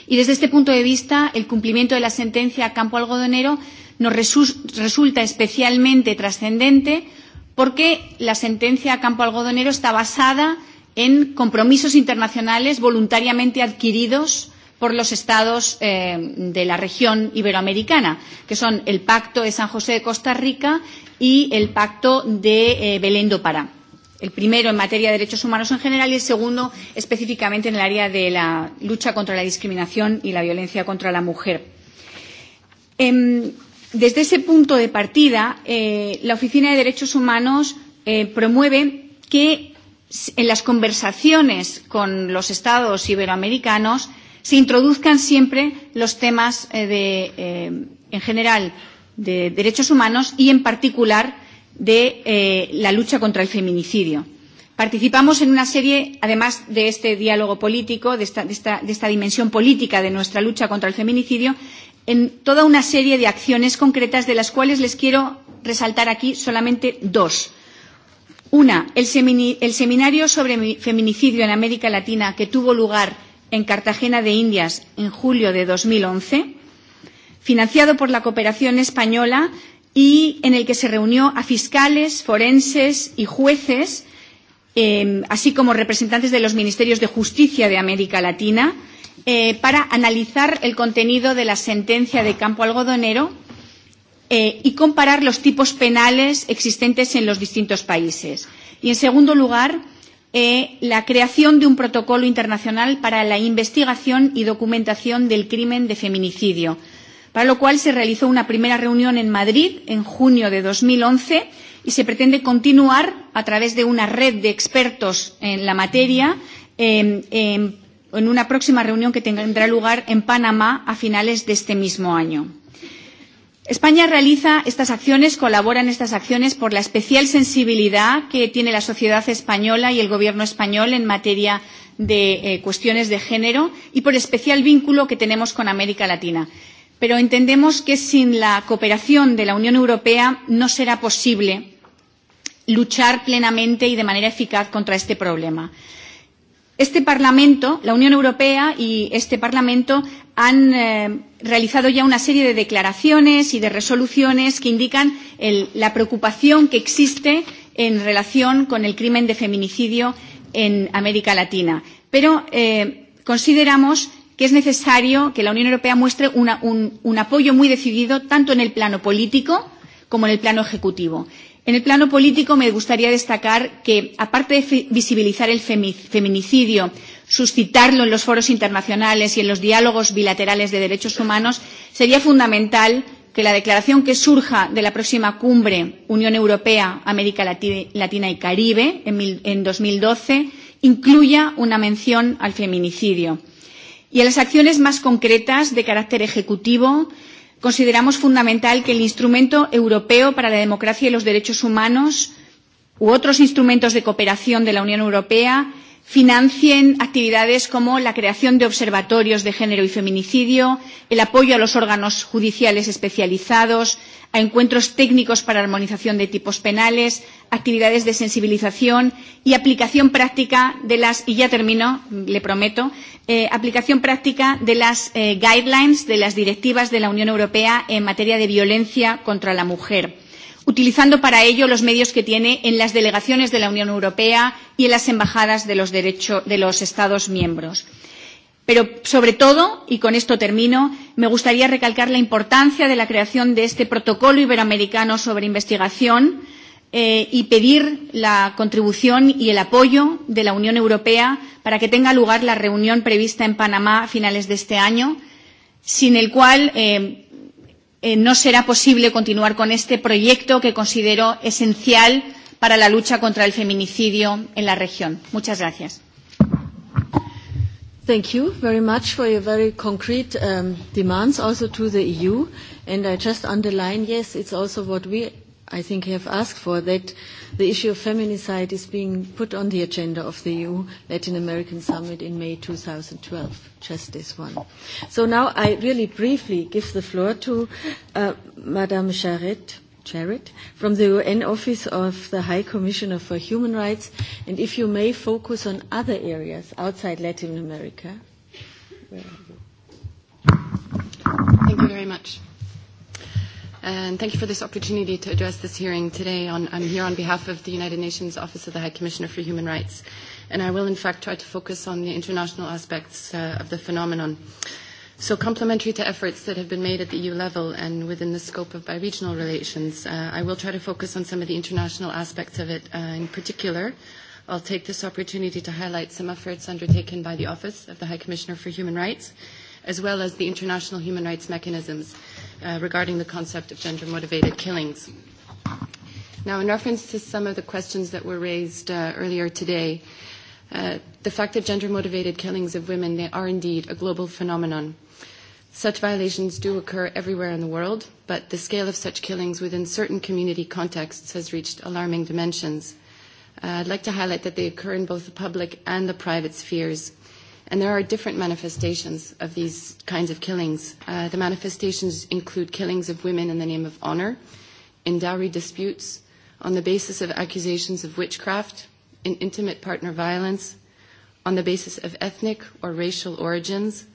Y desde este punto de vista, el cumplimiento de la sentencia Campo Algodonero nos resu resulta especialmente trascendente porque la sentencia Campo Algodonero está basada en compromisos internacionales voluntariamente adquiridos por los estados eh, de la región iberoamericana, que son el Pacto de San José de Costa Rica y el Pacto de eh, Belén do Pará. El primero en materia de derechos humanos en general y el segundo específicamente en el área de la lucha contra la discriminación y la violencia contra la mujer. Eh, desde ese punto de partida, eh, la Oficina de Derechos Humanos eh, promueve que en las conversaciones con los estados iberoamericanos se introduzcan siempre los temas eh, de, eh, en general de derechos humanos y en particular de eh, la lucha contra el feminicidio. Participamos en una serie, además de este diálogo político, de esta, de, esta, de esta dimensión política de nuestra lucha contra el feminicidio, en toda una serie de acciones concretas de las cuales les quiero resaltar aquí solamente dos. Una, el, semini, el seminario sobre feminicidio en América Latina que tuvo lugar en Cartagena de Indias en julio de 2011, financiado por la cooperación española y en el que se reunió a fiscales, forenses y jueces, eh, así como representantes de los ministerios de justicia de América Latina, eh, para analizar el contenido de la sentencia de Campo Algodonero eh, y comparar los tipos penales existentes en los distintos países. Y, en segundo lugar, eh, la creación de un protocolo internacional para la investigación y documentación del crimen de feminicidio, para lo cual se realizó una primera reunión en Madrid en junio de 2011 y se pretende continuar a través de una red de expertos en la materia eh, eh, en una próxima reunión que tendrá lugar en Panamá a finales de este mismo año. España realiza estas acciones, colabora en estas acciones por la especial sensibilidad que tiene la sociedad española y el Gobierno español en materia de eh, cuestiones de género y por el especial vínculo que tenemos con América Latina pero entendemos que sin la cooperación de la Unión Europea no será posible luchar plenamente y de manera eficaz contra este problema. Este Parlamento, la Unión Europea y este Parlamento han eh, realizado ya una serie de declaraciones y de resoluciones que indican el, la preocupación que existe en relación con el crimen de feminicidio en América Latina. Pero eh, consideramos que es necesario que la Unión Europea muestre una, un, un apoyo muy decidido tanto en el plano político como en el plano ejecutivo. En el plano político me gustaría destacar que, aparte de visibilizar el feminicidio, suscitarlo en los foros internacionales y en los diálogos bilaterales de derechos humanos, sería fundamental que la declaración que surja de la próxima cumbre Unión Europea, América Latina y Caribe en 2012 incluya una mención al feminicidio. Y a las acciones más concretas de carácter ejecutivo, consideramos fundamental que el Instrumento Europeo para la Democracia y los Derechos Humanos u otros instrumentos de cooperación de la Unión Europea financien actividades como la creación de observatorios de género y feminicidio, el apoyo a los órganos judiciales especializados, a encuentros técnicos para armonización de tipos penales, actividades de sensibilización y aplicación práctica de las y ya termino, le prometo, eh, aplicación práctica de las eh, guidelines de las directivas de la Unión Europea en materia de violencia contra la mujer utilizando para ello los medios que tiene en las delegaciones de la Unión Europea y en las embajadas de los, derecho, de los Estados miembros. Pero, sobre todo, y con esto termino, me gustaría recalcar la importancia de la creación de este protocolo iberoamericano sobre investigación eh, y pedir la contribución y el apoyo de la Unión Europea para que tenga lugar la reunión prevista en Panamá a finales de este año, sin el cual eh, eh, no será posible continuar con este proyecto que considero esencial para la lucha contra el feminicidio en la región. Muchas gracias. Thank you very much for your very concrete um, demands also to the EU. And I just underline, yes, it's also what we I think have asked for, that the issue of feminicide is being put on the agenda of the EU Latin American Summit in May 2012, just this one. So now I really briefly give the floor to uh, Madame Charette. Jarrett from the UN Office of the High Commissioner for Human Rights, and if you may focus on other areas outside Latin America. Where are you? Thank you very much and thank you for this opportunity to address this hearing today. On, I'm here on behalf of the United Nations Office of the High Commissioner for Human Rights, and I will in fact try to focus on the international aspects uh, of the phenomenon. So complementary to efforts that have been made at the EU level and within the scope of bi-regional relations, uh, I will try to focus on some of the international aspects of it. Uh, in particular, I'll take this opportunity to highlight some efforts undertaken by the Office of the High Commissioner for Human Rights, as well as the international human rights mechanisms – uh, regarding the concept of gender motivated killings. Now, in reference to some of the questions that were raised uh, earlier today, uh, the fact of gender motivated killings of women, they are indeed a global phenomenon. Such violations do occur everywhere in the world, but the scale of such killings within certain community contexts has reached alarming dimensions. Uh, I'd like to highlight that they occur in both the public and the private spheres. And there are different manifestations of these kinds of killings. Uh, the manifestations include killings of women in the name of honor, in dowry disputes, on the basis of accusations of witchcraft, in intimate partner violence, on the basis of ethnic or racial origins,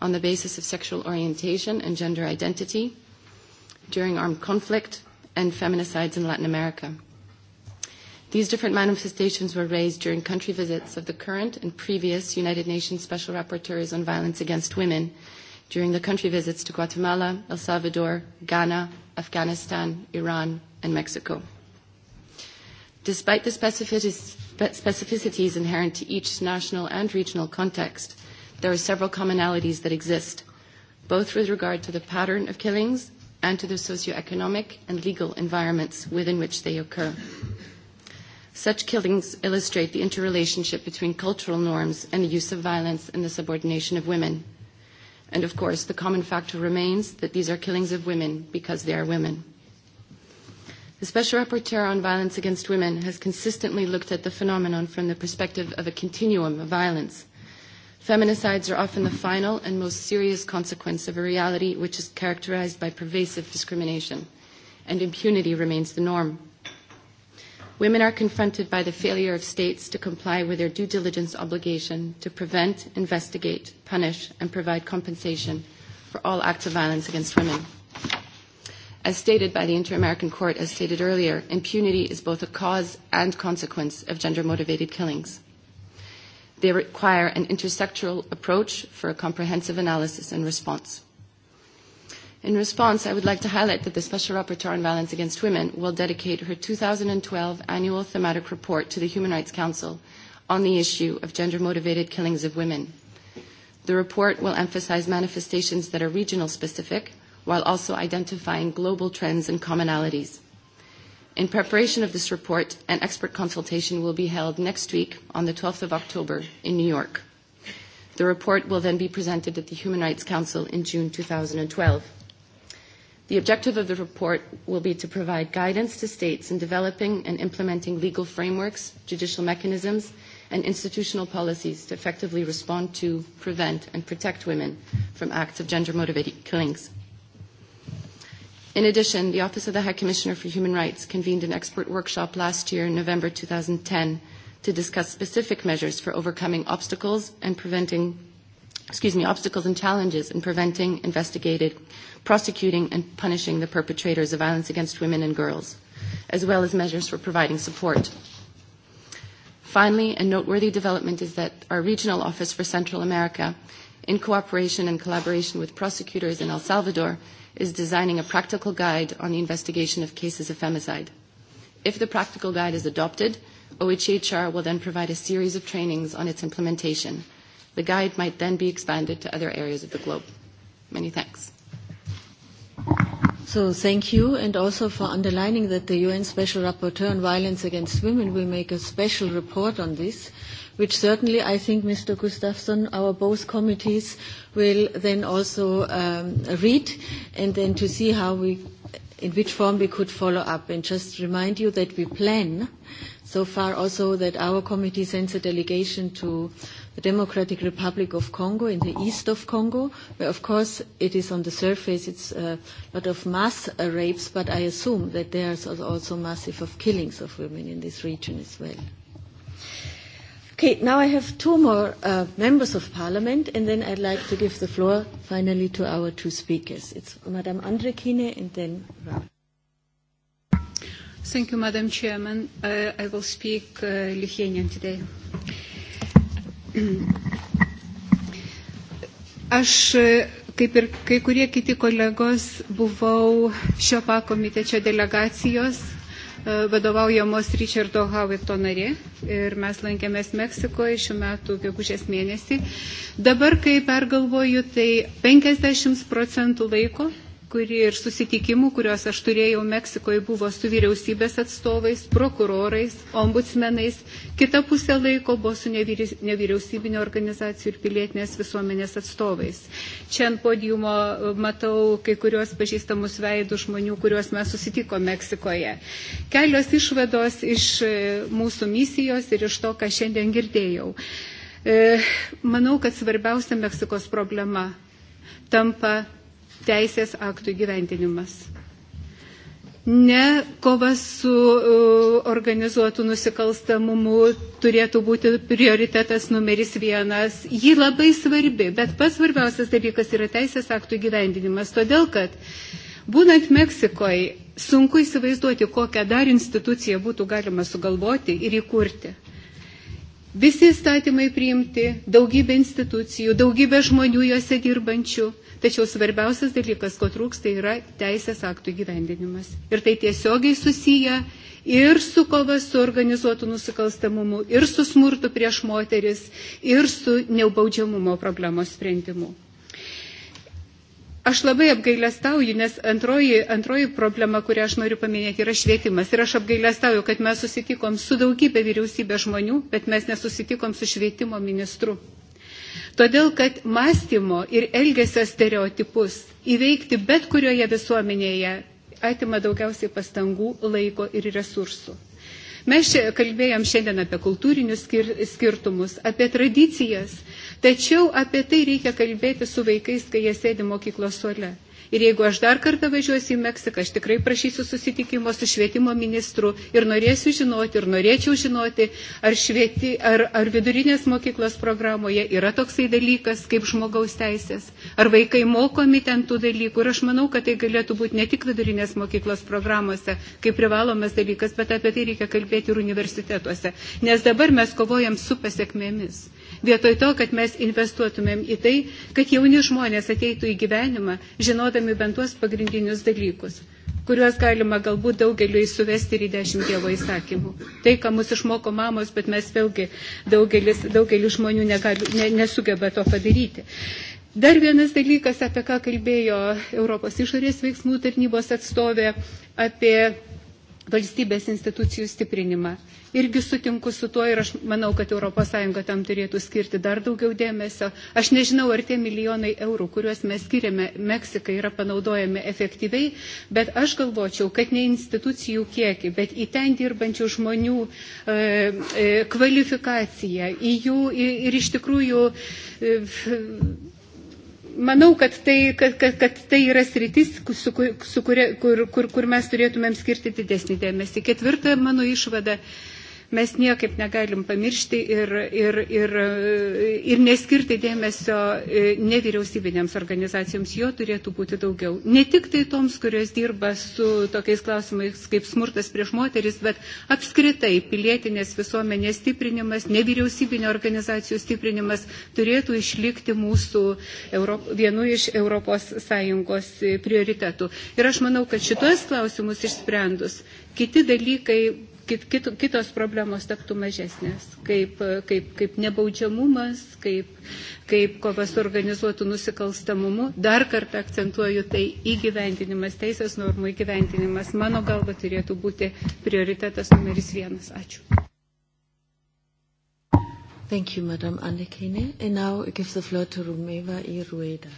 on the basis of sexual orientation and gender identity, during armed conflict, and feminicides in Latin America. These different manifestations were raised during country visits of the current and previous United Nations Special Rapporteurs on Violence Against Women, during the country visits to Guatemala, El Salvador, Ghana, Afghanistan, Iran, and Mexico. Despite the specificities inherent to each national and regional context, there are several commonalities that exist, both with regard to the pattern of killings and to the socioeconomic and legal environments within which they occur. Such killings illustrate the interrelationship between cultural norms and the use of violence and the subordination of women. And of course, the common factor remains that these are killings of women because they are women. The Special Rapporteur on Violence Against Women has consistently looked at the phenomenon from the perspective of a continuum of violence. Feminicides are often the final and most serious consequence of a reality which is characterized by pervasive discrimination, and impunity remains the norm women are confronted by the failure of states to comply with their due diligence obligation to prevent, investigate, punish, and provide compensation for all acts of violence against women. As stated by the Inter-American Court, as stated earlier, impunity is both a cause and consequence of gender-motivated killings. They require an intersectoral approach for a comprehensive analysis and response. In response, I would like to highlight that the Special Rapporteur on Violence Against Women will dedicate her 2012 annual thematic report to the Human Rights Council on the issue of gender-motivated killings of women. The report will emphasize manifestations that are regional specific while also identifying global trends and commonalities. In preparation of this report, an expert consultation will be held next week on the 12th of October in New York. The report will then be presented at the Human Rights Council in June 2012. The objective of the report will be to provide guidance to states in developing and implementing legal frameworks, judicial mechanisms, and institutional policies to effectively respond to, prevent, and protect women from acts of gender-motivated killings. In addition, the Office of the High Commissioner for Human Rights convened an expert workshop last year in November 2010 to discuss specific measures for overcoming obstacles and preventing excuse me, obstacles and challenges in preventing, investigating, prosecuting, and punishing the perpetrators of violence against women and girls, as well as measures for providing support. Finally, a noteworthy development is that our regional office for Central America, in cooperation and collaboration with prosecutors in El Salvador, is designing a practical guide on the investigation of cases of femicide. If the practical guide is adopted, OHHR will then provide a series of trainings on its implementation – The guide might then be expanded to other areas of the globe. Many thanks. So thank you, and also for underlining that the UN Special Rapporteur on Violence Against Women will make a special report on this, which certainly I think Mr. Gustafsson, our both committees will then also um, read, and then to see how we, in which form we could follow up. And just remind you that we plan so far also that our committee sends a delegation to the Democratic Republic of Congo in the east of Congo, where of course it is on the surface, it's a lot of mass rapes, but I assume that there's also massive of killings of women in this region as well. Okay, now I have two more uh, members of parliament, and then I'd like to give the floor finally to our two speakers. It's Madame Andrekine and then Raul. Thank you, Madam Chairman. Uh, I will speak uh, Lithuanian today. Uh, Aš, e, kaip ir kai kurie kiti kolegos, buvau šio pakomitečio delegacijos e, vadovaujamos Richardo Havito narė ir mes lankėmės Meksikoje šiuo metu gegužės mėnesį. Dabar, kai pergalvoju, tai 50 procentų laiko kuri ir susitikimų, kuriuos aš turėjau Meksikoje, buvo su vyriausybės atstovais, prokurorais, ombudsmenais, kita pusė laiko buvo su nevyriausybinio organizacijų ir pilietinės visuomenės atstovais. Čia ant podiumo e, matau kai kuriuos pažįstamus veidų žmonių, kuriuos mes susitiko Meksikoje. Kelios išvados iš e, mūsų misijos ir iš to, ką šiandien girdėjau. E, manau, kad svarbiausia Meksikos problema tampa teisės aktų gyventinimas. Ne kova su e, organizuotu nusikalstamumu turėtų būti prioritetas numeris vienas. Ji labai svarbi, bet pats svarbiausias dalykas yra teisės aktų gyvendinimas, todėl kad būnant Meksikoje sunku įsivaizduoti, kokią dar instituciją būtų galima sugalvoti ir įkurti. Visi įstatymai priimti, daugybė institucijų, daugybė žmonių juose dirbančių, tačiau svarbiausias dalykas, ko trūksta, yra teisės aktų gyvendinimas. Ir tai tiesiogiai susiję ir su kova su organizuotu nusikalstamumu, ir su smurtu prieš moteris, ir su neubaudžiamumo problemos sprendimu. Aš labai apgailestauju, nes antroji, antroji problema, kurią aš noriu paminėti, yra švietimas. Ir aš apgailestauju, kad mes susitikom su daugybė vyriausybės žmonių, bet mes nesusitikom su švietimo ministru. Todėl, kad mąstymo ir elgesio stereotipus įveikti bet kurioje visuomenėje atima daugiausiai pastangų, laiko ir resursų. Mes čia kalbėjom šiandien apie kultūrinius skir skirtumus, apie tradicijas, Tačiau apie tai reikia kalbėti su vaikais, kai jie sėdi mokyklos suole. Ir jeigu aš dar kartą važiuosiu į Meksiką, aš tikrai prašysiu susitikimo su švietimo ministru ir norėsiu žinoti, ir norėčiau žinoti, ar, švieti, ar, ar vidurinės mokyklos programoje yra toksai dalykas kaip žmogaus teisės, ar vaikai mokomi ten tų dalykų. Ir aš manau, kad tai galėtų būti ne tik vidurinės mokyklos programuose kaip privalomas dalykas, bet apie tai reikia kalbėti ir universitetuose. Nes dabar mes kovojam su pasiekmėmis vietoj to, kad mes investuotumėm į tai, kad jauni žmonės ateitų į gyvenimą, žinodami bent tuos pagrindinius dalykus kuriuos galima galbūt daugeliu įsuvesti ir į dešimt Dievo įsakymų. Tai, ką mus išmoko mamos, bet mes vėlgi daugelis, daugelis žmonių negali, ne, nesugeba to padaryti. Dar vienas dalykas, apie ką kalbėjo Europos išorės veiksmų tarnybos atstovė, apie valstybės institucijų stiprinimą. Irgi sutinku su tuo ir aš manau, kad ES tam turėtų skirti dar daugiau dėmesio. Aš nežinau, ar tie milijonai eurų, kuriuos mes skiriame Meksikai, yra panaudojami efektyviai, bet aš galvočiau, kad ne institucijų kiekį, bet į ten dirbančių žmonių e, e, kvalifikaciją, į jų ir iš tikrųjų. E, Manau, kad tai, kad, kad, kad tai yra sritis, su, kur, su kuria, kur, kur, kur mes turėtumėm skirti didesnį dėmesį. Ketvirta mano išvada mes niekaip negalim pamiršti ir, ir, ir, ir neskirti dėmesio e, nevyriausybinėms organizacijoms. Jo turėtų būti daugiau. Ne tik tai toms, kurios dirba su tokiais klausimais kaip smurtas prieš moteris, bet apskritai pilietinės visuomenės stiprinimas, nevyriausybinio organizacijų stiprinimas turėtų išlikti mūsų Europ, vienu iš Europos Sąjungos prioritetų. Ir aš manau, kad šitos klausimus išsprendus, kiti dalykai kit, kit, kitos problemos taptų mažesnės, kaip, kaip, kaip nebaudžiamumas, kaip, kaip kova su organizuotu nusikalstamumu. Dar kartą akcentuoju, tai įgyvendinimas, teisės normų įgyvendinimas, mano galva, turėtų būti prioritetas numeris vienas. Ačiū. Thank you, Madam Andekine. And now I give the floor to Rumeva Irueda.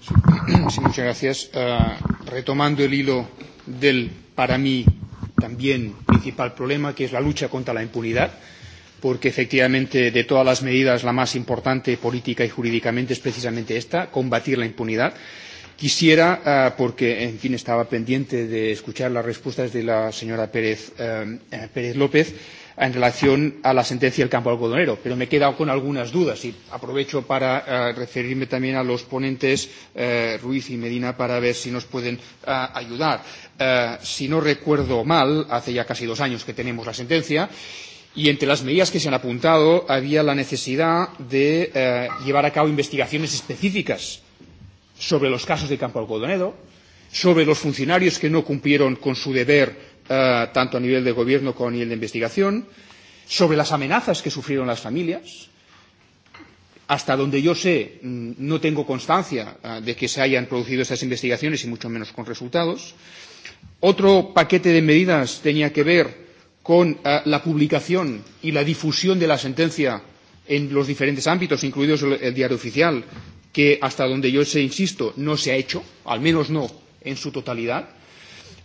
Sí, muchas gracias. Uh, retomando el hilo del, para mí, también principal problema, que es la lucha contra la impunidad, porque efectivamente de todas las medidas la más importante política y jurídicamente es precisamente esta, combatir la impunidad. Quisiera, uh, porque en fin estaba pendiente de escuchar las respuestas de la señora Pérez, uh, Pérez López, uh, en relación a la sentencia del campo algodonero, pero me he quedado con algunas dudas y aprovecho para eh, referirme también a los ponentes eh, Ruiz y Medina para ver si nos pueden eh, ayudar. Eh, si no recuerdo mal, hace ya casi dos años que tenemos la sentencia y entre las medidas que se han apuntado había la necesidad de eh, llevar a cabo investigaciones específicas sobre los casos de campo algodonero, sobre los funcionarios que no cumplieron con su deber eh, tanto a nivel de gobierno como a nivel de investigación, sobre las amenazas que sufrieron las familias. Hasta donde yo sé, mm, no tengo constancia eh, de que se hayan producido estas investigaciones y mucho menos con resultados. Otro paquete de medidas tenía que ver con eh, la publicación y la difusión de la sentencia en los diferentes ámbitos, incluidos el, el diario oficial, que hasta donde yo sé, insisto, no se ha hecho, al menos no en su totalidad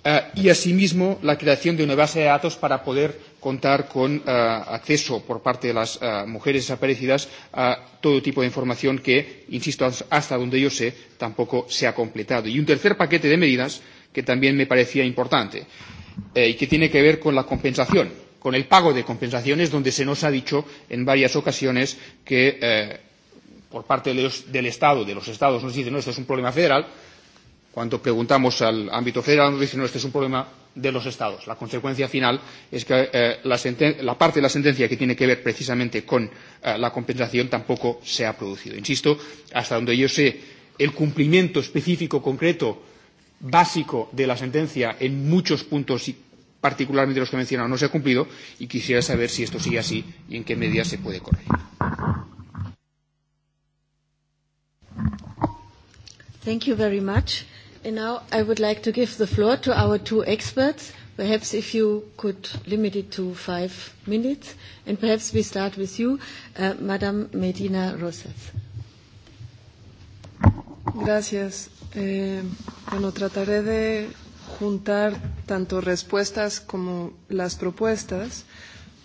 eh, y asimismo la creación de una base de datos para poder contar con eh, acceso por parte de las eh, mujeres desaparecidas a todo tipo de información que, insisto, hasta donde yo sé, tampoco se ha completado. Y un tercer paquete de medidas que también me parecía importante eh, y que tiene que ver con la compensación, con el pago de compensaciones, donde se nos ha dicho en varias ocasiones que eh, por parte de los, del Estado, de los Estados, nos dicen, no, esto es un problema federal, eh, cuando preguntamos al ámbito federal nos dicen no, este es un problema de los Estados. La consecuencia final es que eh, la, la parte de la sentencia que tiene que ver precisamente con eh, la compensación tampoco se ha producido. Insisto, hasta donde yo sé, el cumplimiento específico, concreto, básico de la sentencia en muchos puntos y particularmente los que he mencionado no se ha cumplido y quisiera saber si esto sigue así y en qué medida se puede corregir. Thank you very much. And now I would like to give the floor to our two experts. Perhaps if you could limit it to five minutes, and perhaps we start with you, uh, Madam Medina Rosas. Gracias. Eh, bueno, trataré de juntar tanto respuestas como las propuestas.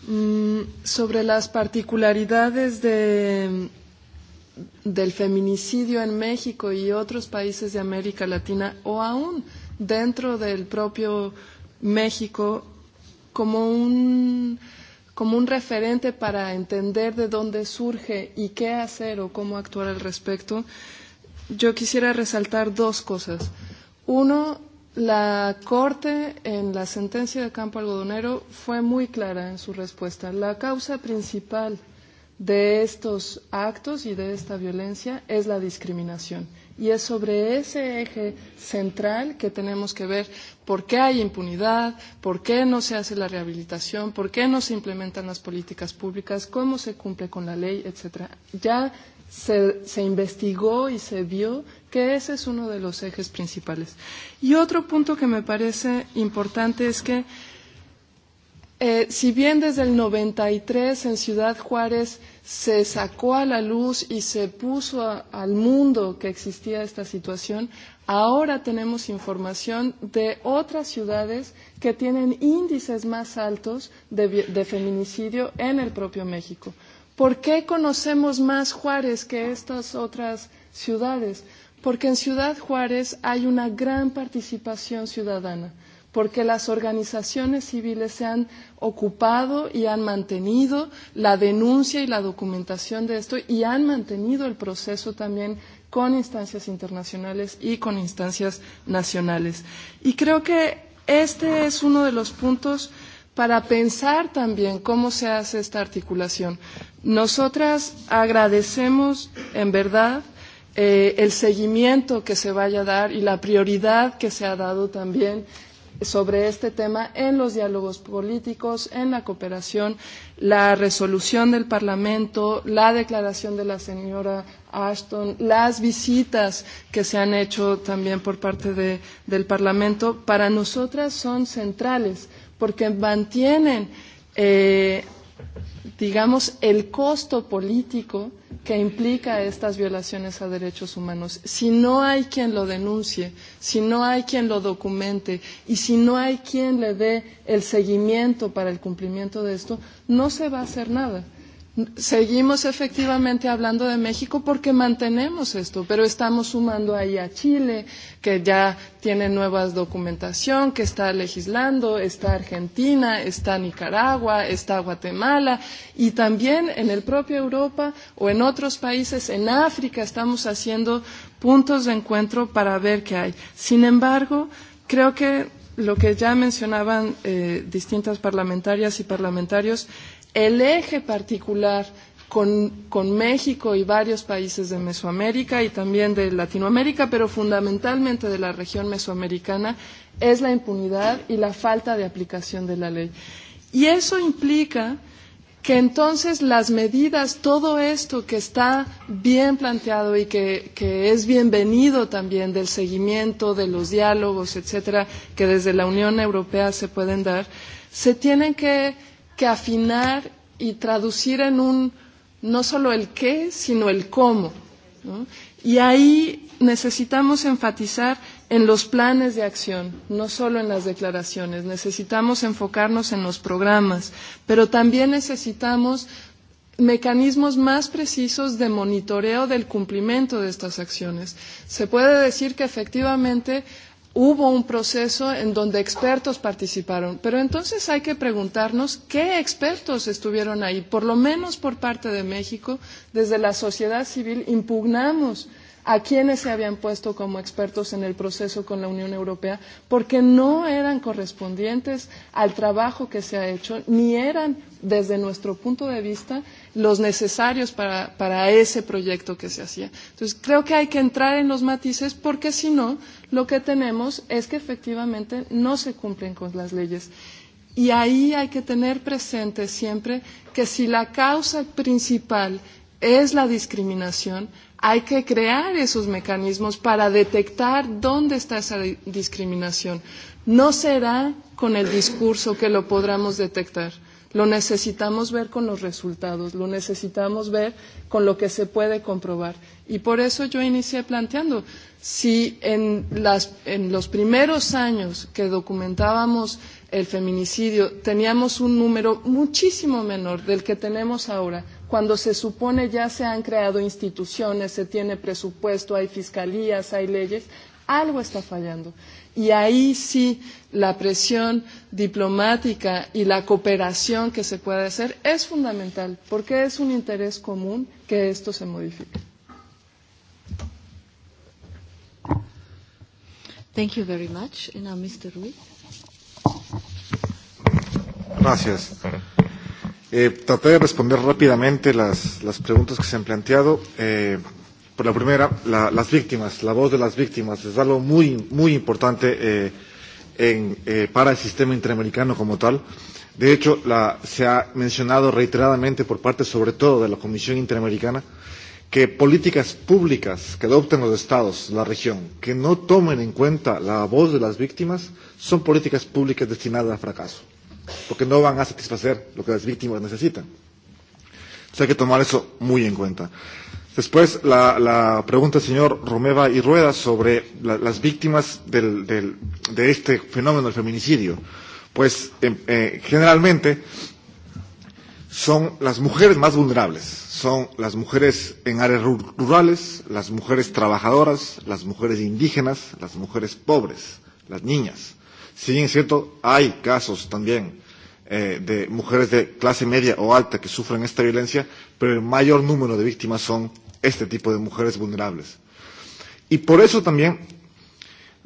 Mm, sobre las particularidades de, del feminicidio en México y otros países de América Latina o aún dentro del propio México como un, como un referente para entender de dónde surge y qué hacer o cómo actuar al respecto, yo quisiera resaltar dos cosas. Uno, la Corte en la sentencia de Campo Algodonero fue muy clara en su respuesta. La causa principal de estos actos y de esta violencia es la discriminación. Y es sobre ese eje central que tenemos que ver por qué hay impunidad, por qué no se hace la rehabilitación, por qué no se implementan las políticas públicas, cómo se cumple con la ley, etc. Ya se, se investigó y se vio que ese es uno de los ejes principales. Y otro punto que me parece importante es que Eh, si bien desde el 93 en Ciudad Juárez se sacó a la luz y se puso a, al mundo que existía esta situación, ahora tenemos información de otras ciudades que tienen índices más altos de, de feminicidio en el propio México. ¿Por qué conocemos más Juárez que estas otras ciudades? Porque en Ciudad Juárez hay una gran participación ciudadana. Uh, porque las organizaciones civiles se han ocupado y han mantenido la denuncia y la documentación de esto y han mantenido el proceso también con instancias internacionales y con instancias nacionales. Y creo que este es uno de los puntos para pensar también cómo se hace esta articulación. Nosotras agradecemos, en verdad, eh, el seguimiento que se vaya a dar y la prioridad que se ha dado también sobre este tema en los diálogos políticos, en la cooperación, la resolución del Parlamento, la declaración de la señora Ashton, las visitas que se han hecho también por parte de, del Parlamento, para nosotras son centrales porque mantienen eh, digamos, el costo político que implica estas violaciones a derechos humanos. Si no hay quien lo denuncie, si no hay quien lo documente y si no hay quien le dé el seguimiento para el cumplimiento de esto, no se va a hacer nada. Seguimos efectivamente hablando de México porque mantenemos esto, pero estamos sumando ahí a Chile, que ya tiene nueva documentación, que está legislando, está Argentina, está Nicaragua, está Guatemala, y también en el propio Europa o en otros países, en África, estamos haciendo puntos de encuentro para ver qué hay. Sin embargo, creo que lo que ya mencionaban eh, distintas parlamentarias y parlamentarios, eh, el eje particular con, con México y varios países de Mesoamérica y también de Latinoamérica, pero fundamentalmente de la región mesoamericana, es la impunidad y la falta de aplicación de la ley. Y eso implica que entonces las medidas, todo esto que está bien planteado y que, que es bienvenido también del seguimiento, de los diálogos, etcétera, que desde la Unión Europea se pueden dar, se tienen que que afinar y traducir en un no solo el qué, sino el cómo. ¿no? Y ahí necesitamos enfatizar en los planes de acción, no solo en las declaraciones. Necesitamos enfocarnos en los programas, pero también necesitamos mecanismos más precisos de monitoreo del cumplimiento de estas acciones. Se puede decir que efectivamente hubo un proceso en donde expertos participaron. Pero entonces hay que preguntarnos qué expertos estuvieron ahí. Por lo menos por parte de México, desde la sociedad civil impugnamos a quienes se habían puesto como expertos en el proceso con la Unión Europea, porque no eran correspondientes al trabajo que se ha hecho, ni eran, desde nuestro punto de vista, los necesarios para, para ese proyecto que se hacía. Entonces, creo que hay que entrar en los matices, porque si no, lo que tenemos es que efectivamente no se cumplen con las leyes. Y ahí hay que tener presente siempre que si la causa principal es la discriminación, hay que crear esos mecanismos para detectar dónde está esa discriminación. No será con el discurso que lo podamos detectar. Lo necesitamos ver con los resultados, lo necesitamos ver con lo que se puede comprobar. Y por eso yo inicié planteando, si en, las, en los primeros años que documentábamos el feminicidio teníamos un número muchísimo menor del que tenemos ahora, cuando se supone ya se han creado instituciones, se tiene presupuesto, hay fiscalías, hay leyes, algo está fallando. Y ahí sí la presión diplomática y la cooperación que se puede hacer es fundamental, porque es un interés común que esto se modifique. Thank you very much. And now Mr. Ruiz. Gracias. Uh -huh. Eh, traté de responder rápidamente las, las preguntas que se han planteado. Eh, por la primera, la, las víctimas, la voz de las víctimas es algo muy, muy importante eh, en, eh, para el sistema interamericano como tal. De hecho, la, se ha mencionado reiteradamente por parte, sobre todo, de la Comisión Interamericana, que políticas públicas que adopten los estados, la región, que no tomen en cuenta la voz de las víctimas, son políticas públicas destinadas al fracaso. Eh, porque no van a satisfacer lo que las víctimas necesitan. Entonces hay que tomar eso muy en cuenta. Después, la, la pregunta del señor Romeva y Rueda sobre la, las víctimas del, del, de este fenómeno del feminicidio. Pues eh, eh, generalmente son las mujeres más vulnerables. Son las mujeres en áreas rurales, las mujeres trabajadoras, las mujeres indígenas, las mujeres pobres, las niñas. Si bien es cierto, hay casos también eh, de mujeres de clase media o alta que sufren esta violencia, pero el mayor número de víctimas son este tipo de mujeres vulnerables. Y por eso también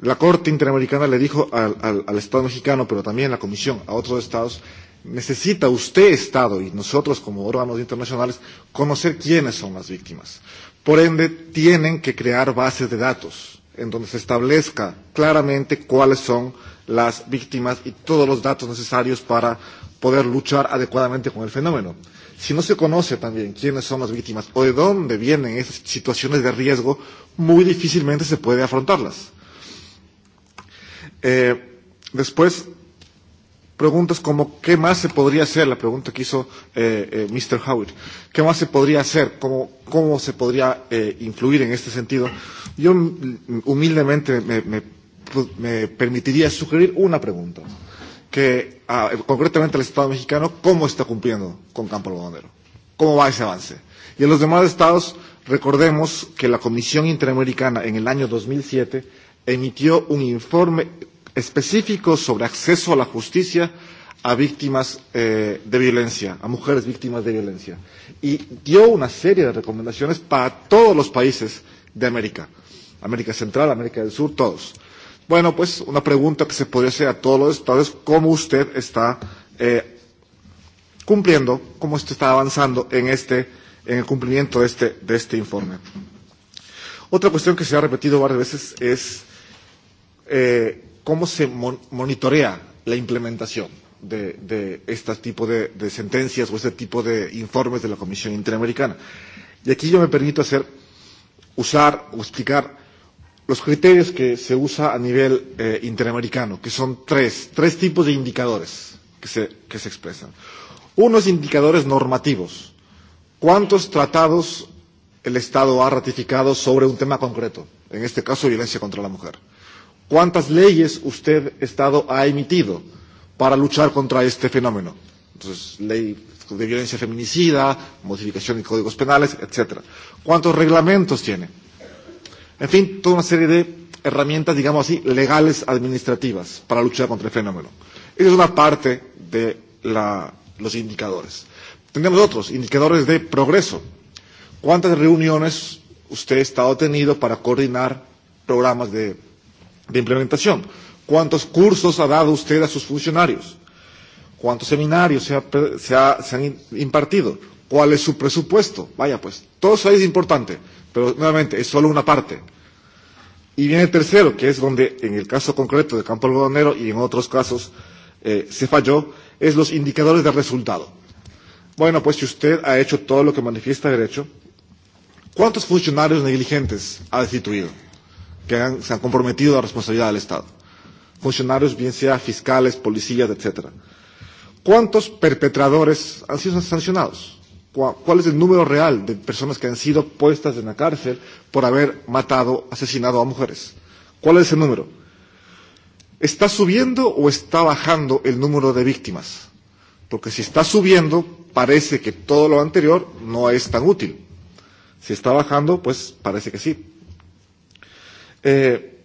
la Corte Interamericana le dijo al, al, al Estado mexicano, pero también la Comisión, a otros estados, necesita usted, Estado, y nosotros como órganos internacionales, conocer quiénes son las víctimas. Por ende, tienen que crear bases de datos en donde se establezca claramente cuáles son las víctimas y todos los datos necesarios para poder luchar adecuadamente con el fenómeno. Si no se conoce también quiénes son las víctimas o de dónde vienen esas situaciones de riesgo, muy difícilmente se puede afrontarlas. Eh, después, preguntas como qué más se podría hacer, la pregunta que hizo eh, eh, Mr. Howard, qué más se podría hacer, cómo, cómo se podría eh, influir en este sentido. Yo mm, humildemente me, me me permitiría sugerir una pregunta, que a, ah, concretamente el Estado mexicano, ¿cómo está cumpliendo con Campo Algodonero? ¿Cómo va ese avance? Y en los demás estados, recordemos que la Comisión Interamericana en el año 2007 emitió un informe específico sobre acceso a la justicia a víctimas eh, de violencia, a mujeres víctimas de violencia, y dio una serie de recomendaciones para todos los países de América, América Central, América del Sur, todos. Bueno, pues una pregunta que se podría hacer a todos los estados, ¿cómo usted está eh, cumpliendo, cómo usted está avanzando en, este, en el cumplimiento de este, de este informe? Otra cuestión que se ha repetido varias veces es eh, cómo se mon monitorea la implementación de, de este tipo de, de sentencias o este tipo de informes de la Comisión Interamericana. Y aquí yo me permito hacer, usar o explicar los criterios que se usa a nivel eh, interamericano, que son tres, tres tipos de indicadores que se, que se expresan. Uno es indicadores normativos. ¿Cuántos tratados el Estado ha ratificado sobre un tema concreto? En este caso, violencia contra la mujer. ¿Cuántas leyes usted, Estado, ha emitido para luchar contra este fenómeno? Entonces, ley de violencia feminicida, modificación de códigos penales, etc. ¿Cuántos reglamentos tiene? En fin, toda una serie de herramientas, digamos así, legales administrativas para luchar contra el fenómeno. Esa es una parte de la, los indicadores. Tenemos otros, indicadores de progreso. ¿Cuántas reuniones usted ha estado tenido para coordinar programas de, de implementación? ¿Cuántos cursos ha dado usted a sus funcionarios? ¿Cuántos seminarios se, ha, se, ha, se han impartido? ¿Cuál es su presupuesto? Vaya, pues, todo eso ahí es importante. Pero nuevamente, es solo una parte. Y viene el tercero, que es donde en el caso concreto de campo algodonero y en otros casos eh, se falló, es los indicadores de resultado. Bueno, pues si usted ha hecho todo lo que manifiesta derecho, ¿cuántos funcionarios negligentes ha destituido que han, se han comprometido a la responsabilidad del Estado? Funcionarios, bien sea fiscales, policías, etc. ¿Cuántos perpetradores han sido sancionados? cuál es el número real de personas que han sido puestas en la cárcel por haber matado, asesinado a mujeres. ¿Cuál es el número? ¿Está subiendo o está bajando el número de víctimas? Porque si está subiendo, parece que todo lo anterior no es tan útil. Si está bajando, pues parece que sí. Eh,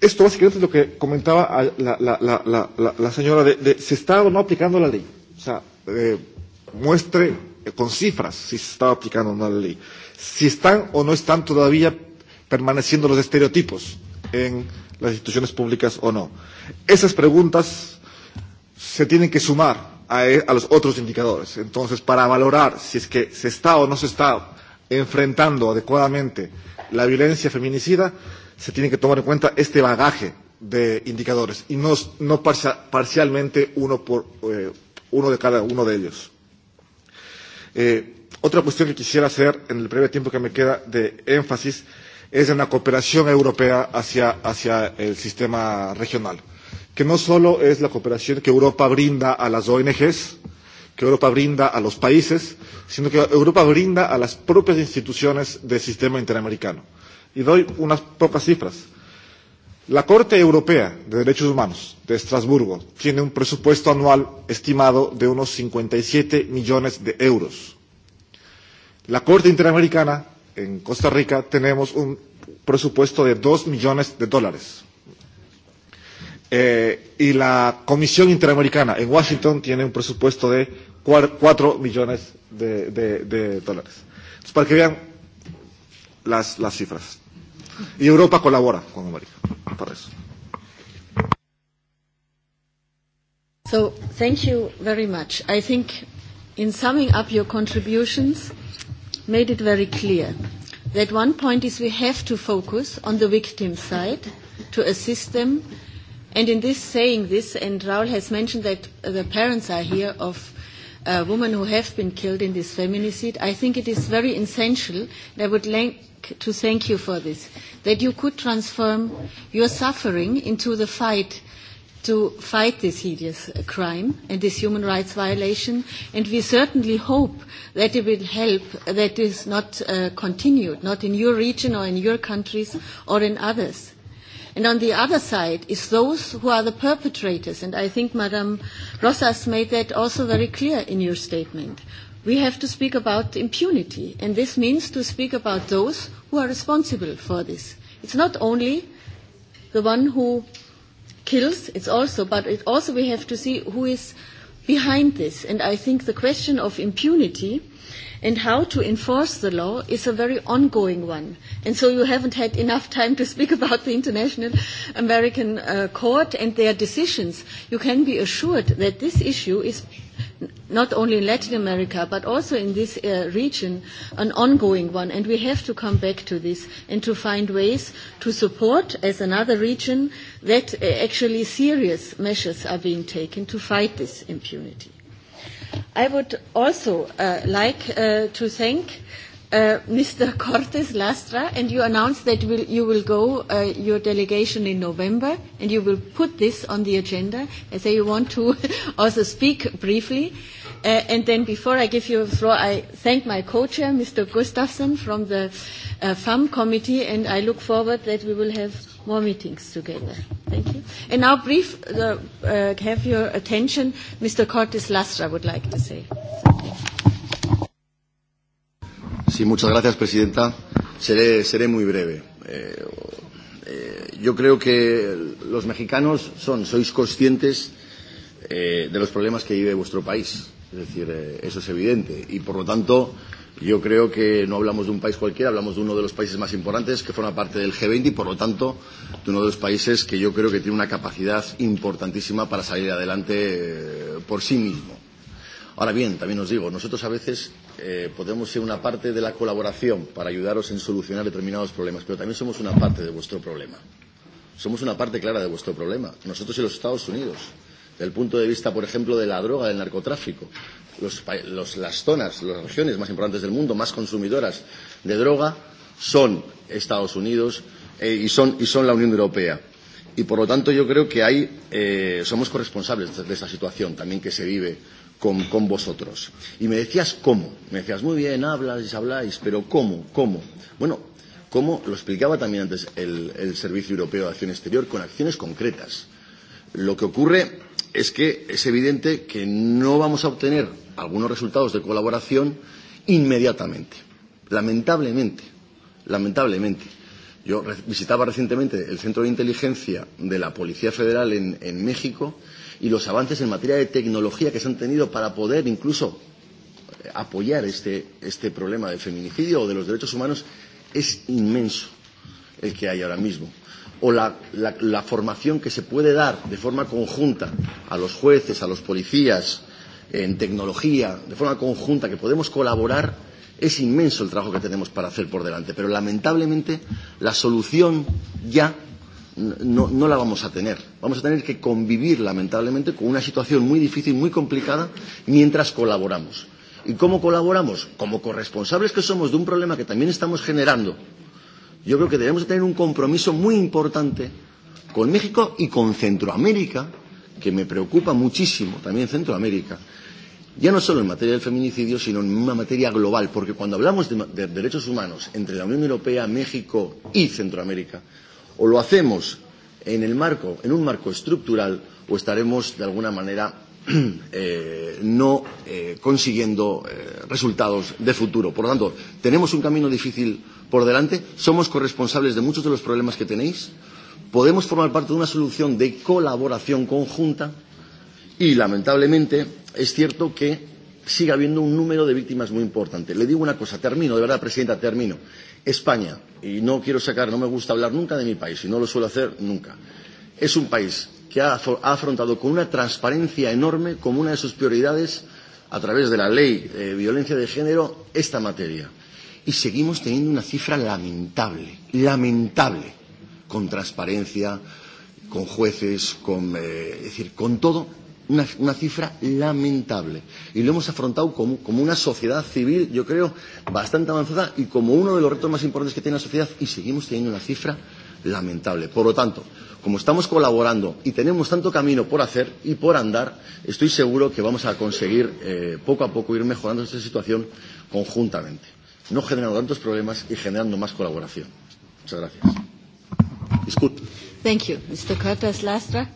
esto básicamente es lo que comentaba la, la, la, la, la señora de, de si está o no aplicando la ley. O sea, eh, muestre Eh, con cifras si se estaba aplicando una ley, si están o no están todavía permaneciendo los estereotipos en las instituciones públicas o no. Esas preguntas se tienen que sumar a, eh, a los otros indicadores. Entonces, para valorar si es que se está o no se está enfrentando adecuadamente la violencia feminicida, se tiene que tomar en cuenta este bagaje de indicadores y no, no parcia, parcialmente uno, por, eh, uno de cada uno de ellos. Eh, otra cuestión que quisiera hacer en el breve tiempo que me queda de énfasis es en la cooperación europea hacia, hacia el sistema regional, que no solo es la cooperación que Europa brinda a las ONGs, que Europa brinda a los países, sino que Europa brinda a las propias instituciones del sistema interamericano. Y doy unas pocas cifras. La Corte Europea de Derechos Humanos de Estrasburgo tiene un presupuesto anual estimado de unos 57 millones de euros. La Corte Interamericana en Costa Rica tenemos un presupuesto de 2 millones de dólares. Eh, y la Comisión Interamericana en Washington tiene un presupuesto de 4 millones de, de, de dólares. Entonces, para que vean las, las cifras. Y Europa colabora con América for us. So thank you very much. I think in summing up your contributions made it very clear that one point is we have to focus on the victim side to assist them. And in this saying this, and Raul has mentioned that the parents are here of uh, women who have been killed in this feminicide. I think it is very essential, and I would like to thank you for this, that you could transform your suffering into the fight to fight this hideous crime and this human rights violation. And we certainly hope that it will help that is not uh, continued, not in your region or in your countries or in others. And on the other side is those who are the perpetrators. And I think Madam Rosas made that also very clear in your statement. We have to speak about impunity. And this means to speak about those who are responsible for this. It's not only the one who kills, it's also, but it also we have to see who is behind this. And I think the question of impunity and how to enforce the law is a very ongoing one. And so you haven't had enough time to speak about the International American uh, Court and their decisions. You can be assured that this issue is not only in Latin America, but also in this uh, region, an ongoing one. And we have to come back to this and to find ways to support, as another region, that uh, actually serious measures are being taken to fight this impunity. I would also uh, like uh, to thank uh, Mr. Cortes Lastra, and you announced that will, you will go uh, your delegation in November, and you will put this on the agenda. I say you want to also speak briefly. Uh, Uh, and then before I give you the floor, I thank my co-chair, Mr. Gustafsson, from the uh, FAM committee, and I look forward that we will have more meetings together. Thank you. And now brief, uh, uh, have your attention, Mr. Cortes Lastra would like to say something. Sí, muchas gracias, Presidenta. Seré, seré muy breve. Eh, eh, yo creo que los mexicanos son, sois conscientes eh, de los problemas que vive vuestro país Es decir, eh, eso es evidente. Y por lo tanto, yo creo que no hablamos de un país cualquiera, hablamos de uno de los países más importantes que forma parte del G20 y por lo tanto de uno de los países que yo creo que tiene una capacidad importantísima para salir adelante eh, por sí mismo. Ahora bien, también os digo, nosotros a veces eh, podemos ser una parte de la colaboración para ayudaros en solucionar determinados problemas, pero también somos una parte de vuestro problema. Somos una parte clara de vuestro problema, nosotros y los Estados Unidos el punto de vista, por ejemplo, de la droga, del narcotráfico. Los, los, las zonas, las regiones más importantes del mundo, más consumidoras de droga, son Estados Unidos eh, y, son, y son la Unión Europea. Y por lo tanto yo creo que hay, eh, somos corresponsables de, de esa situación también que se vive con, con vosotros. Y me decías cómo. Me decías, muy bien, hablas, habláis, pero ¿cómo? ¿Cómo? Bueno, cómo lo explicaba también antes el, el Servicio Europeo de Acción Exterior, con acciones concretas. Lo que ocurre es que es evidente que no vamos a obtener algunos resultados de colaboración inmediatamente. Lamentablemente, lamentablemente. Yo visitaba recientemente el Centro de Inteligencia de la Policía Federal en, en México y los avances en materia de tecnología que se han tenido para poder incluso apoyar este, este problema del feminicidio o de los derechos humanos es inmenso el que hay ahora mismo o la, la, la formación que se puede dar de forma conjunta a los jueces, a los policías, en tecnología, de forma conjunta, que podemos colaborar, es inmenso el trabajo que tenemos para hacer por delante. Pero lamentablemente la solución ya no, no la vamos a tener. Vamos a tener que convivir, lamentablemente, con una situación muy difícil, muy complicada, mientras colaboramos. ¿Y cómo colaboramos? Como corresponsables que somos de un problema que también estamos generando yo creo que debemos tener un compromiso muy importante con México y con Centroamérica, que me preocupa muchísimo, también Centroamérica, ya no solo en materia del feminicidio, sino en una materia global, porque cuando hablamos de, de derechos humanos entre la Unión Europea, México y Centroamérica, o lo hacemos en, el marco, en un marco estructural o estaremos, de alguna manera, eh, no eh, consiguiendo eh, resultados de futuro. Por lo tanto, tenemos un camino difícil por delante, somos corresponsables de muchos de los problemas que tenéis, podemos formar parte de una solución de colaboración conjunta y, lamentablemente, es cierto que sigue habiendo un número de víctimas muy importante. Le digo una cosa, termino, de verdad, Presidenta, termino. España, y no quiero sacar, no me gusta hablar nunca de mi país, y no lo suelo hacer nunca, es un país que ha, ha afrontado con una transparencia enorme como una de sus prioridades a través de la ley de eh, violencia de género esta materia y seguimos teniendo una cifra lamentable, lamentable, con transparencia, con jueces, con, eh, es decir, con todo, una, una cifra lamentable. Y lo hemos afrontado como, como una sociedad civil, yo creo, bastante avanzada y como uno de los retos más importantes que tiene la sociedad y seguimos teniendo una cifra lamentable. Por lo tanto, como estamos colaborando y tenemos tanto camino por hacer y por andar, estoy seguro que vamos a conseguir eh, poco a poco ir mejorando esta situación conjuntamente no generando tantos problemas y generando más colaboración. Muchas gracias. It's good. Thank you, Mr. Curtis Lastra.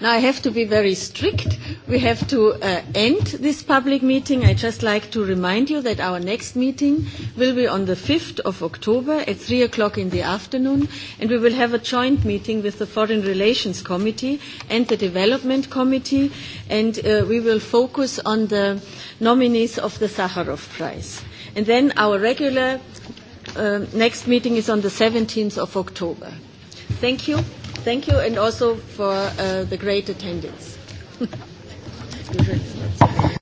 Now I have to be very strict. We have to uh, end this public meeting. I just like to remind you that our next meeting will be on the 5th of October at 3 o'clock in the afternoon, and we will have a joint meeting with the Foreign Relations Committee and the Development Committee, and uh, we will focus on the nominees of the Sakharov Prize. And then our regular uh, next meeting is on the 17th of October. Thank you. Thank you, and also for uh, the great attendance.